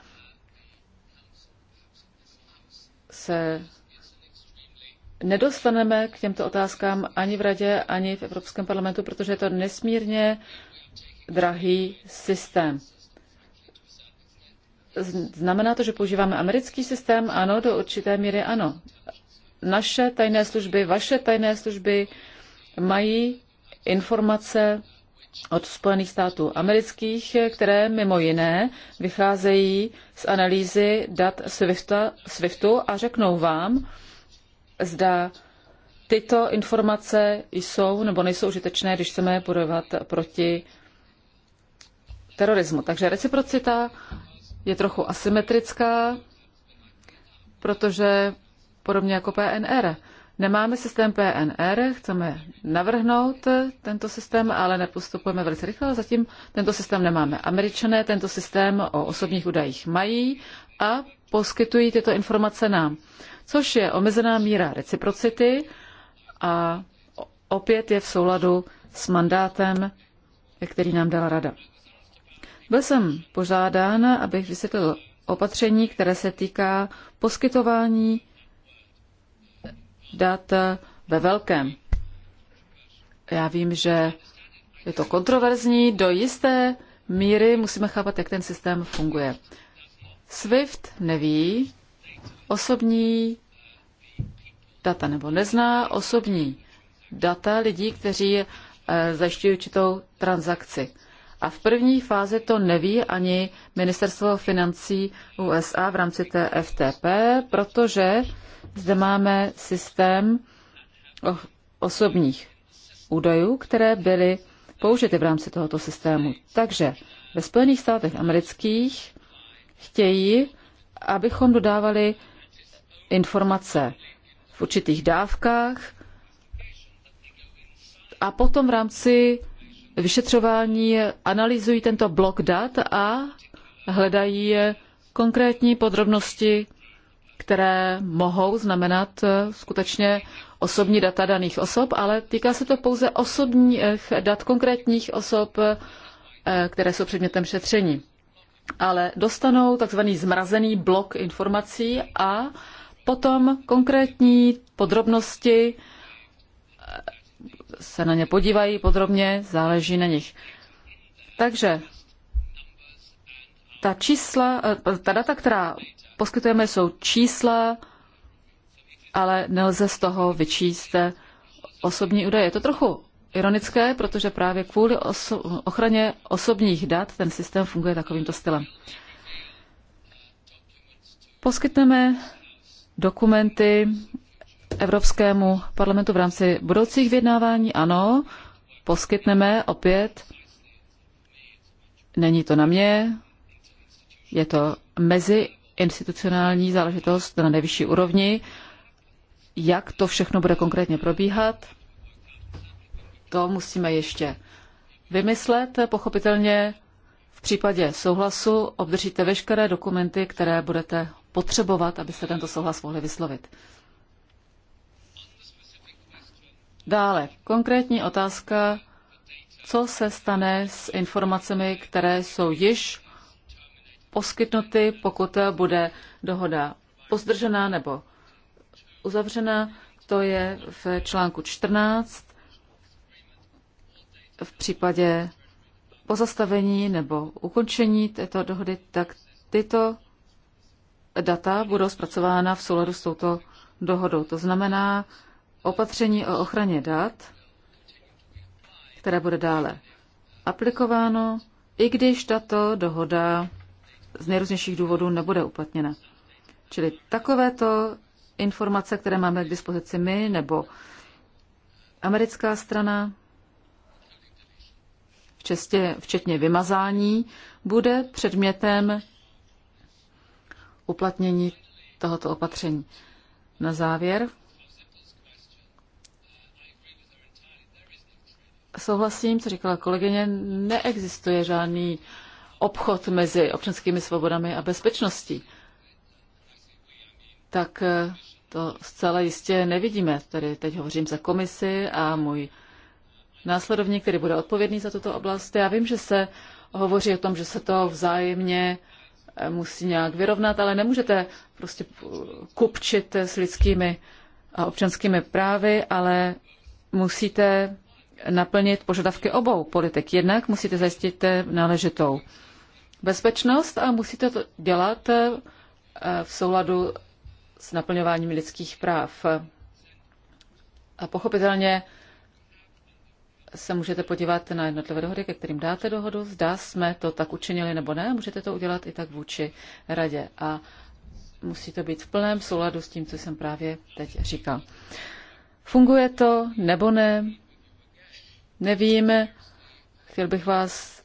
se nedostaneme k těmto otázkám ani v Radě, ani v Evropském parlamentu, protože je to nesmírně drahý systém. Znamená to, že používáme americký systém? Ano, do určité míry ano. Naše tajné služby, vaše tajné služby mají informace od Spojených států amerických, které mimo jiné vycházejí z analýzy dat SWIFTA, SWIFTu a řeknou vám, zda tyto informace jsou nebo nejsou užitečné, když chceme bojovat proti terorismu. Takže reciprocita je trochu asymetrická, protože podobně jako PNR. Nemáme systém PNR, chceme navrhnout tento systém, ale nepostupujeme velice rychle. Zatím tento systém nemáme. Američané tento systém o osobních údajích mají a poskytují tyto informace nám, což je omezená míra reciprocity a opět je v souladu s mandátem, který nám dala Rada. Byl jsem požádán, abych vysvětlil opatření, které se týká poskytování dat ve velkém. Já vím, že je to kontroverzní, do jisté míry musíme chápat, jak ten systém funguje. SWIFT neví osobní data nebo nezná osobní data lidí, kteří eh, zajišťují určitou transakci. A v první fázi to neví ani ministerstvo financí USA v rámci té FTP, protože zde máme systém osobních údajů, které byly použity v rámci tohoto systému. Takže ve Spojených státech amerických chtějí, abychom dodávali informace v určitých dávkách a potom v rámci vyšetřování analyzují tento blok dat a hledají konkrétní podrobnosti, které mohou znamenat skutečně osobní data daných osob, ale týká se to pouze osobních dat konkrétních osob, eh, které jsou předmětem šetření. Ale dostanou takzvaný zmrazený blok informací a potom konkrétní podrobnosti se na ně podívají podrobně, záleží na nich. Takže ta čísla, eh, ta data, která poskytujeme, jsou čísla, ale nelze z toho vyčíst osobní údaje. Je to trochu ironické, protože právě kvůli oso- ochraně osobních dat ten systém funguje takovýmto stylem. Poskytneme dokumenty Evropskému parlamentu v rámci budoucích vyjednávání? Ano, poskytneme opět. Není to na mě, je to mezi institucionální záležitost na nejvyšší úrovni. Jak to všechno bude konkrétně probíhat, to musíme ještě vymyslet. Pochopitelně v případě souhlasu obdržíte veškeré dokumenty, které budete potřebovat, abyste tento souhlas mohli vyslovit. Dále, konkrétní otázka, co se stane s informacemi, které jsou již poskytnuty, pokud bude dohoda pozdržená nebo uzavřena. To je v článku 14. V případě pozastavení nebo ukončení této dohody, tak tyto data budou zpracována v souladu s touto dohodou. To znamená, opatření o ochraně dat, které bude dále aplikováno, i když tato dohoda z nejrůznějších důvodů nebude uplatněna. Čili takovéto informace, které máme k dispozici my nebo americká strana, včetně, včetně vymazání, bude předmětem uplatnění tohoto opatření. Na závěr souhlasím, co říkala kolegyně, neexistuje žádný obchod mezi občanskými svobodami a bezpečností. Tak eh, to zcela jistě nevidíme. Tady teď hovořím za komisi a můj následovník, který bude odpovědný za tuto oblast. Já vím, že se hovoří o tom, že se to vzájemně eh, musí nějak vyrovnat, ale nemůžete prostě eh, kupčit s lidskými a občanskými právy, ale musíte naplnit požadavky obou politik. Jednak musíte zajistit náležitou bezpečnost a musíte to dělat eh, v souladu s naplňováním lidských práv. A pochopitelně se můžete podívat na jednotlivé dohody, ke kterým dáte dohodu, zda jsme to tak učinili nebo ne, můžete to udělat i tak vůči radě. A musí to být v plném souladu s tím, co jsem právě teď říkal. Funguje to nebo ne? nevím. Chtěl bych vás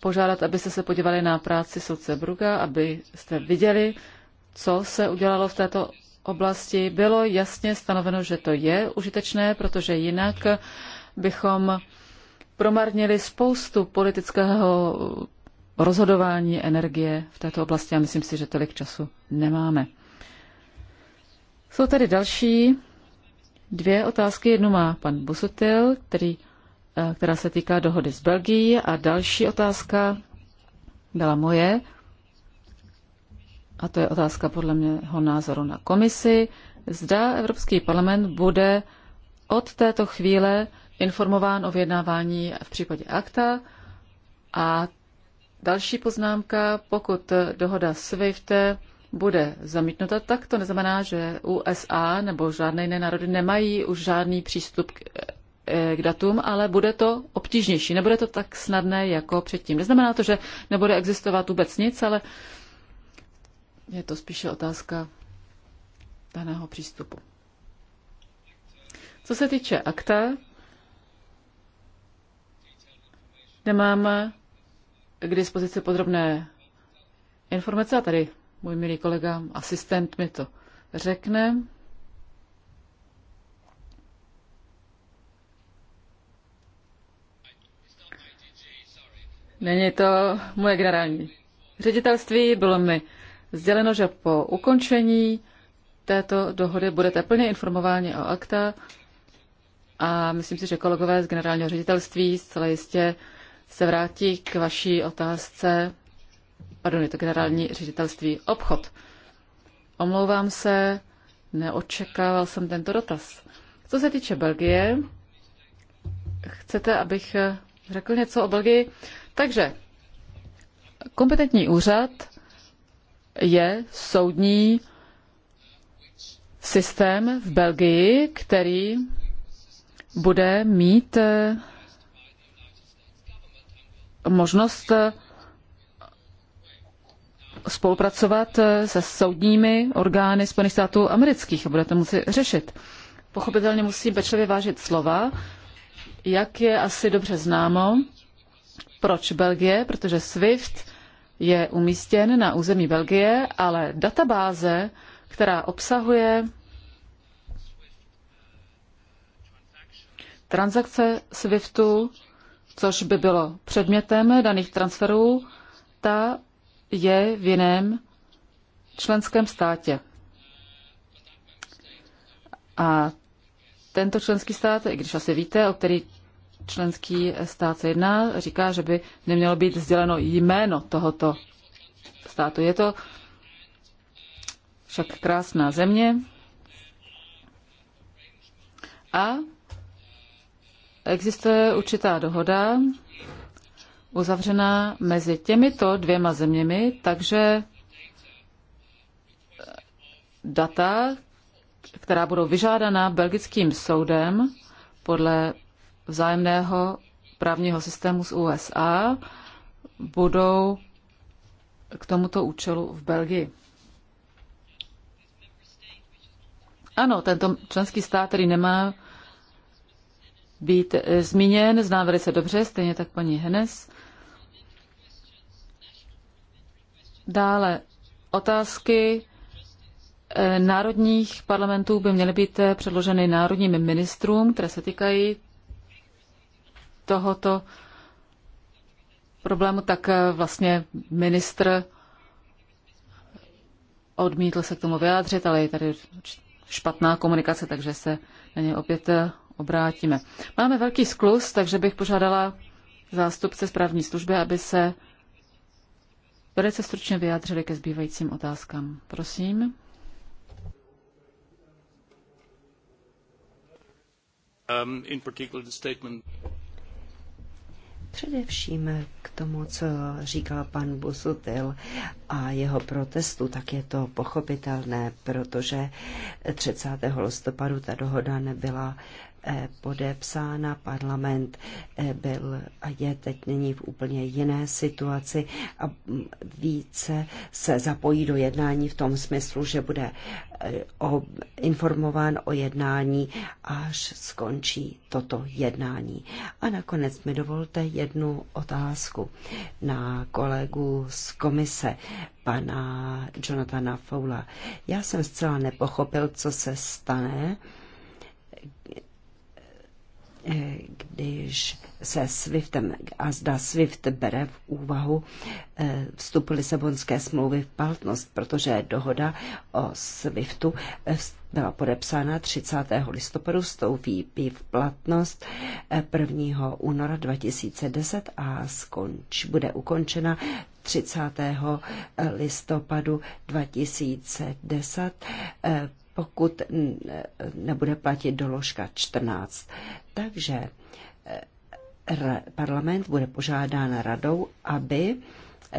požádat, abyste se podívali na práci soudce Bruga, abyste viděli, co se udělalo v této oblasti. Bylo jasně stanoveno, že to je užitečné, protože jinak bychom promarnili spoustu politického rozhodování energie v této oblasti a myslím si, že tolik času nemáme. Jsou tady další dvě otázky. Jednu má pan Busutil, který, eh, která se týká dohody s Belgií a další otázka byla moje. A to je otázka podle mého názoru na komisi. Zda Evropský parlament bude od této chvíle informován o vyjednávání v případě akta a další poznámka, pokud dohoda SWIFT bude zamítnuta, tak to neznamená, že USA nebo žádné jiné národy nemají už žádný přístup k, e, k datům, ale bude to obtížnější. Nebude to tak snadné jako předtím. Neznamená to, že nebude existovat vůbec nic, ale je to spíše otázka daného přístupu. Co se týče akta, nemám k dispozici podrobné informace a tady můj milý kolega, asistent mi to řekne. Není to moje generální ředitelství. Bylo mi sděleno, že po ukončení této dohody budete plně informováni o akta a myslím si, že kolegové z generálního ředitelství zcela jistě se vrátí k vaší otázce pardon, je to generální ředitelství obchod. Omlouvám se, neočekával jsem tento dotaz. Co se týče Belgie, chcete, abych řekl něco o Belgii? Takže, kompetentní úřad je soudní systém v Belgii, který bude mít možnost spolupracovat eh, se soudními orgány Spojených států amerických a bude to muset řešit. Pochopitelně musí pečlivě vážit slova, jak je asi dobře známo, proč Belgie, protože SWIFT je umístěn na území Belgie, ale databáze, která obsahuje transakce SWIFTu, což by bylo předmětem daných transferů, ta je v jiném členském státě. A tento členský stát, i když asi víte, o který členský stát se jedná, říká, že by nemělo být sděleno jméno tohoto státu. Je to však krásná země a existuje určitá dohoda uzavřená mezi těmito dvěma zeměmi, takže data, která budou vyžádána belgickým soudem podle vzájemného právního systému z USA, budou k tomuto účelu v Belgii. Ano, tento členský stát, který nemá být eh, zmíněn, zná velice dobře, stejně tak paní Hennes. Dále otázky eh, národních parlamentů by měly být eh, předloženy národním ministrům, které se týkají tohoto problému, tak eh, vlastně ministr odmítl se k tomu vyjádřit, ale je tady špatná komunikace, takže se na ně opět obrátíme. Máme velký sklus, takže bych požádala zástupce správní služby, aby se velice stručně vyjádřili ke zbývajícím otázkám. Prosím. Um, in particular the statement Především k tomu, co říkal pan Busutil a jeho protestu, tak je to pochopitelné, protože 30. listopadu ta dohoda nebyla Eh, podepsána. Parlament eh, byl a je teď nyní v úplně jiné situaci a více se zapojí do jednání v tom smyslu, že bude eh, o, informován o jednání, až skončí toto jednání. A nakonec mi dovolte jednu otázku na kolegu z komise, pana Jonathana Foula. Já jsem zcela nepochopil, co se stane, Eh, když se SWIFTem a zda SWIFT bere v úvahu eh, vstup Lisabonské smlouvy v platnost, protože dohoda o SWIFTu eh, byla podepsána 30. listopadu, vstoupí v platnost 1. února 2010 a skonč, bude ukončena 30. listopadu 2010 pokud nebude platit doložka 14. Takže eh, parlament bude požádán radou, aby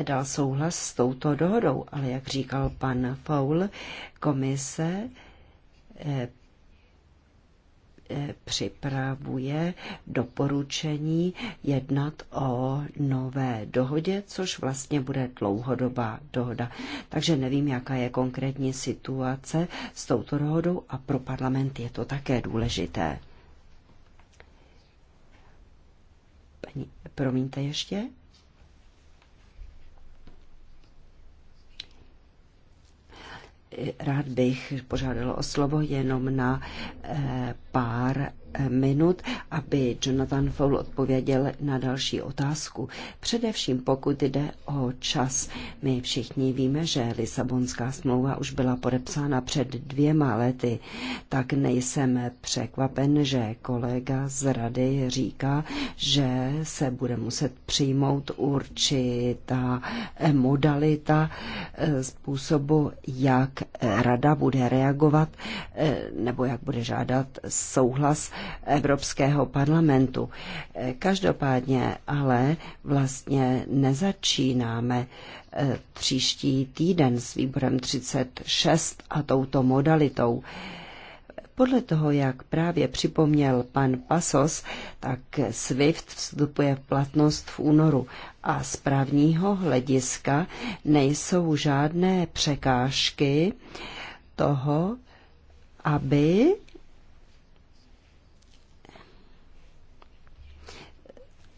dal souhlas s touto dohodou, ale jak říkal pan Foul, komise eh, eh, připravuje doporučení jednat o nové dohodě, což vlastně bude dlouhodobá dohoda. Takže nevím, jaká je konkrétní situace s touto dohodou a pro parlament je to také důležité. kni- promiňte ještě. Rád bych požádal o slovo jenom na eh, pár minut, aby Jonathan Fowl odpověděl na další otázku. Především pokud jde o čas. My všichni víme, že Lisabonská smlouva už byla podepsána před dvěma lety, tak nejsem překvapen, že kolega z rady říká, že se bude muset přijmout určitá modalita eh, způsobu, jak rada bude reagovat eh, nebo jak bude žádat souhlas Evropského parlamentu. Eh, každopádně ale vlastně nezačínáme eh, příští týden s výborem 36 a touto modalitou. Podle toho, jak právě připomněl pan Pasos, tak SWIFT vstupuje v platnost v únoru a z právního hlediska nejsou žádné překážky toho, aby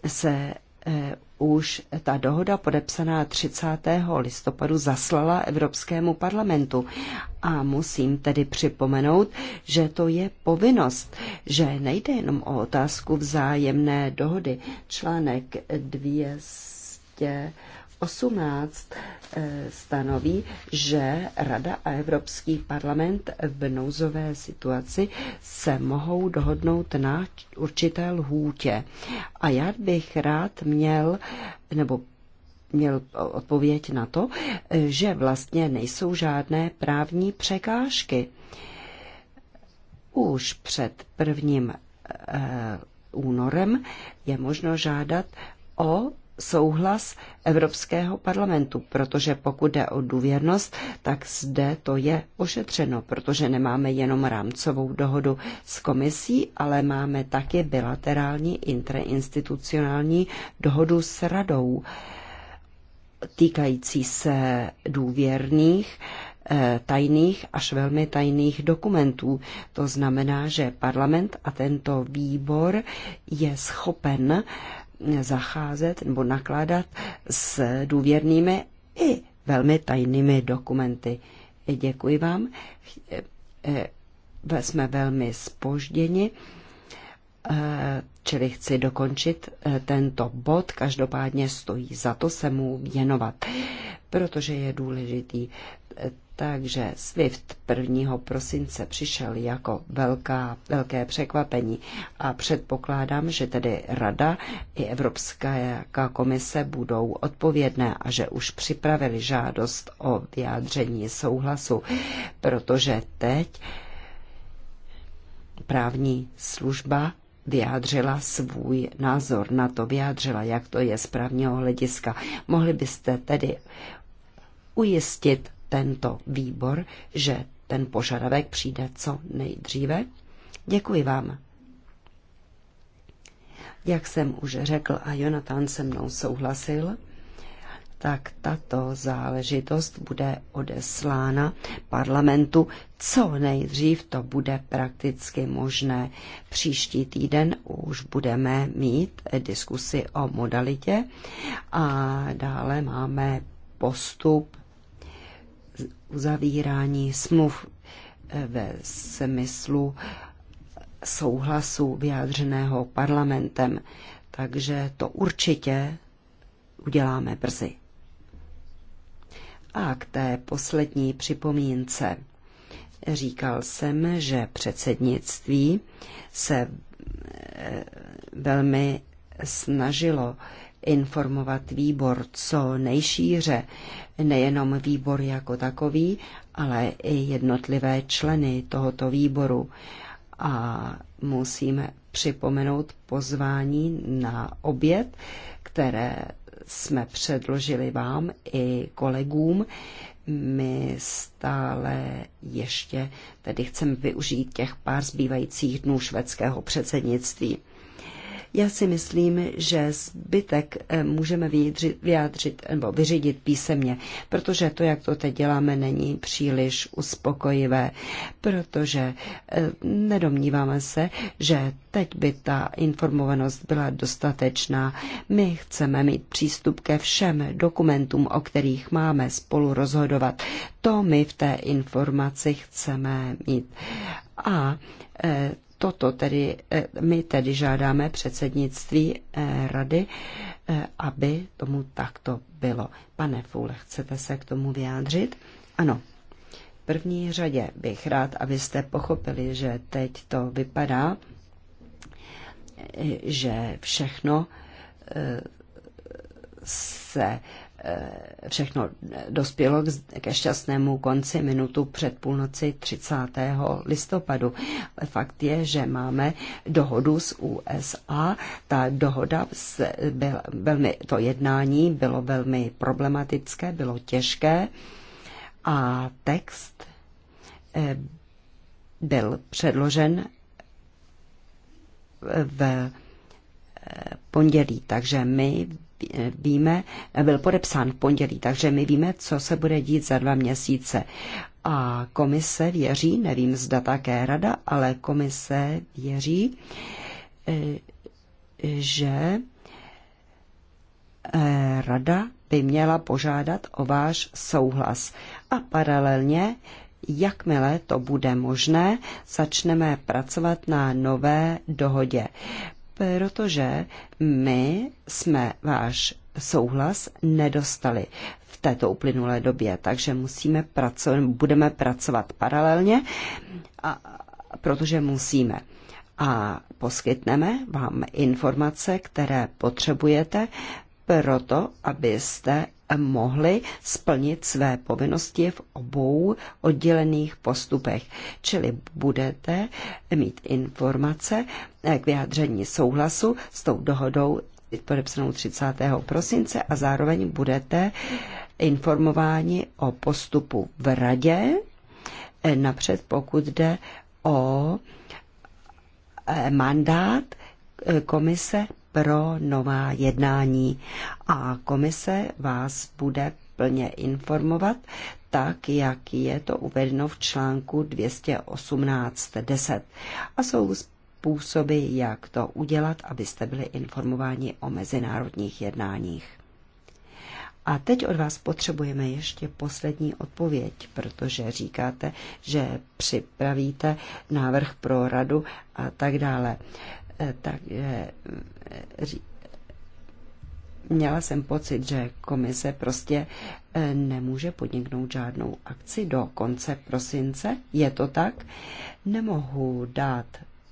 se eh, už ta dohoda podepsaná 30. listopadu zaslala Evropskému parlamentu. A musím tedy připomenout, že to je povinnost, že nejde jenom o otázku vzájemné dohody. Článek 200 18 eh, stanoví, že Rada a Evropský parlament v nouzové situaci se mohou dohodnout na určité lhůtě. A já bych rád měl, nebo měl odpověď na to, eh, že vlastně nejsou žádné právní překážky. Už před prvním eh, únorem je možno žádat o souhlas Evropského parlamentu, protože pokud jde o důvěrnost, tak zde to je ošetřeno, protože nemáme jenom rámcovou dohodu s komisí, ale máme také bilaterální intrainstitucionální dohodu s radou týkající se důvěrných eh, tajných až velmi tajných dokumentů. To znamená, že parlament a tento výbor je schopen zacházet nebo nakládat s důvěrnými i velmi tajnými dokumenty. Děkuji vám. E, e, jsme velmi spožděni, e, čili chci dokončit tento bod. Každopádně stojí za to se mu věnovat, protože je důležitý takže SWIFT 1. prosince přišel jako velká, velké překvapení a předpokládám, že tedy Rada i Evropská komise budou odpovědné a že už připravili žádost o vyjádření souhlasu, protože teď právní služba vyjádřila svůj názor na to, vyjádřila, jak to je z právního hlediska. Mohli byste tedy ujistit tento výbor, že ten požadavek přijde co nejdříve. Děkuji vám. Jak jsem už řekl a Jonathan se mnou souhlasil, tak tato záležitost bude odeslána parlamentu co nejdřív, to bude prakticky možné. Příští týden už budeme mít diskusi o modalitě a dále máme postup uzavírání smluv eh, ve smyslu souhlasu vyjádřeného parlamentem. Takže to určitě uděláme brzy. A k té poslední připomínce. Říkal jsem, že předsednictví se eh, velmi snažilo informovat výbor co nejšíře nejenom výbor jako takový, ale i jednotlivé členy tohoto výboru. A musím připomenout pozvání na oběd, které jsme předložili vám i kolegům. My stále ještě tedy chceme využít těch pár zbývajících dnů švédského předsednictví. Já si myslím, že zbytek eh, můžeme vyjádřit, vyjádřit nebo vyřídit písemně, protože to, jak to teď děláme, není příliš uspokojivé, protože eh, nedomníváme se, že teď by ta informovanost byla dostatečná. My chceme mít přístup ke všem dokumentům, o kterých máme spolu rozhodovat. To my v té informaci chceme mít. A eh, toto tedy, eh, my tedy žádáme předsednictví eh, rady, eh, aby tomu takto bylo. Pane Fůle, chcete se k tomu vyjádřit? Ano. V první řadě bych rád, abyste pochopili, že teď to vypadá, že všechno se Eh, všechno eh, dospělo ke šťastnému konci minutu před půlnoci 30. listopadu. fakt je, že máme dohodu s USA. Ta dohoda byl, velmi, to jednání bylo velmi problematické, bylo těžké a text eh, byl předložen v pondělí. Takže my víme, byl podepsán v pondělí, takže my víme, co se bude dít za dva měsíce. A komise věří, nevím zda také rada, ale komise věří, eh, že eh, rada by měla požádat o váš souhlas. A paralelně, jakmile to bude možné, začneme pracovat na nové dohodě protože my jsme váš souhlas nedostali v této uplynulé době, takže musíme pracovat, budeme pracovat paralelně, a, protože musíme. A poskytneme vám informace, které potřebujete, proto, abyste mohli splnit své povinnosti v obou oddělených postupech. Čili budete mít informace k vyjádření souhlasu s tou dohodou podepsanou 30. prosince a zároveň budete informováni o postupu v radě, eh, napřed pokud jde o eh, mandát eh, komise pro nová jednání a komise vás bude plně informovat, tak, jak je to uvedeno v článku 218.10. A jsou způsoby, jak to udělat, abyste byli informováni o mezinárodních jednáních. A teď od vás potřebujeme ještě poslední odpověď, protože říkáte, že připravíte návrh pro radu a tak dále. E, Takže měla jsem pocit, že komise prostě eh, nemůže podniknout žádnou akci do konce prosince. Je to tak? Nemohu dát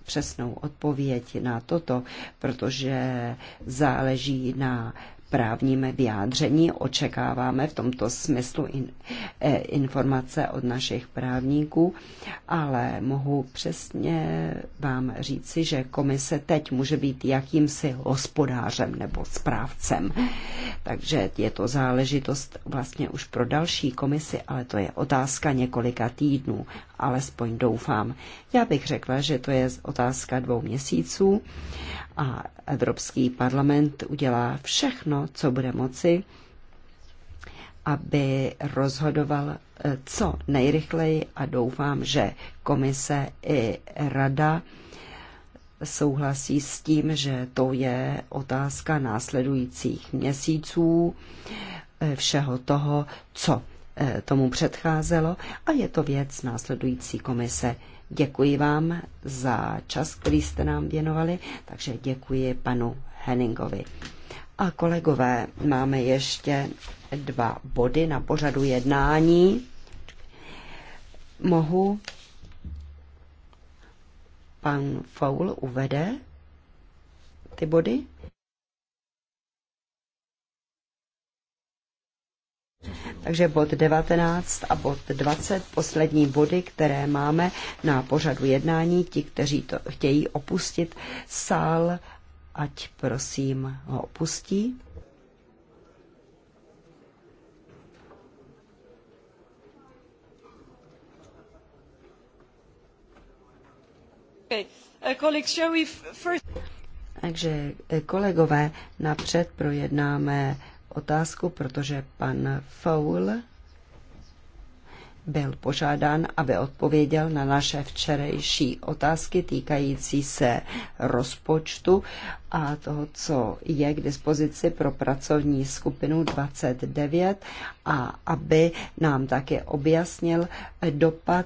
přesnou odpověď na toto, protože záleží na právním vyjádření. Očekáváme v tomto smyslu in, eh, informace od našich právníků, ale mohu přesně vám říci, že komise teď může být jakýmsi hospodářem nebo správcem. Takže je to záležitost vlastně už pro další komisi, ale to je otázka několika týdnů, alespoň doufám. Já bych řekla, že to je otázka dvou měsíců a Evropský parlament udělá všechno, co bude moci, aby rozhodoval eh, co nejrychleji a doufám, že komise i rada souhlasí s tím, že to je otázka následujících měsíců, eh, všeho toho, co eh, tomu předcházelo a je to věc následující komise Děkuji vám za čas, který jste nám věnovali, takže děkuji panu Henningovi. A kolegové, máme ještě dva body na pořadu jednání. Mohu pan Foul uvede ty body? Takže bod 19 a bod 20, poslední body, které máme na pořadu jednání, ti, kteří to chtějí opustit sál, ať prosím ho opustí. Okay. Uh, first... Takže eh, kolegové, napřed projednáme otázku, protože pan Foul byl požádán, aby odpověděl na naše včerejší otázky týkající se rozpočtu a toho, co je k dispozici pro pracovní skupinu 29 a aby nám také objasnil dopad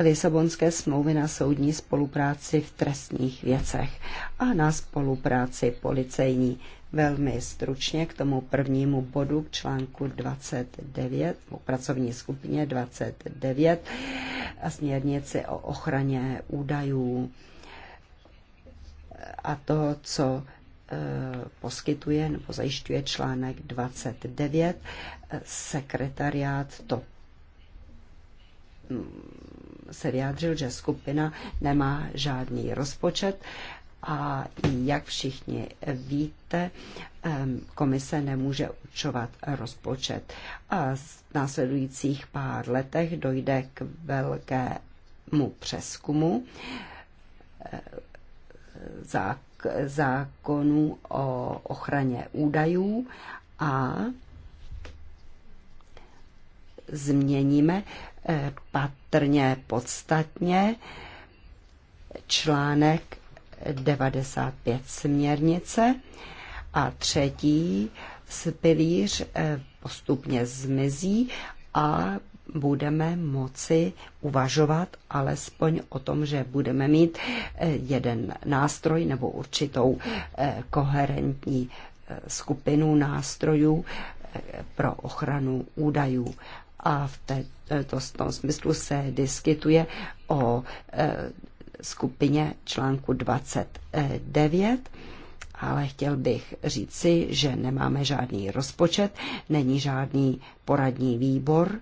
Lisabonské smlouvy na soudní spolupráci v trestních věcech a na spolupráci policejní velmi stručně k tomu prvnímu bodu k článku 29, o pracovní skupině 29 a směrnici o ochraně údajů a toho, co e, poskytuje nebo zajišťuje článek 29. E, sekretariát to mm, se vyjádřil, že skupina nemá žádný rozpočet a jak všichni víte, komise nemůže určovat rozpočet. A v následujících pár letech dojde k velkému přeskumu eh, zákonů o ochraně údajů a změníme eh, patrně podstatně článek 95 směrnice a třetí pilíř eh, postupně zmizí a budeme moci uvažovat alespoň o tom, že budeme mít eh, jeden nástroj nebo určitou eh, koherentní skupinu nástrojů pro ochranu údajů. A v této smyslu se diskutuje o skupině článku 29 ale chtěl bych říci, že nemáme žádný rozpočet, není žádný poradní výbor,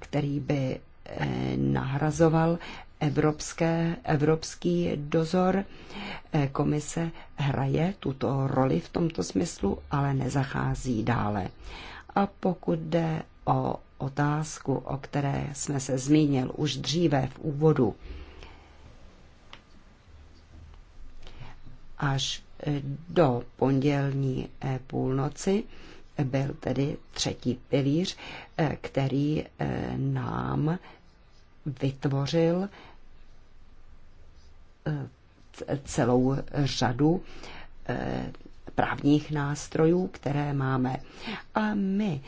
který by eh, nahrazoval evropské, evropský dozor. Eh, komise hraje tuto roli v tomto smyslu, ale nezachází dále. A pokud jde o otázku, o které jsme se zmínil už dříve v úvodu. Až e, do pondělní e, půlnoci byl tedy třetí pilíř, e, který nám vytvořil celou řadu právních nástrojů, které máme. A my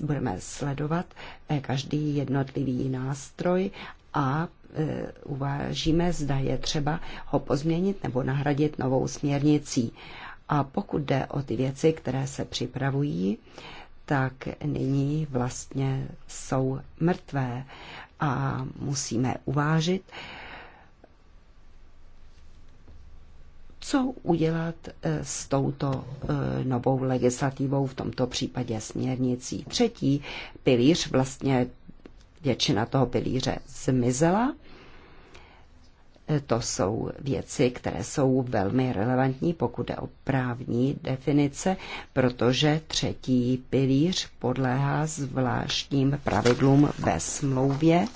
budeme sledovat eh, každý jednotlivý nástroj a eh, uvážíme, zda je třeba ho pozměnit nebo nahradit novou směrnicí. A pokud jde o ty věci, které se připravují, tak nyní vlastně jsou mrtvé a musíme uvážit, co udělat eh, s touto eh, novou legislativou, v tomto případě směrnicí. Třetí pilíř, vlastně většina toho pilíře zmizela. Eh, to jsou věci, které jsou velmi relevantní, pokud je o právní definice, protože třetí pilíř podléhá zvláštním pravidlům ve smlouvě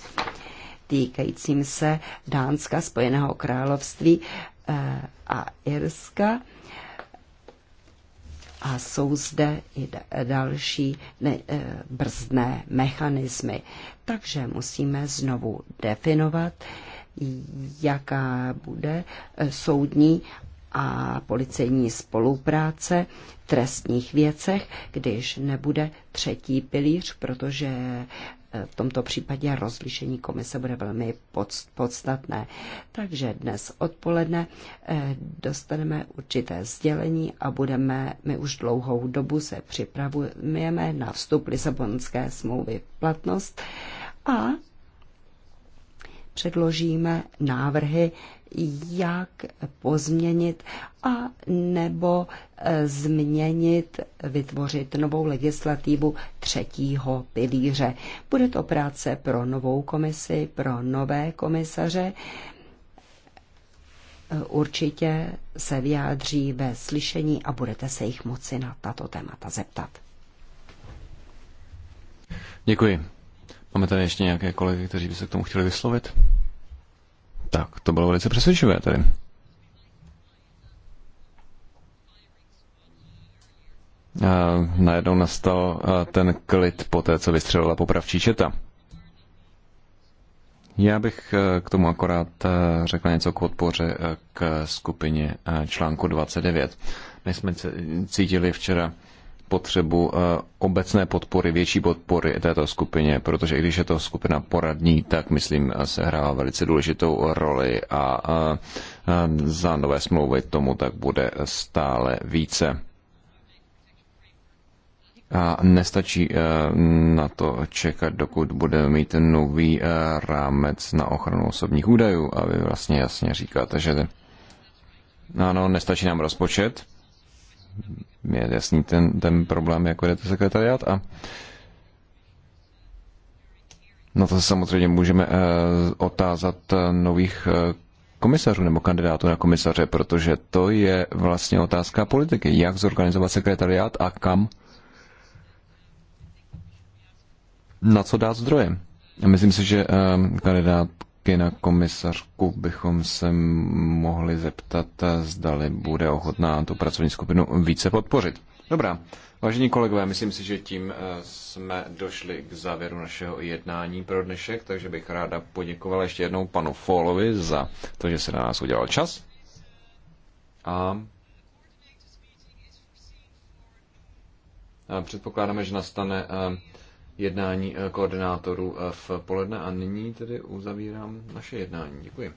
týkajícím se Dánska, Spojeného království Eh, a Irska a jsou zde i další ne, eh, brzdné mechanismy. Takže musíme znovu definovat, jaká bude eh, soudní a policejní spolupráce v trestních věcech, když nebude třetí pilíř, protože v tomto případě rozlišení komise bude velmi podstatné. Takže dnes odpoledne eh, dostaneme určité sdělení a budeme, my už dlouhou dobu se připravujeme na vstup Lisabonské smlouvy v platnost a předložíme návrhy jak pozměnit a nebo e, změnit, vytvořit novou legislativu třetího pilíře. Bude to práce pro novou komisi, pro nové komisaře. E, určitě se vyjádří ve slyšení a budete se jich moci na tato témata zeptat. Děkuji. Máme tady ještě nějaké kolegy, kteří by se k tomu chtěli vyslovit? Tak, to bylo velice přesvědčivé tady. A najednou nastal ten klid po té, co vystřelila popravčí četa. Já bych e, k tomu akorát e, řekl něco k odpoře e, k skupině článku 29. My jsme cítili včera potřebu eh, obecné podpory, větší podpory této skupině, protože i když je to skupina poradní, tak myslím, se hrává velice důležitou roli a eh, za nové smlouvy tomu tak bude stále více. A nestačí eh, na to čekat, dokud budeme mít nový rámec na ochranu osobních údajů. aby vlastně jasně říkáte, že ano, nestačí nám rozpočet, je jasný ten, ten problém, jak jde to sekretariát a na to se samozřejmě můžeme eh, otázat eh, nových eh, komisařů nebo kandidátů na komisaře, protože to je vlastně otázka politiky. Jak zorganizovat sekretariát a kam na co dát zdroje. Myslím si, že kandidát taky na komisařku bychom se mohli zeptat, eh, zdali bude ochotná tu pracovní skupinu více podpořit. Dobrá, vážení kolegové, myslím si, že tím eh, jsme došli k závěru našeho jednání pro dnešek, takže bych ráda poděkovala ještě jednou panu Folovi za to, že se na nás udělal čas. A předpokládáme, že nastane eh, jednání eh, koordinátorů eh, v poledne a nyní tedy uzavírám naše jednání. Děkuji.